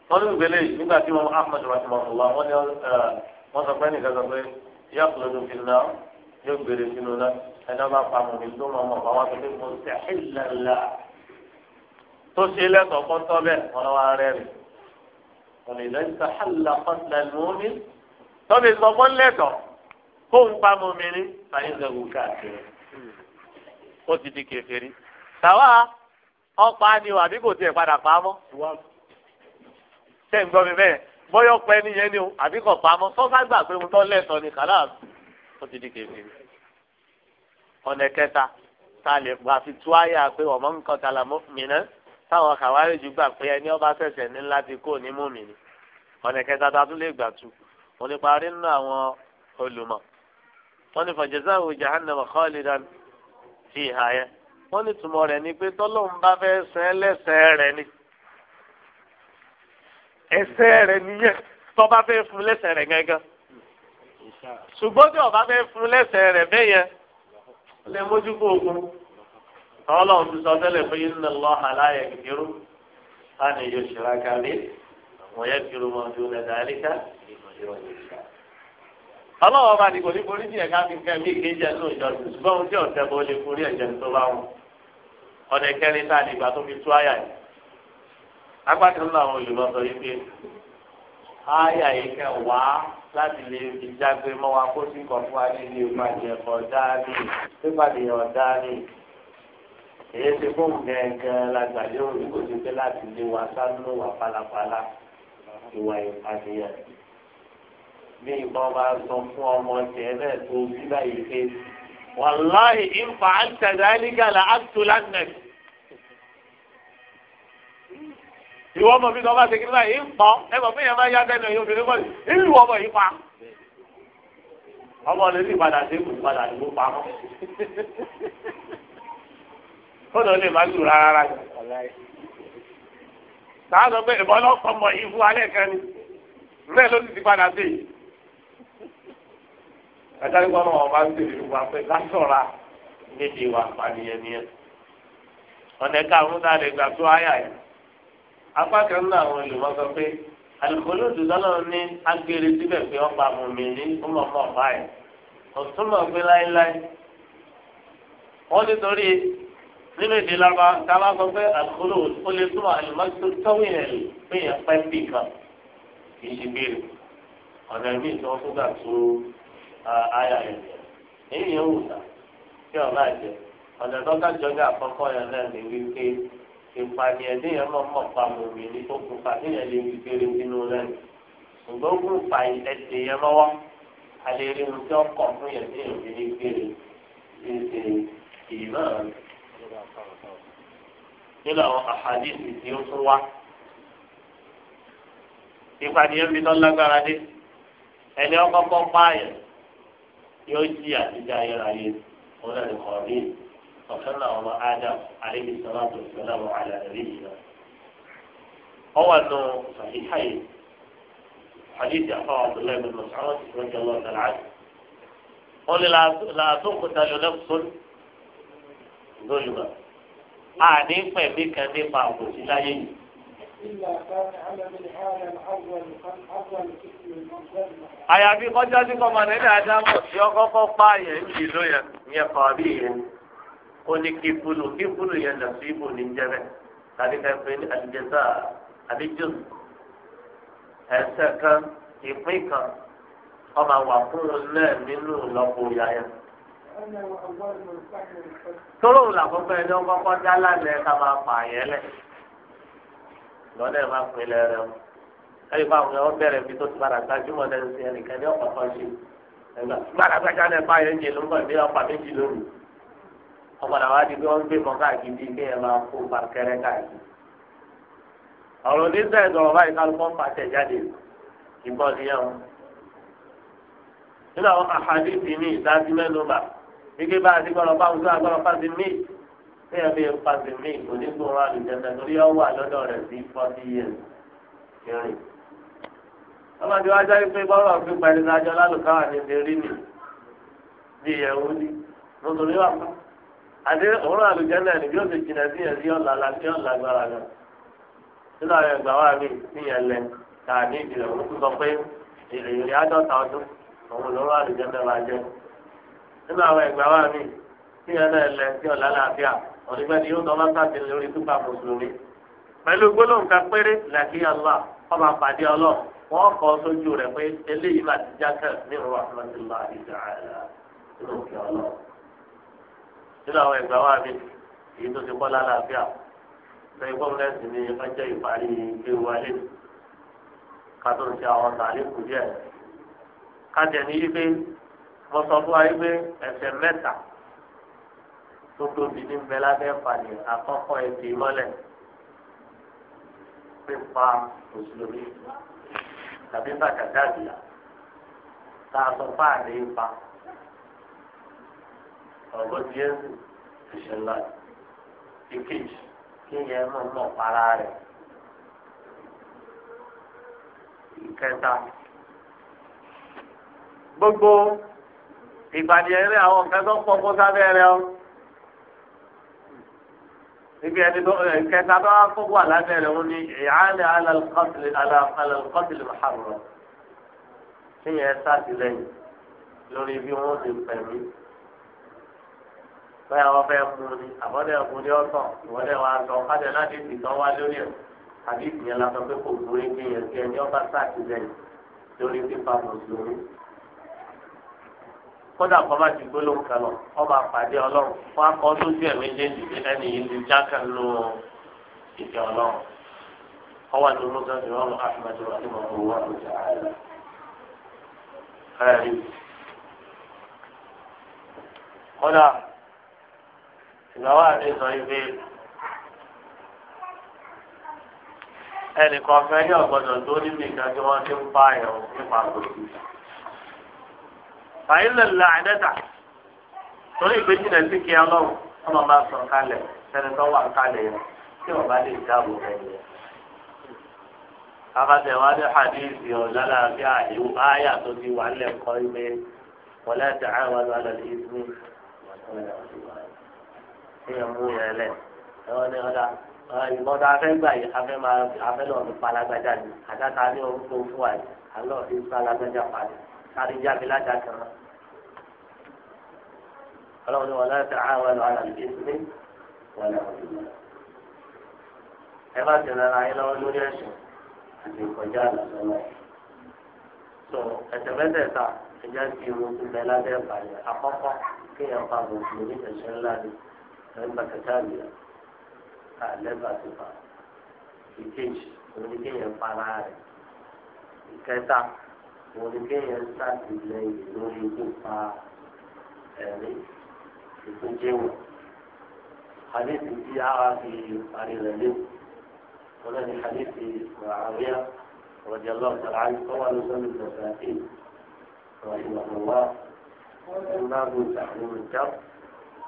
wọn ní ìgbélé nígbà tí wọn ahmed rahimahullah wọn ní wọn sọ pé nìkan sọ pé yá kúlódù fi náà yóò gbére sínú náà ẹni wọn bá pa mọ mi tó mọ ọmọ bá wọn sọ pé mo tẹ ìlàlà tó ṣe lẹtọ kọtọ bẹ́ẹ̀ wọn lọ wá rẹ rẹ wọn ìlẹ ń ta hàlà kọtà lómi tọ́bi sọ fún lẹtọ kó ń pa mọ mi ní fàyín sẹ́gun káàkiri ó ti di kèfèrí tàwa ọ̀pá ṣé ń gbọ́ mi bẹ́ẹ̀ bọ́yọ̀ pẹ́ nìyẹn ni o àbí kò pamọ́ sọ́sá gbà pé mo tọ́ lẹ́sọ̀ ni kàlá ó ti di kèfì ọ̀nà kẹta tá lè gbà fi tú àyà pé ọmọ nǹkan tala mìíràn táwọn kàwárí ju gbà pé ẹni ọba ṣẹ̀ṣẹ̀ ní láti kó ní mú mi ni ọ̀nà kẹta tá a tún lè gbà tu òun nípa rí nínú àwọn olùmọ̀ wọ́n ní fajazāhu jahannama khālidan fīhā yẹn wọ́n ní tùmọ̀ rẹ̀ ni pé tọ́lọ́run bá fẹ́ sẹ́ lẹ́sẹ̀ rẹ̀ ni. ẹsẹ̀ rẹ̀ nìyẹn tọ́ba fẹ́ fún lẹ́sẹ̀ rẹ̀ gángan ṣùgbọ́n tí ọba fẹ́ fún lẹ́sẹ̀ rẹ̀ bẹ́yẹn lè mójú kó ogun ọlọ́run ti sọ tẹ́lẹ̀ pé iná lọ́ àláyé kìkìrú láti yóò ṣẹlá kárí wọ́n yẹ kìrú mọ́ ju lẹ́dà àríkà ọlọ́run ọba nìkò ní forí díẹ̀ ká fi kẹ́ mí kì í jẹ́ lóun jọ ṣùgbọ́n tí tó bá a nígbà tó fi agbákan nínú àwọn olùmọ̀ sọ yìí pé àyà yìí kẹ wá láti lè fi jágbe mọ́ wa kó sí kọ̀ fún wa ní ilé ìpàdé ẹ̀kọ́ dání pípàdé ọ̀ dání èyí ti fún gẹ́gẹ́ lágbàdo òyìnbó ti pé láti lè wá sánú wà pálapàla ìwà ìpàdé yẹn bí ìbọn bá sọ fún ọmọ tiẹ̀ náà tó bí báyìí pé wàláhì ìfà àtàgà nígbà là á ìwọ ọmọ mi lọ́ba ṣe kí nígbà yìí ń pọ̀ ẹgbẹ́ fún yẹn máa yá dẹ́nu ẹ̀yìn obìnrin bọ́ọ̀lù ìlú ọmọ yìí pa. ọmọ lè ní ìpadà sí ìlú ìpadà ìlú ó lè má lù rárá rárá. sọ pé ìbọn kan ni ló ti ti padà sí i. kájáde gbọ́dọ̀ wọn bá ń tẹ̀lé ìlú wa pé lásọ̀ra méje wa pàdé yẹn ni ọ̀nẹ́ka apá kan náà àwọn olùmọ̀ sọ pé alùpùpù dùdọ́lọ́ ní agbèrè síbẹ̀ pé ọ̀pá mọ̀mí ní ọmọọmọ ọ̀pá ẹ̀ ọ̀túnmọ̀ pé láéláé wọ́n ti torí nínú ìdí lába tábà sọ pé alùpùpù ó lè túmọ̀ alùmọ́tò tọ́wìn ẹ̀ pé yẹn pẹ́ bì kan kì í ṣe béèrè ọ̀nà ìmí tí wọ́n tún gbà tó ayà ẹ̀ èyí yẹn kí ọ̀ máa ọ̀nà tó ká àkọ́kọ́ yẹn náà ní wípé ìpànìyàn níyàn lọ mọ̀ pa mòmí ní tó kù fàníyàn lè wí kéré nínú rẹ̀ ṣùgbọ́n kù fà ẹsẹ̀ yẹn lọ́wọ́ alẹ́ rí ohun tí ó kọ̀ fún yẹn ní ìròyìn ní kéré ṣe ṣe ìmọ̀ nínú àwọn àhàdìsì tí ó tún wá ìpànìyàn bí tán lágbára dé ẹni ọkọ̀ kọ́ pààyàn yóò jí àtijọ́ ayérayé ọ̀rẹ́ rẹ̀ kọ̀ọ̀rí ọ̀fẹ́ra ọmọ adam àlejò sọlá tó sọlá wọn àlà ẹ̀rí ìlà. ọwọ́ àná sàhíhàyè حديث أخاه عبد الله بن مسعود رضي الله تعالى عنه قال لا تقتل نفس ظلما àní pẹ̀lú kan nípa àbòsí láyé yìí. àyàfi kọjá sí kọ́mọ nílẹ̀ adámọ̀ tí ó kọ́kọ́ pààyàn ìlú yẹn yẹn kọ́ bí yẹn ó ní kíkúlù kíkúlù yẹn lọ sí ibò ní jẹrẹ tàbí ká pé ní àdìjẹsà àdìjọ ẹsẹ kan ìpín kan ọmọ àwọn àkúrò náà nínú ìlọpọ ìyá yẹn tóró wò làkọ́kọ́ ẹni wọn kọ́kọ́ dá lálẹ́ ká máa fà yẹn lẹ̀ lọ́dẹ̀ máa pè lẹ́ rẹ̀ o ẹ̀yí fún àwọn ọmọ bẹ̀rẹ̀ bí tó ti padà gbájú mọ́ lẹ́nu sí ẹnìkan ní ọ̀pọ̀ kan ṣe ẹ̀gbà gbàdàgbàjà náà fà yẹn jẹ ló ń bọ̀ ní ọ̀pá méjì lóru ọ̀padà wá di pé wọ́n ń gbé bọ́n káàkiri bíi pé ẹ máa kó pàkẹ́rẹ́ káàkiri. ọ̀rọ̀ ní sẹ́yìn sọ̀rọ̀ báyìí kálukọ́ ń pàṣẹ jáde ìbọn nìyẹn o. nínú àwọn àhàdìsì mi ìdájí mẹ́nu bà gbígbé bá a ti gbọ́dọ̀ báwọn tó àgbọ̀dọ̀ pàṣẹ mí bí ẹ bí ẹ pàṣẹ mí kò ní kó wọn àlùjẹsẹ̀ torí ọ wà lọ́dọ̀ rẹ̀ sí forty years kẹrin. ọlọ́dún wájú ayé pé bọ́lá òfin àti òwúrọ̀ àlùjáde ẹni bí ó ti jìnnà sí ẹ̀sìn ọ̀la láti ọ̀la gbára gan. nínú àwọn ẹgbà wa mi níyẹn lẹ ká ní ìbílẹ̀ òun tún sọ pé èrè àádọ́ta ọdún òun lọ́rọ̀ àlùjáde wa jẹ́. nínú àwọn ẹgbà wa mi níyẹn náà lẹ sí ọ̀la láàfíà ọ̀nìgbẹ́ni yóò tọ́lá sáàtì lórí túpà mùsùlùmí. pẹ̀lú gbólóhùn péré làkì àlá ọba pàdé ọlọ́ wọ́n kọ́ sójú rẹ̀ pé eléyìí láti jákè ní nínú àwọn ẹgbẹ́ wa mi èyí tó ti kọ́ lálàáfíà lẹ́yìn gọ́ọ̀mẹ́ntì ni ọjọ́ ìparí kéwu alẹ́ kátó ń ṣe àwọn tààlí kù díẹ̀ kájẹ ní yí pé mo sọ fún wa yí pé ẹsẹ̀ mẹ́ta tó tóbi ní bẹ́ẹ̀ lábẹ́ fàdé àkọ́kọ́ ẹ̀dì mọ́lẹ̀ pípa mùsùlùmí tàbí bàtà dáàbìlà tá a sọ fáàdé ipa ọ̀gbọ́n díẹ̀ ṣiṣẹ́ ńlá ìkejì kéèyàn mọ̀ mọ̀ para rẹ̀ ìkẹta gbogbo ìpàdé eré àwọn nǹkan tó pọ̀ kó sábẹ́ rẹ̀ ọ́ ibi ẹni tó ìkẹta tó wá kó wà lábẹ́ rẹ̀ wọ́n ní ìhálẹ̀ alàlùkọ́tìlì alàlùkọ́tìlì mọ̀hàrùrọ̀ kéèyàn sátìlẹ́yìn lórí bí wọ́n ti pẹ̀lú bẹ́ẹ̀ wọ́n fẹ́ mú ni àbọ̀dẹ̀ mú ni ọ̀tọ̀ ìwọ́dẹ̀ wa sọ kájẹ láti fi tán wá lórí ẹ̀ àbí ìyẹn la sọ pé kò burú kí yẹn kí ẹni ọba sáàkì lẹ́yìn lórí pípa mùsùlùmí. kódà kọ́ bá ti gbólóhùn kan lọ ọba pàdé ọlọ́run fún akọ tó tiẹ̀ méjèèjì bí ẹni yìí ti jákè ló ìfẹ́ ọlọ́run. ọwọ́ ni olóògbé ti rọrùn àfihàn wa ní mọ̀kò wà lójà ààrẹ. kódà ìgbàwọ́ àti sọ ibi ẹnìkan fẹ́ ní ọ̀gbọ́dọ̀ tó níbi ìkan tí wọ́n ti ń bá ẹ̀ ọ́ nípa gbòòdì. fàyín lè la àdẹ́ta torí ìgbésí rẹ̀ sí kí ẹ lọ́wọ́ ọmọ máa sọ kalẹ̀ sẹ́ni tó wà kalẹ̀ yẹn tí ọba lè dáàbò rẹ̀ yẹn. káfáṣe wa ní hadithi ọ̀la láàbí àìwú áyà tó ti wà lẹ́kọ̀ọ́ ibẹ̀ wọlé àtàwọn àwọn àlọ́ kéèyàn mú yẹn lẹ̀ ẹ̀wọ́n ní ọ̀dà ìbọn tá a fẹ́ gbà yìí afẹ́ máa afẹ́ lọ fi palagbájá ni àdáta ní orúkọ fún wa yìí àlọ́ fi palagbájá pàdé sáré jáde lájà kan. ọlọ́run ní wọn láti àwọn ẹ̀rọ àlàyé ìdílé wọn làwọn ìlú. ẹ bá tẹ̀lé ara yín lọ́wọ́ lórí ẹ̀sùn àti ìkọjá àlàsọ náà. tó ẹ̀sẹ̀ mẹ́tẹ̀ẹ̀ta ẹ̀jẹ̀ ti irun ti bẹ lábẹ́ ìbàdàn àkọ́kọ́ kéèyàn pa gbòǹgbò ní ńlá ni lẹ́gbà kẹtàlíà ká lẹ́gbà tìfà ìkejì oníkéyàn para rẹ̀ ìkẹta oníkéyàn sàtìlẹ́yìn lórí pípa ẹ̀rí ìpínjẹ́wò àdéhùn tí a wá fi parí rẹ̀ léwu wọn ní àdéhùn ìwàhálà rọ̀jọ̀lọ́ tàrà àyíkọ́wà ló sọ́nù ìdọ̀tàtì rọ̀jọ̀lọ́ wà. Ìgbàgbọ́ ìtàkùn ìjà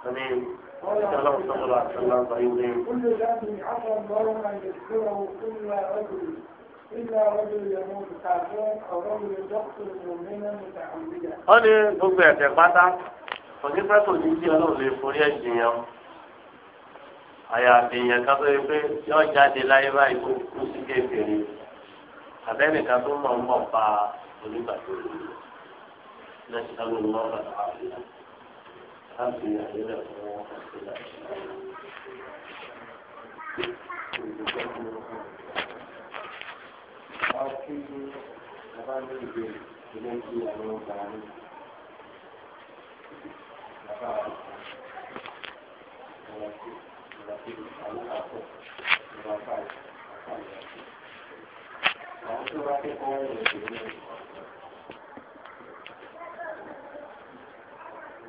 wọn ní. قال صلى الله عليه كل ذنب عفى الله أن إلا رجل إلا رجل يموت كافرا أو رجل يقتل مؤمنا متعمدا. wọ́n ní gbogbo ẹ̀ṣẹ̀ pátá òní pẹ́tò ní kí ọlọ́run lè forí ẹ̀jìn yẹn àyàfi yẹn ká tó yẹ pé yọ jáde láyé báyìí kó kú sí kékeré àbẹ́nìkan tó mọ̀ ń bọ̀ pa onígbàgbọ́ lẹ́sìn ká ló ń lọ́ọ́ bàtà àbíyá láti àdéhùn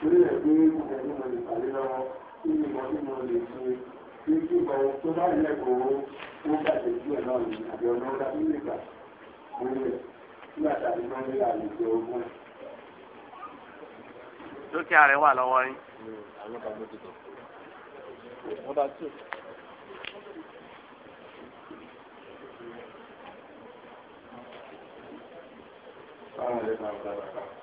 torí rẹ̀ wà lọ́wọ́ yín. Thank you.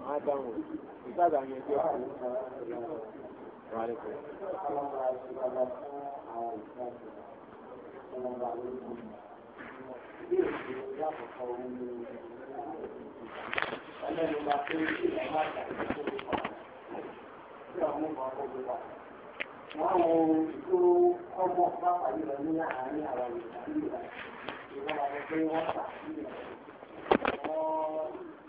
máa dáhùn ìgbàgbà yẹn jẹ́ òkú ìrànlẹ́kọ̀ọ́. Ẹlẹ́nu máa pé ìlú àwọn ọmọ ọgbọ́n bá pàdé lọ ní àárín àwọn ìgbà ìgbà ìgbà wọn pé wọ́n pàdé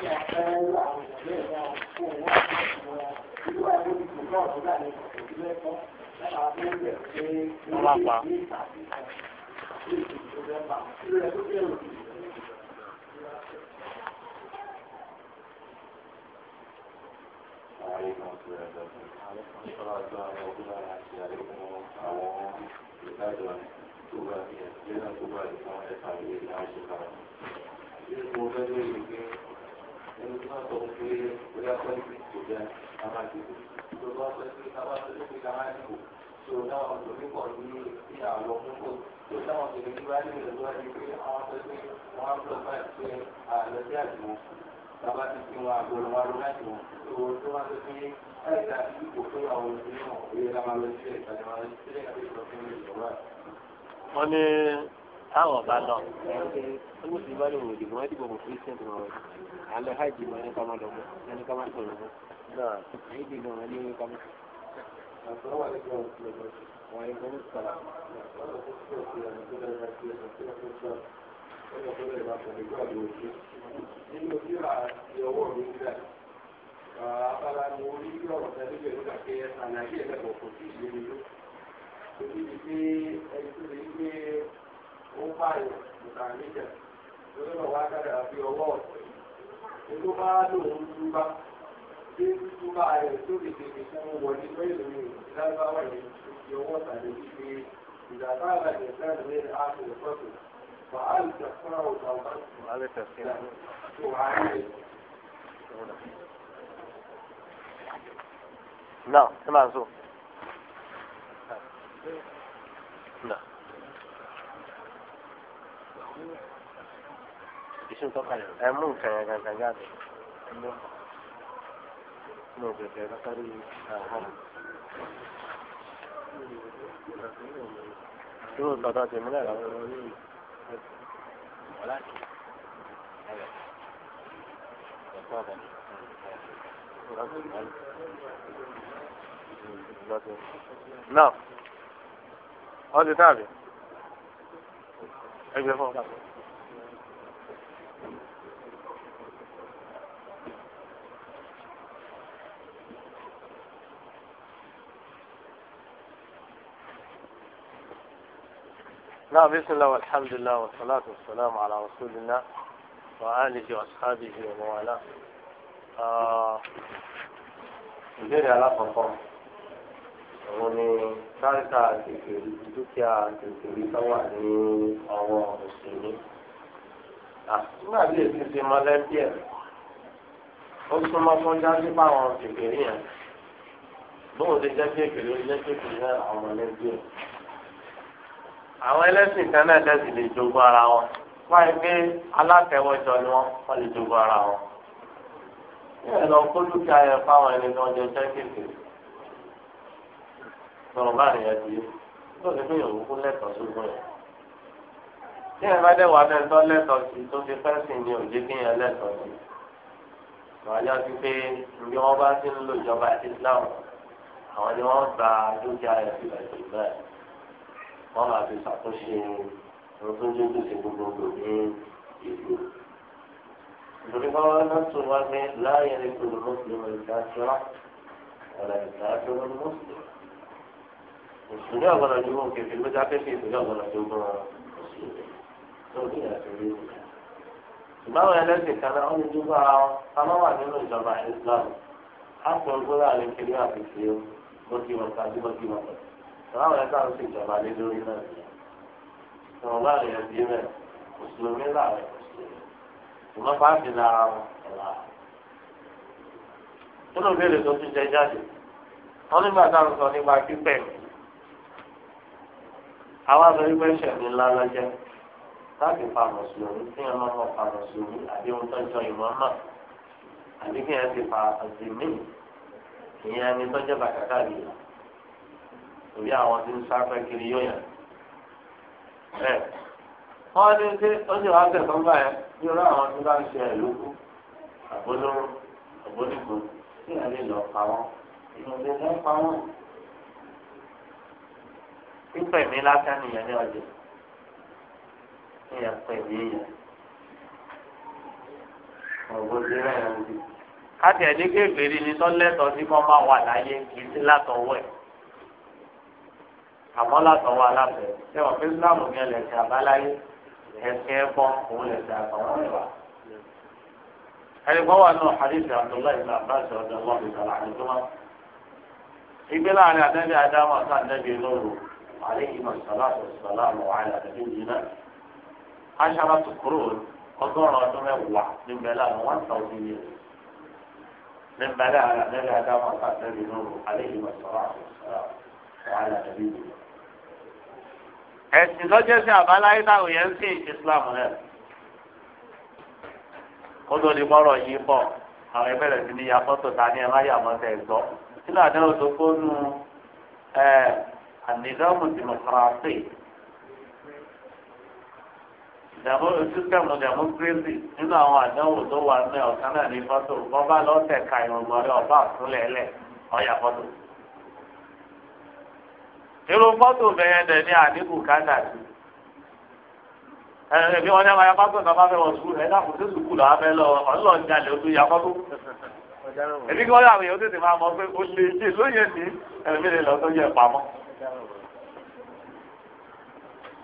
ọlọ́pàá. Àìmọ̀ tó ẹ̀dọ̀ fún àwọn ọ̀dọ́ àwọn ọdún àti àríkún àwọn ìdájọ́ tó bá yẹ, jẹ́ náà tó bá yẹ fún ẹ̀ka ìwé ìdájọ́ kan. Ìgbésẹ̀ mo fẹ́ lórí pé ẹni tó máa sọ fún pé bóyá pọ́lìsì kò jẹ́ ká máa dìbò tó bá sọ pé ká bá sọ pé ká máa dìbò tó dáwọn ọ̀dọ́mí pọ̀ ní ní àwọn mọ́tò tó dáwọn ọ̀dọ́mí ní wáyé ìlọsíwájú pé àwọn sọ pé wọ́n á bọ̀ báyìí pé àlọ́ sí àdìmọ́ bàbá ti fi wọn àgọ́ wọn lọ láti wọn tó tó máa sọ pé ẹ̀ka ìdìbò pé àwọn òṣèlú náà ní táwọn ọba náà ó ní ìdìbò wọn dìbò mọ̀ fún ìṣẹ́ ìdìbò wọn àlọ́ hajj mọ̀ ní kama lọ́gbọ́ ní kama tó lọ́gbọ́ náà èyí di gan ní kama. Nínú síra ìyọwọ́ mi ń bẹ̀rẹ̀ abala ni orí ọ̀rọ̀ tẹ̀lé ìgbẹ́ nígbà pé àlàyé ẹ̀lẹ́kọ̀ọ́ kò sí ìlú ìlú. Èmi ti ló bá lòun túbá tí túbá rẹ̀ tó lè tètè fún un wọlé lóyè lóyè lágbáwá yẹn ti ọwọ́ tàbí wípé ìdàgbà àgbàdo ìdáhùn ní ààbò ìfọ́tò wàhálà ìjàkúrà ọ̀gá ọ̀gá tó wàhálà náà ẹ máa sọ. sùn tọ́ka yẹn ẹ mú nǹkan yẹn gangan jáde mú bẹ̀bẹ̀ lọ́kàrí àwọn. Dúró tọ́tọ́ tèmi náà lọ́wọ́. Náà, ọ́ ti tàbí? Ẹgbẹ́ fún ọ. náà bísílá الله والحمد لله والصلاة والسلام على رسول الله alihi wa sahabihi wa mawala. ìbéèrè alákọ̀ọ́kọ́ òun ni káríkà kékeré dúkìá kékeré tó wà ní ọwọ́ òṣèlú. nígbà tí èsì ti mọ́lẹ́bí ẹ̀ ó súnmọ́ fún jáde báwọn kékeré yẹn bóun ti jẹ́ kékeré jẹ́ kékeré náà àwọn mọ̀lẹ́bí ẹ̀ àwọn ẹlẹ́sìn kan náà dẹ́sì lè jogún ara wọn wọ́n á gbé alátẹ̀wọ́jọ ni wọ́n wọ́n lè jogún ara wọn. yóò lọ kó dúkìá yẹn fáwọn ẹni tó ń jẹ jẹ́kẹ̀kẹ̀ sọ̀rọ̀ bá rẹ̀ yẹn ti yóò lè fún yòówù fún lẹ́tọ̀ọ́ sógun yẹn. tí ẹ bá dẹ̀wà bẹ́ẹ̀ tọ́ lẹ́tọ̀ọ́ sí tó fi fẹ́sìn ni òjé kí yẹn lẹ́tọ̀ọ́ sí. ìwádìí wọn ti pé bí wọ́n bá ti ń lo ìjọba Islam àwọn ni wọ́n gba dúkìá yẹn sílẹ̀ wọn máa fi ṣàtúnṣe ohun tó ń jẹ́ gbèsè ní ìlú. Ìdòdì kan wọn náà tún wá pé láàyè ní kò lọ́wọ́ ìdájọ́ ọ̀rọ̀ ìdájọ́ ló mú sí. Mùsùlùmí ju ohun kẹfì ló já pépè ìpínlẹ̀ ọ̀gbọ́dọ̀ tó gbọ́n mùsùlùmí. Ìbáwọn ẹlẹ́sìn kan náà ó ní dúpọ̀ àwọn wà nínú ìjọba Islam. Á sọ gbọ́dọ̀ àlekèrè àti àwọn ẹ̀ka ń sì jọba lé lórí náà ìwọ̀n bá rẹ̀ bí rẹ̀ mùsùlùmí là rẹ̀ ìwọ̀n bá fi lára wọn ẹ̀la. nínú ìbéèrè tó ti jẹ jáde wọn nígbà tá à ń sọ nípa pípẹ́ àwọn àgbẹ̀ wípé ṣẹ̀mí ńlá lọ́jẹ́ láti pa mùsùlùmí tí wọn máa pa mùsùlùmí àbí ohun tó ń jọ àbí kí wọn ti pa àzìmí ìyẹn ẹni tó bàtàkà yìí torí àwọn tí ń sáfẹ́ kiri yóò ẹ wọ́n ní ṣé ó sì wá tẹ̀sán ń bí irú àwọn tí bá ń ṣe ẹ̀ àbólóró àbónígbò tí ìyá lè lọ pa wọ́n ìgbọ̀nsẹ̀ lọ́ pa wọ́n. pípẹ̀ mi lásán nìyẹn ní ọjọ́ ìyẹn pẹ̀ mí yẹn. ọ̀gbọ́n rẹ̀ ń bì. káàtì ẹ̀ ní kékeré ni tọ́lẹ́tọ̀ sí kọ́ máa wà láyé kì í sí látọ̀wọ́ ẹ̀ àmọ́ látọwọ́ aláfẹ́ sẹ́wọ̀n pé islam yẹn lẹ̀sẹ̀ àbáláyé ẹ̀sẹ̀ ẹ̀bọ òun lẹ̀sẹ̀ àtọwọ́ ẹ̀wà. ẹnìkan wà nù hadith abdullahi ibn abbas ọ̀dọ̀ wọn fi sọ̀rọ̀ àdìsúmọ́. ìgbé láàrin àdẹ́bí adámọ̀ sí àdẹ́bí lóru àléhìn mọ̀sálásù sàlámù àlẹ́ àdẹ́bí jìnnà. aṣáára tó kúrò ọgọ́rùn-ún ọdún mẹ́wàá níbẹ̀ láàrin one thousand years. níbẹ̀ láàrin àdẹ́bí ẹ̀sìn lọ́jọ́ sí àbáláyé táwọn yẹn ń sìn Islam rẹ̀ ó tó di mọ́rọ̀ yìí bọ̀ àwọn ẹgbẹ́rẹ̀ sí ni ya fọ́tò ta ni ẹ má yà mọ́ tẹ̀ gbọ́ sílẹ̀ àdáwò tó fóònù ẹ̀ ànídọ́mù dìmọ̀kírásì ìdààmú sísẹ́mù dẹ̀mọ́kírésì nínú àwọn àdáwò tó wà ní ọ̀sán náà ní fọ́tò bọ́bá lọ́tẹ̀ ka ìrùngbọ̀n rẹ̀ àtúnlẹ̀ ẹlẹ̀ ọ̀yà fọ́tò irun fọ́tò bẹ̀rẹ̀ dẹ̀ ní àdínkù kádà sí. ẹ̀ẹ́dẹ̀ bí ní àwọn ayapá tó bá fẹ́ wọ sùkúl ẹ̀ dàpọ̀ tó sùkúl lọ́wọ́ fẹ́ lọ ọlọ́ ní alẹ́ ojú ya fọ́tò. èmi kí wọ́n yà wòye ó tètè máa mọ pé o lè ṣe lóye ní ẹ̀mí lè lọ tó yẹ pamọ́.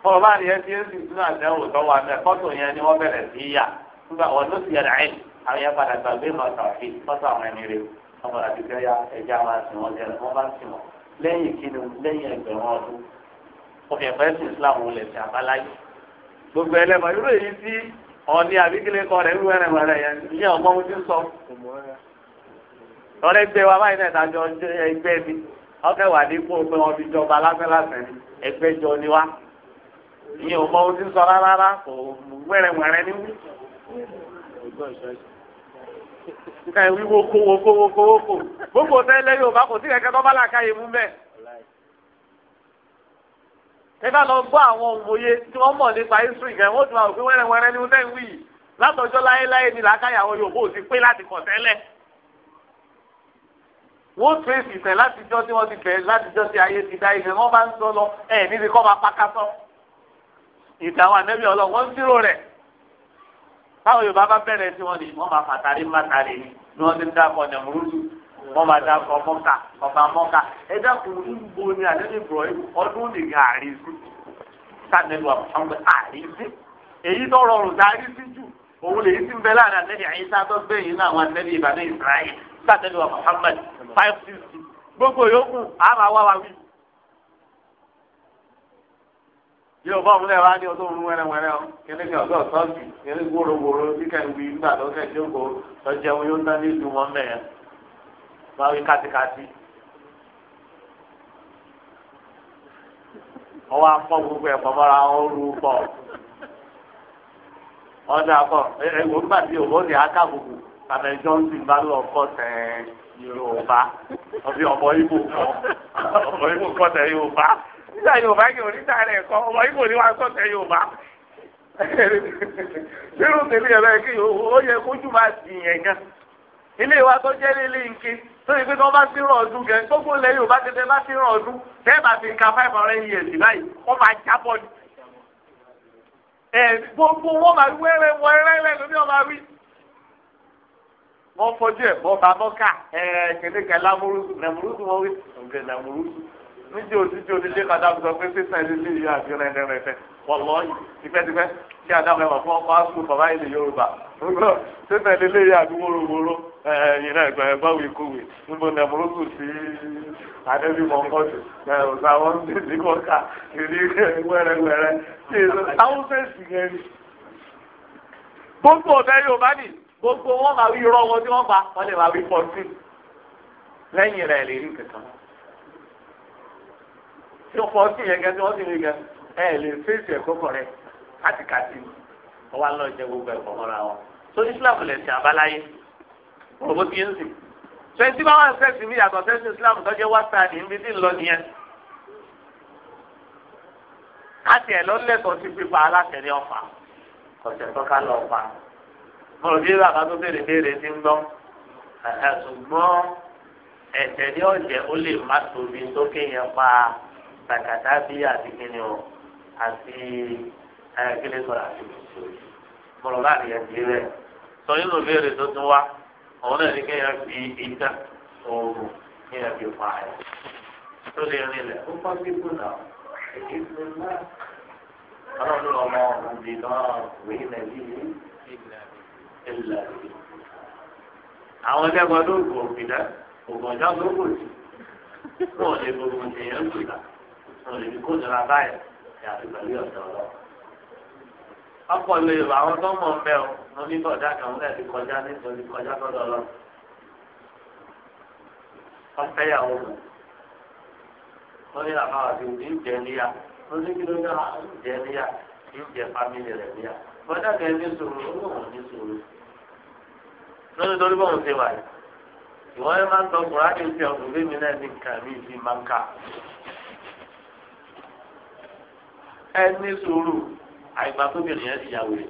fọlọ́ bá rí ẹtí ẹtí tún àtẹ̀wò tó wà mẹ́ fọ́tò yẹn ni wọ́n bẹ̀rẹ̀ sí yà wọn ló ti yàrá ẹ̀ àwọn yẹn padà gbàgbé mọ́tò àfi fọ́tò àwọn ẹni rẹ̀ wọ́n padà lẹ́yìn kíni lẹ́yìn ẹgbẹ̀rún ọdún òfin ẹ̀fẹ́ sí islam wọlé sí abáláyé gbogbo ẹlẹ́mọ̀ irú èyí tí ọ̀ọ́ni àbíkílẹ̀ kọ́ rẹ̀ irú ẹ̀rẹ̀ mọ̀rẹ̀ yẹn ìyẹn ọmọ ohun tí ń sọ. lọ́rẹ́ gbé wa báyìí náà ìdájọ́ ẹgbẹ́ mi ọkẹ́ wà ní kó pé wọ́n fi jọba lásẹ̀lásẹ̀ ni ẹgbẹ́ jọ ni wá. ìyẹn ọmọ ohun tí ń sọ rárá kò wẹ́rẹ̀wẹ̀rẹ̀ níwú ẹ wíwo kówó kówó kówó kò gbogbo tẹ́lẹ̀ Yorùbá kò sí kẹ̀kẹ́ tọ́ba làkà yìí mú bẹ́ẹ̀. ẹ bá lọ gbọ́ àwọn òmòye tí wọ́n mọ̀ nípa history gan wọ́n tún àwọn òfin wẹ́rẹ́wẹ́rẹ́ ní wọ́n wí yìí látọjọ́ láyéláyé ni làákàyà àwọn Yorùbá ò ti pé láti kọ̀ tẹ́lẹ̀. wọ́n trace ìtẹ̀ látijọ́ tí wọ́n ti bẹ̀rẹ̀ látijọ́ tí ayé ti dá ìfẹ́ wọ́n bá ń sọ lọ ẹ̀ níbi kọ́ máa pakásọ́ ìtàwọn ànẹ́bí ọlọ́ táwọn yorùbá bá bẹ̀rẹ̀ sí wọn ni wọ́n máa fàtàrí mátàrí ni ni wọ́n ti ń dákọ̀ nẹ̀múrúdù wọ́n máa dákọ̀ mọ́kà ọba mọ́kà ẹ dákun níbo ni àdéhùn ibrahim ọdún nìkan àrísí sàdéhùn àpamọ́ àrísí èyí tó rọrùn tá àrísí jù òun lè ti ń bẹ láàrin àtẹ́lẹ̀ àyíṣá tó gbẹ̀yìn náà àwọn àtẹ́lẹ̀ ìbàdàn ìsirayẹ sàdéhùn àpamọ́ five six, gbogbo yòókù àmà wá wa wí. yóò bá òun lẹ́wọ́ á ní ọdún wẹ́rẹ́wẹ́rẹ́ ọ kíníkì ọ̀gá ọ̀tọ́ọ̀sì kíní gbórogbòro kíkà ìwé ìgbà lọ́kẹ́ jókòó lọ́jẹun yóò tán ní ìlú mẹ́yẹn máa wí kátikáti. ọwọ́ akọ́ gbogbo ẹ̀kọ́ mọ́ra ooru pọ̀ ọdún akọ ẹ̀wọ̀n nígbà tí òun ó aká gbogbo àmì johnson bá lọ kọ́ tẹ̀ yorùbá ọbí ọmọ ibo kọ́ ọmọ ibo kọ́ tẹ̀ yorùbá nígbà yorùbá kì í oníta rẹ̀ kọ́ ọmọ yìí kò ní sọ̀tẹ̀ yorùbá nínú tèmi ẹ̀rọ yẹ kí ó yẹ kójú máa sì yẹn gan ilé wa tó jẹ́ lílé nké tó yẹ pé tí wọ́n bá ti rán ọdún gẹ̀ gbogbo ilẹ̀ yorùbá tètè bá ti rán ọdún tẹ́ẹ̀ bá fi ka five hundred years báyìí wọ́n máa jábọ̀ ni gbogbo wọn máa wẹ́rẹ́ wẹ́rẹ́ lẹ́nu ní ọba wí wọ́n fọjú ẹ̀ bọ́ bàbọ́ ká ẹ̀ẹ́dẹ̀kẹ̀ lámúrúsù níjó níjó níjé kadamu sọ pé sísan ẹni sí ìyá àti rẹ̀rẹ̀rẹ̀ wọ̀lọ́ tipẹ́tipẹ́ kí adamu ẹ̀ wọ̀ fún ọkọ̀ asùn bàbá ilẹ̀ yorùbá sísan ẹni lè yá àti wóróworó ẹ̀yìn náà ẹ̀gbọ́n ẹ̀gbọ́n wì kúwì níbo ní ẹ̀mọ́rọ́kù sí adébí mọ́kọ́tù ọ̀sà wọn ń bí sí kọ́kà ìrí wẹ́rẹ́wẹ́rẹ́ táwọn fèsì yẹn ni. gbogbo ọ̀fẹ́ yorùbá nì gbogbo wọn máa wí irọ́ wọn tí wọ́n pa wọ́n lè máa wí pọ́ńtì lẹ́yìn rẹ̀ lè rí kankan tí ó fọ ọtí yẹn gẹ tí wọn ti rí gẹ ẹ lè fèsì ẹ̀kọ́ kọrẹ kátikáti ọwọ alọ jẹ gbogbo ẹ̀kọ́ mọra wọn tó islam lè ṣe àbáláyé òbó ti ń sìn sẹsì bá wà sẹsì mi yàtọ̀ sẹsì islam tó jẹ wáṣà ní ibi tí ń lọ nìyẹn káti ẹ lọlẹtọ sí pípa aláṣẹ ní ọfà ọ̀sẹ̀ tó ká lọ pa mo rò bí bàbá tó béèrè béèrè ti ń ọ̀jẹ̀ ó lè má tóbi tó kéèyàn pa á. bàtàtà bí àti kíni o àti àti ti rẹ̀ sọ nínú béèrè tó tún wá òun náà ní kéèyàn fi ìjà oògùn kéèyàn fi pa ẹ̀ tó lè rìn lẹ̀ ó fọ́ sí kùnà èké tó ń bá ọlọ́run lọ́mọ òbí náà wèé nàbí ìlà ìlú àwọn ẹgbẹ́ ọdún ògùn òbí ògùn ọjọ́ tó kù wọn ò lè gbogbo èèyàn wọn lè fi kó nira báyìí yàtọ̀ pẹ̀lú ọ̀dọ́ lọ. ọ̀pọ̀ lè rọ àwọn tó mọ̀ mẹ́ o wọn ní bọ̀dá kan wọn lẹ́ẹ̀fi kọjá nítorí kọjá tọ́lọ́ lọ. ọ̀fẹ́ yàwó mi wọ́n ní àbá àti òbí ń jẹ níyà wọ́n ní kí ló ní àwọn jẹ níyà kí ń jẹ fámìlì rẹ̀ níyà. bọ̀dá kan ní sòrò ó ní sòrò. lọ́dún torí bọ́ọ̀ ṣe wà yìí ìwọ́n máa ń tọkùnrin ẹni sòrò àgbà tó bìnrin yẹn ti yàwó rẹ̀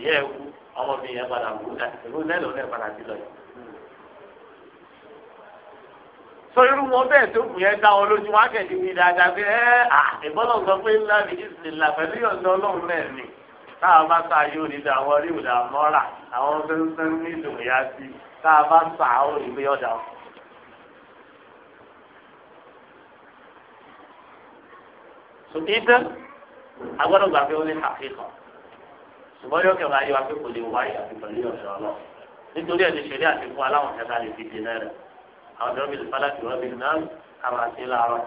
ìyá ẹ̀ kú ọmọbìnrin yẹn padà kú ìlú náà lọ́nà ẹ̀ padà sí lọ yìí. sọ irú wọn bẹ́ẹ̀ tó kù yẹn dá wọn lójú wọn akẹ́kẹ́ mi dáadáa pé ẹ́ à ìbọ́lọ̀ sọ pé ńlá mi ìsìnlá pẹ̀lú ìyọ̀ǹda ọlọ́run náà nì táwọn bá ta yóò ní da àwọn rí ìwòdà mọ́ra àwọn fẹ́ẹ́ fẹ́ẹ́ ní ìdùnnú yá sí táwọn bá ta àwọn ṣùgbọ́n tán agbọ́dọ̀ gbà pé ó ní àfihàn ṣùgbọ́n yóò kẹ́wàá yóò wá pé kò lè wáyé àfihàn ní ọ̀ṣọ́ náà nítorí ẹni ṣẹlẹ̀ àti fún aláwọn ẹ̀ka lè fi dènà rẹ̀ àwọn ọ̀dọ́ bíi falaki rọ́bì náà àwọn àti làárọ̀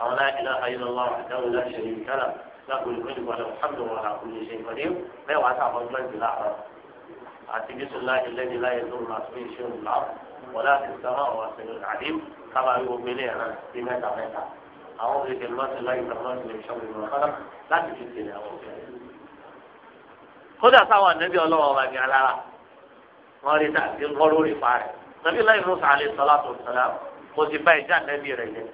àwọn láti náà ayélujára wọn àdáwò láti ṣe ìlú kálá lákòlù fún ìgbàlẹ̀ ọ̀hánùn wọn àkùnrin ṣe ìpàdé mẹ́wàá táwọn ọjọ́ ìdí láàárọ̀ àti bísí láti lẹ́ni láyé tó ń lọ́ọ́ fún ìṣe òun láàárọ̀ wọ́n láti sọ́mọ́ àwọn àṣẹ àwọn obìnrin kẹlẹ máa láyé ìgbà máa ti ìgbà kọ́lá láti fi tẹ̀lé àwọn obìnrin. kódà táwọn ànábì ọlọ́wọ́ ọba ní alára wọ́n rí tàbí wọ́n lórí ipa rẹ̀ láyé musa alẹ́ sọlá tó sọlá kò sì bá ìjà ànábì rẹ̀ yẹn.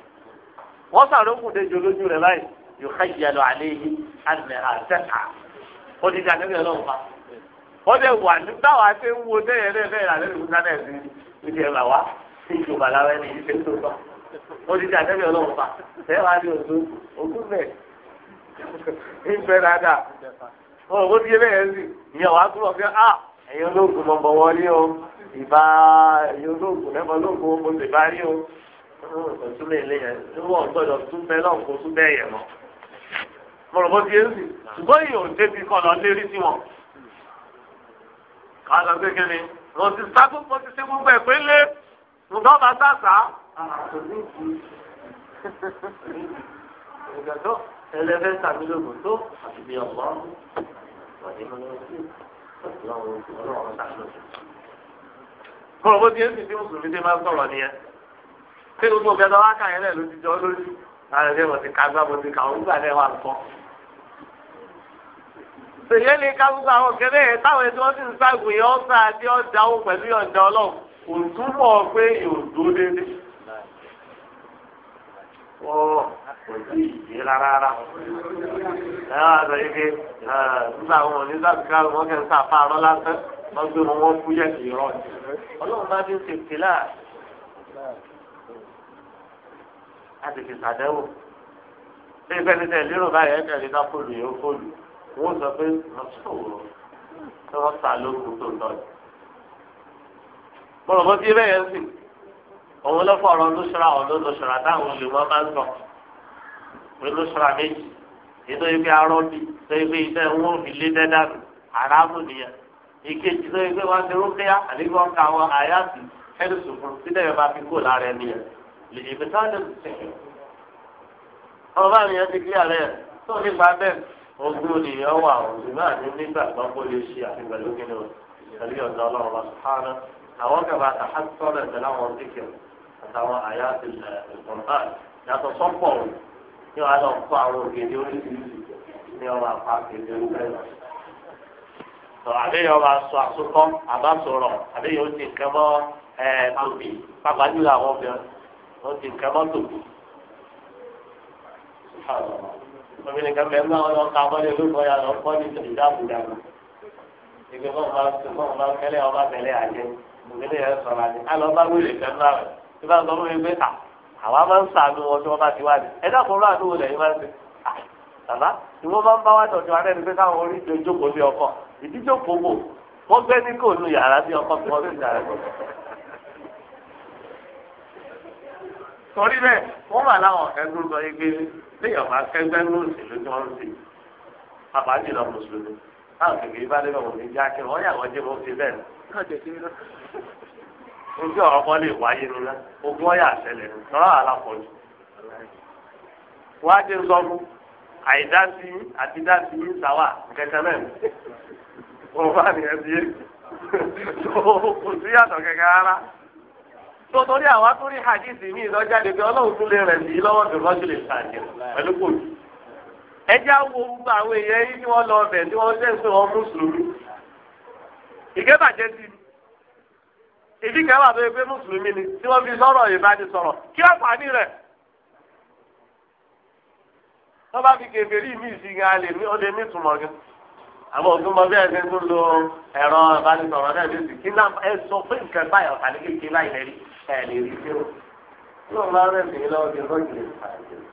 wọ́n sàrókùn dé jolójú rẹ̀ láì yóò ká ìyàlọ́ alẹ́ yìí àmì àtẹ́ta ó ti dà ànábì ọlọ́wọ́ tẹ́wàá ní òdu òdu bẹ̀ ń bẹ dáadáa wọn ò bó ti yé bẹ́ẹ̀ sí ìyẹn wàá túbọ̀ fi ah ẹ̀yin olóògùn mọ̀ bọ̀ wọlé o ìbá ẹ̀yin olóògùn lẹ́mọ̀ olóògùn mo sì bá rí o òtún lè lè yẹn níwọ̀n gbọ́dọ̀ tún bẹ́ẹ̀ lọ́hùn kó tún bẹ́ẹ̀ yẹn mọ́ mo rò bó ti yé sí ṣùgbọ́n ìyẹn ò débi kan lọ lérí sí wọn. kàlọ́ kékeré mo ti sá gbogbo ti ṣe gbogbo ẹ̀ pé lé ǹgbọ́n bá sá sá. àtúntò ìgbà tó ẹlẹ́fẹ́ tàbí lóògùn tó àti bí ọ̀gbọ́n ọ̀dẹ́ ọlọ́run tàbí kọ́lọ̀ bó ti ń sìn tí mùsùlùmí ti máa ń sọ̀rọ̀ nìyẹn tí gbogbo ìgbà tó wá kà yẹn lẹ̀ ló ti jọ lórí ààrẹ fẹ́ mo ti ka gbá mo ti kà òun gbà náà wà gbogbo àwọn òkèlè yẹn táwọn ẹni tí sì ń ságun yẹn ọ̀sán àti ọ̀dà òun pẹ̀lú ọ̀dà ọlọ́run òtúmọ̀ pé yóò dúró déédéé ó kò sí ìdí ẹ wá sọ yìí pé nígbà wọn ò ní sàkíkà wọn kẹ́ ń sàfà àrọ́ lásán wọ́n gbé wọn wọ́n fúyẹ́ kì í rọ̀ ọlọ́run bá ti ń ṣe ìpìlẹ̀ láti fi sàdẹ́wò ṣé ìfẹ́ni tẹ̀ lérò báyìí ẹ̀ tẹ̀lé ká fòlù yẹn fòlù wọ́n sọ pé lọ́sọ̀rọ̀ tí wọ́n sà lóko tó lọ́ọ̀ bọ̀rọ̀ bọ́ sí bẹ́ẹ̀ yẹn sìn òun ló fọ̀rọ̀ lóṣùrà ọ̀dọ́ lóṣùrà táwọn olùmọ̀ máa ń sọ pé lóṣùrà méjì ètò ìgbé arọ́bì tó ìgbé iṣẹ́ wọn ò fi lé dẹ́dàdù àràbù nìyẹn ìkejì tó ìgbé wọn ti rúkẹ́yà àdéhùn ọ̀ka wọn àyàtì ẹni sùkúrú sílẹ̀ yẹn bá fi kó lára ẹni yẹn lè ìbí táwọn ẹni sẹ́yìn. ọmọ bá mi yẹn ti kí àlẹ́ yẹn tó nípa bẹ́ẹ̀ ogún nìyẹn wà òsì náà nígbà tó kó lè ṣe àti pẹ̀lú kí ni kẹfà àtàwọn àyà ìkọ̀ǹtàn yàtọ̀ sọ́pọ̀ o ní wàá lọ kó àwọn òkèlè oríṣiríṣi ní ọmọ àpá òkèlè oríṣiríṣi. sọ àbẹ́yẹ ọba sọ àsopọ̀ àbásọ̀rọ̀ àbẹ́yẹ ó ti kẹ́ ẹ̀ tòbí pàápàá jùlọ àwọn obìnrin ti kẹ́ mọ́ tòbí. obìnrin kan bẹ́ẹ̀ máa lọ ká bọ́lé olóko ya lọ kọ́ ní ìdáàbòdàbò ìgbẹ́ fọ́n bá kẹ́lẹ́ ọba tẹ̀lé àjẹ òkèlè yẹn sọ̀rọ̀ àjẹ tí ń sọ fún pé àwa máa ń sàánú wọn bá ti wá ní ẹ dákun rú àdúgbò lẹ́yìn máa ń ṣe bàbá tí wọ́n bá ń bá wá tọ̀jú ara ẹni pé káwọn orí ìjọ ìjókòó sí ọkọ ìdíjókòó wò wọ́n gbé ní kò nu yàrá sí ọkọ tí wọ́n fi sàrẹ́ torí bẹ́ẹ̀ wọ́n wà láwọn ẹgbẹ́ lọ igbe léèyàn máa kẹgbẹ́ ní òṣèlú tí wọ́n ń sè pàpà jùlọ mùsùlùmí táwọn kékeré bá wọ́n ti já kí wọ́n yà wọ́n jẹ́ wọ́n ti bẹ́ẹ̀ ojú ọ̀rọ̀ kan lè wáyé nu ogun ọ̀yà àṣẹlẹ̀ nu lọ́rọ̀ àlàpọ̀jù. wọ́n á ti sọ fún àìdásí àti sáwà kẹkẹ náà wọ́n bá ní ẹbí yé kò sí yàtọ̀ kẹkẹ rárá. tó torí àwa tó hadith mi ìlọ́jáde pé ọlọ́run tún lè rẹ̀ sí i lọ́wọ́ lọ́jọ́ lè pẹ̀lú ẹjẹ́ gbogbo àwọn èèyàn yìí ni wọ́n lọ wọ́n tẹ̀sán sùúrù. ti ìdí kan tó yẹ pé mùsùlùmí ni tí wọ́n fi sọ̀rọ̀ ìbánisọ̀rọ̀ kí àǹfààní rẹ̀ wọ́n bá fi kèbèrè mí sí gan alẹ́ mi ó lè mí túmọ̀ gan àmọ́ òtún mọ bí ẹ ń lo ẹ̀rọ ìbánisọ̀rọ̀ náà lóṣù kí náà ẹ sọ pé nǹkan báyọ̀ tàbí kékeré láì lẹ́rí ẹ lè rí sí o yóò máa rẹ̀ sí lọ́wọ́ bí ọjọ́ ìlú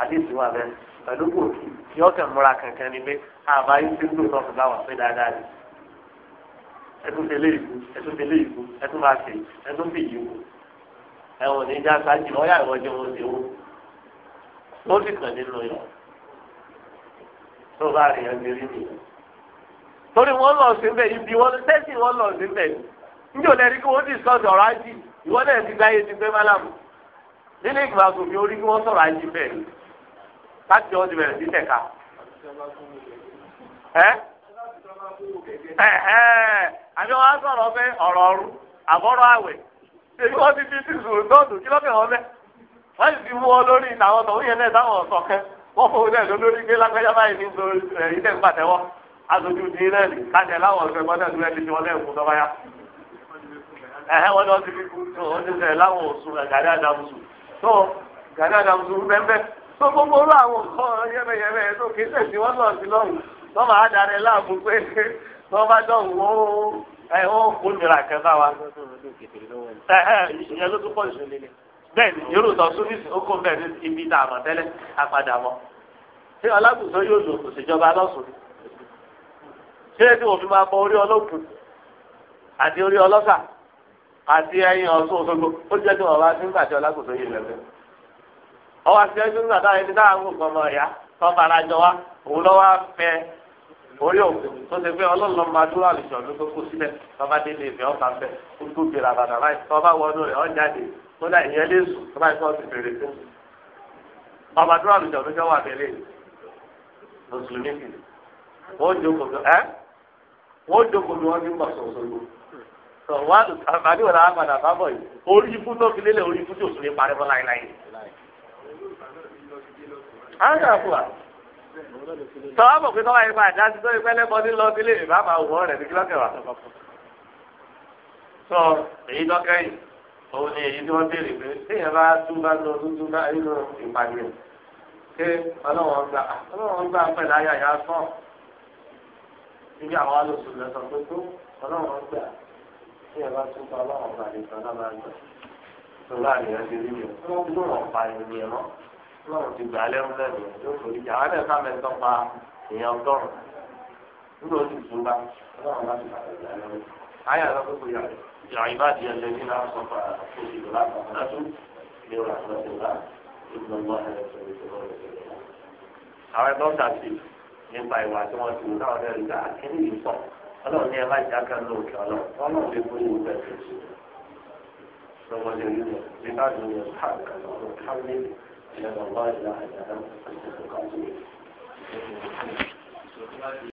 àdéhùn wà bẹ́ẹ̀ pẹ̀lú kò kí yọ̀ọ́kẹ̀ múra kankan ni pé àbáyé tí ń lò sọ́kùn báwọn pé dáadáa ni. ẹtún tẹlẹ ìkú ẹtún tẹlẹ ìkú ẹtún máa tẹ ẹtún bì yìí wò ẹwọn ní ìjà sáájì lọ́yà ìwọ́n jẹ́ wọn ṣe wò ó sì kàn nínú yọ tó bá rí torí lọ sí ibi wọn tẹsí wọn lọ sí bẹ níjọ lẹrí kí wọn ti sọsọ ọ̀rọ̀ ajì ìwọ náà ti gbáyé ti gbé málàmù nínú ìgbà gòmí orí kí wọn sọ̀rọ̀ ajì bẹ́ẹ̀ láti ọdún bẹ̀rẹ̀ sí àbí wọn sọ̀rọ̀ ọrụ ọ̀rọ̀ ọ̀rú àbọ̀rọ̀ àwẹ̀ èyí wọ́n ti fi ti sùn lọ́dún kí lọ́kẹ̀ wọn bẹ́ wọ́n sì ti mú ọ lórí ìlànà yẹn náà táwọn ọ̀sọ̀ kẹ́ wọ́n fún un náà lórí báyìí ní ilé aṣojú ti náà ní kájẹ láwọn ọ̀sẹ̀ gbọ́dọ̀ ẹni tí wọ́n lẹ́ fún ẹ̀hẹ́ wọn ni wọ́n ti fi kú wọ́n ti wọ́n máa darí láàbù pé wọ́n bá dọ̀ wó wọ́n bá wa. ìyẹn ló tún pọ̀ jù nílẹ̀ bẹ́ẹ̀ ni yóò lọ sórí oko bẹ́ẹ̀ ní ibi tá a mọ̀ tẹ́lẹ̀ ṣé yóò lò lọ́sùn ṣé máa bọ orí ọlọ́kùn àti orí ọlọ́sà àti ẹyin òṣogbo ó jẹ́ kí wọ́n wá sí nígbà tí yìí lẹ́gbẹ́ ọwọ́ àti nígbà orí òkè tó ṣe pé ọlọ́run máa dúró àlùjọ ló tó kó sílẹ̀ tọ́ba délé ìfẹ́ ọ̀tá fẹ́ ó tó gbé ra bàtà báyìí wọnú rẹ̀ ọ̀jáde kódà ìyẹn lè sùn k'o ìfẹ́ ọ̀sìn fèrè tó ọba dúró àlùjọ ló jọ wà tẹ́lẹ̀ mùsùlùmí kìlì wọ́n jókòó tó ẹ́ wọ́n jókòó tó wọ́n wọn bá bọ̀ yìí orí tó tọ́wọ́ mọ̀ pé tọ́wọ́ yẹn máa dá sí tó ìpẹ́lẹ́ bọ́ ní lọ sílé mi bá máa wọ̀ rẹ̀ ní kílọ́kẹ̀ wa. sọ èyí lọ́kẹ́ yìí òun ni èyí tí wọ́n béèrè pé téèyàn bá túbá lọ tuntun bá nínú ìpàdé ṣé ọlọ́wọ́n gbà ọlọ́wọ́n gbà pẹ̀lú ayé àyà sàn níbi àwọn alóṣù lẹ́sọ̀ pé tó ọlọ́wọ́n gbà téèyàn bá túbá ọlọ́wọ́n gbà nìkan náà máa gbà lọ́wọ́ ti gbà lẹ́rú lẹ́nu yóò forí jà wọn náà sábẹ́ pa èèyàn ọgọ́rùn nínú oṣù túnba ọlọ́run bá ti bàtà gbà lẹ́rú ayé àlọ́kọ́ kò yà yà ìbàdí ẹ̀jẹ̀ nínú aṣọ fà kó ti lọ́la kàkàtú ní ọ̀rọ̀ àti ọ̀sẹ̀ ńlá ìgbọ̀ngbọ̀n ẹ̀rọ ìṣòro ìṣòro ìṣòro. àwọn ẹgbẹ́ ọ̀tà sí nípa ìwà tí wọ́n ti wù náà lẹ́rìí gbà kíní yìí sọ ọlọ́run ní ẹ má jà kan lóòkè ọlọ́run ọlọ́run lè fún ìwù bẹ́ẹ̀ tó ṣe. lọ́wọ́ lè rí rẹ̀ nígbà tó yẹ káàkiri ọ̀rọ̀ káàkiri الله لا إله إلا هو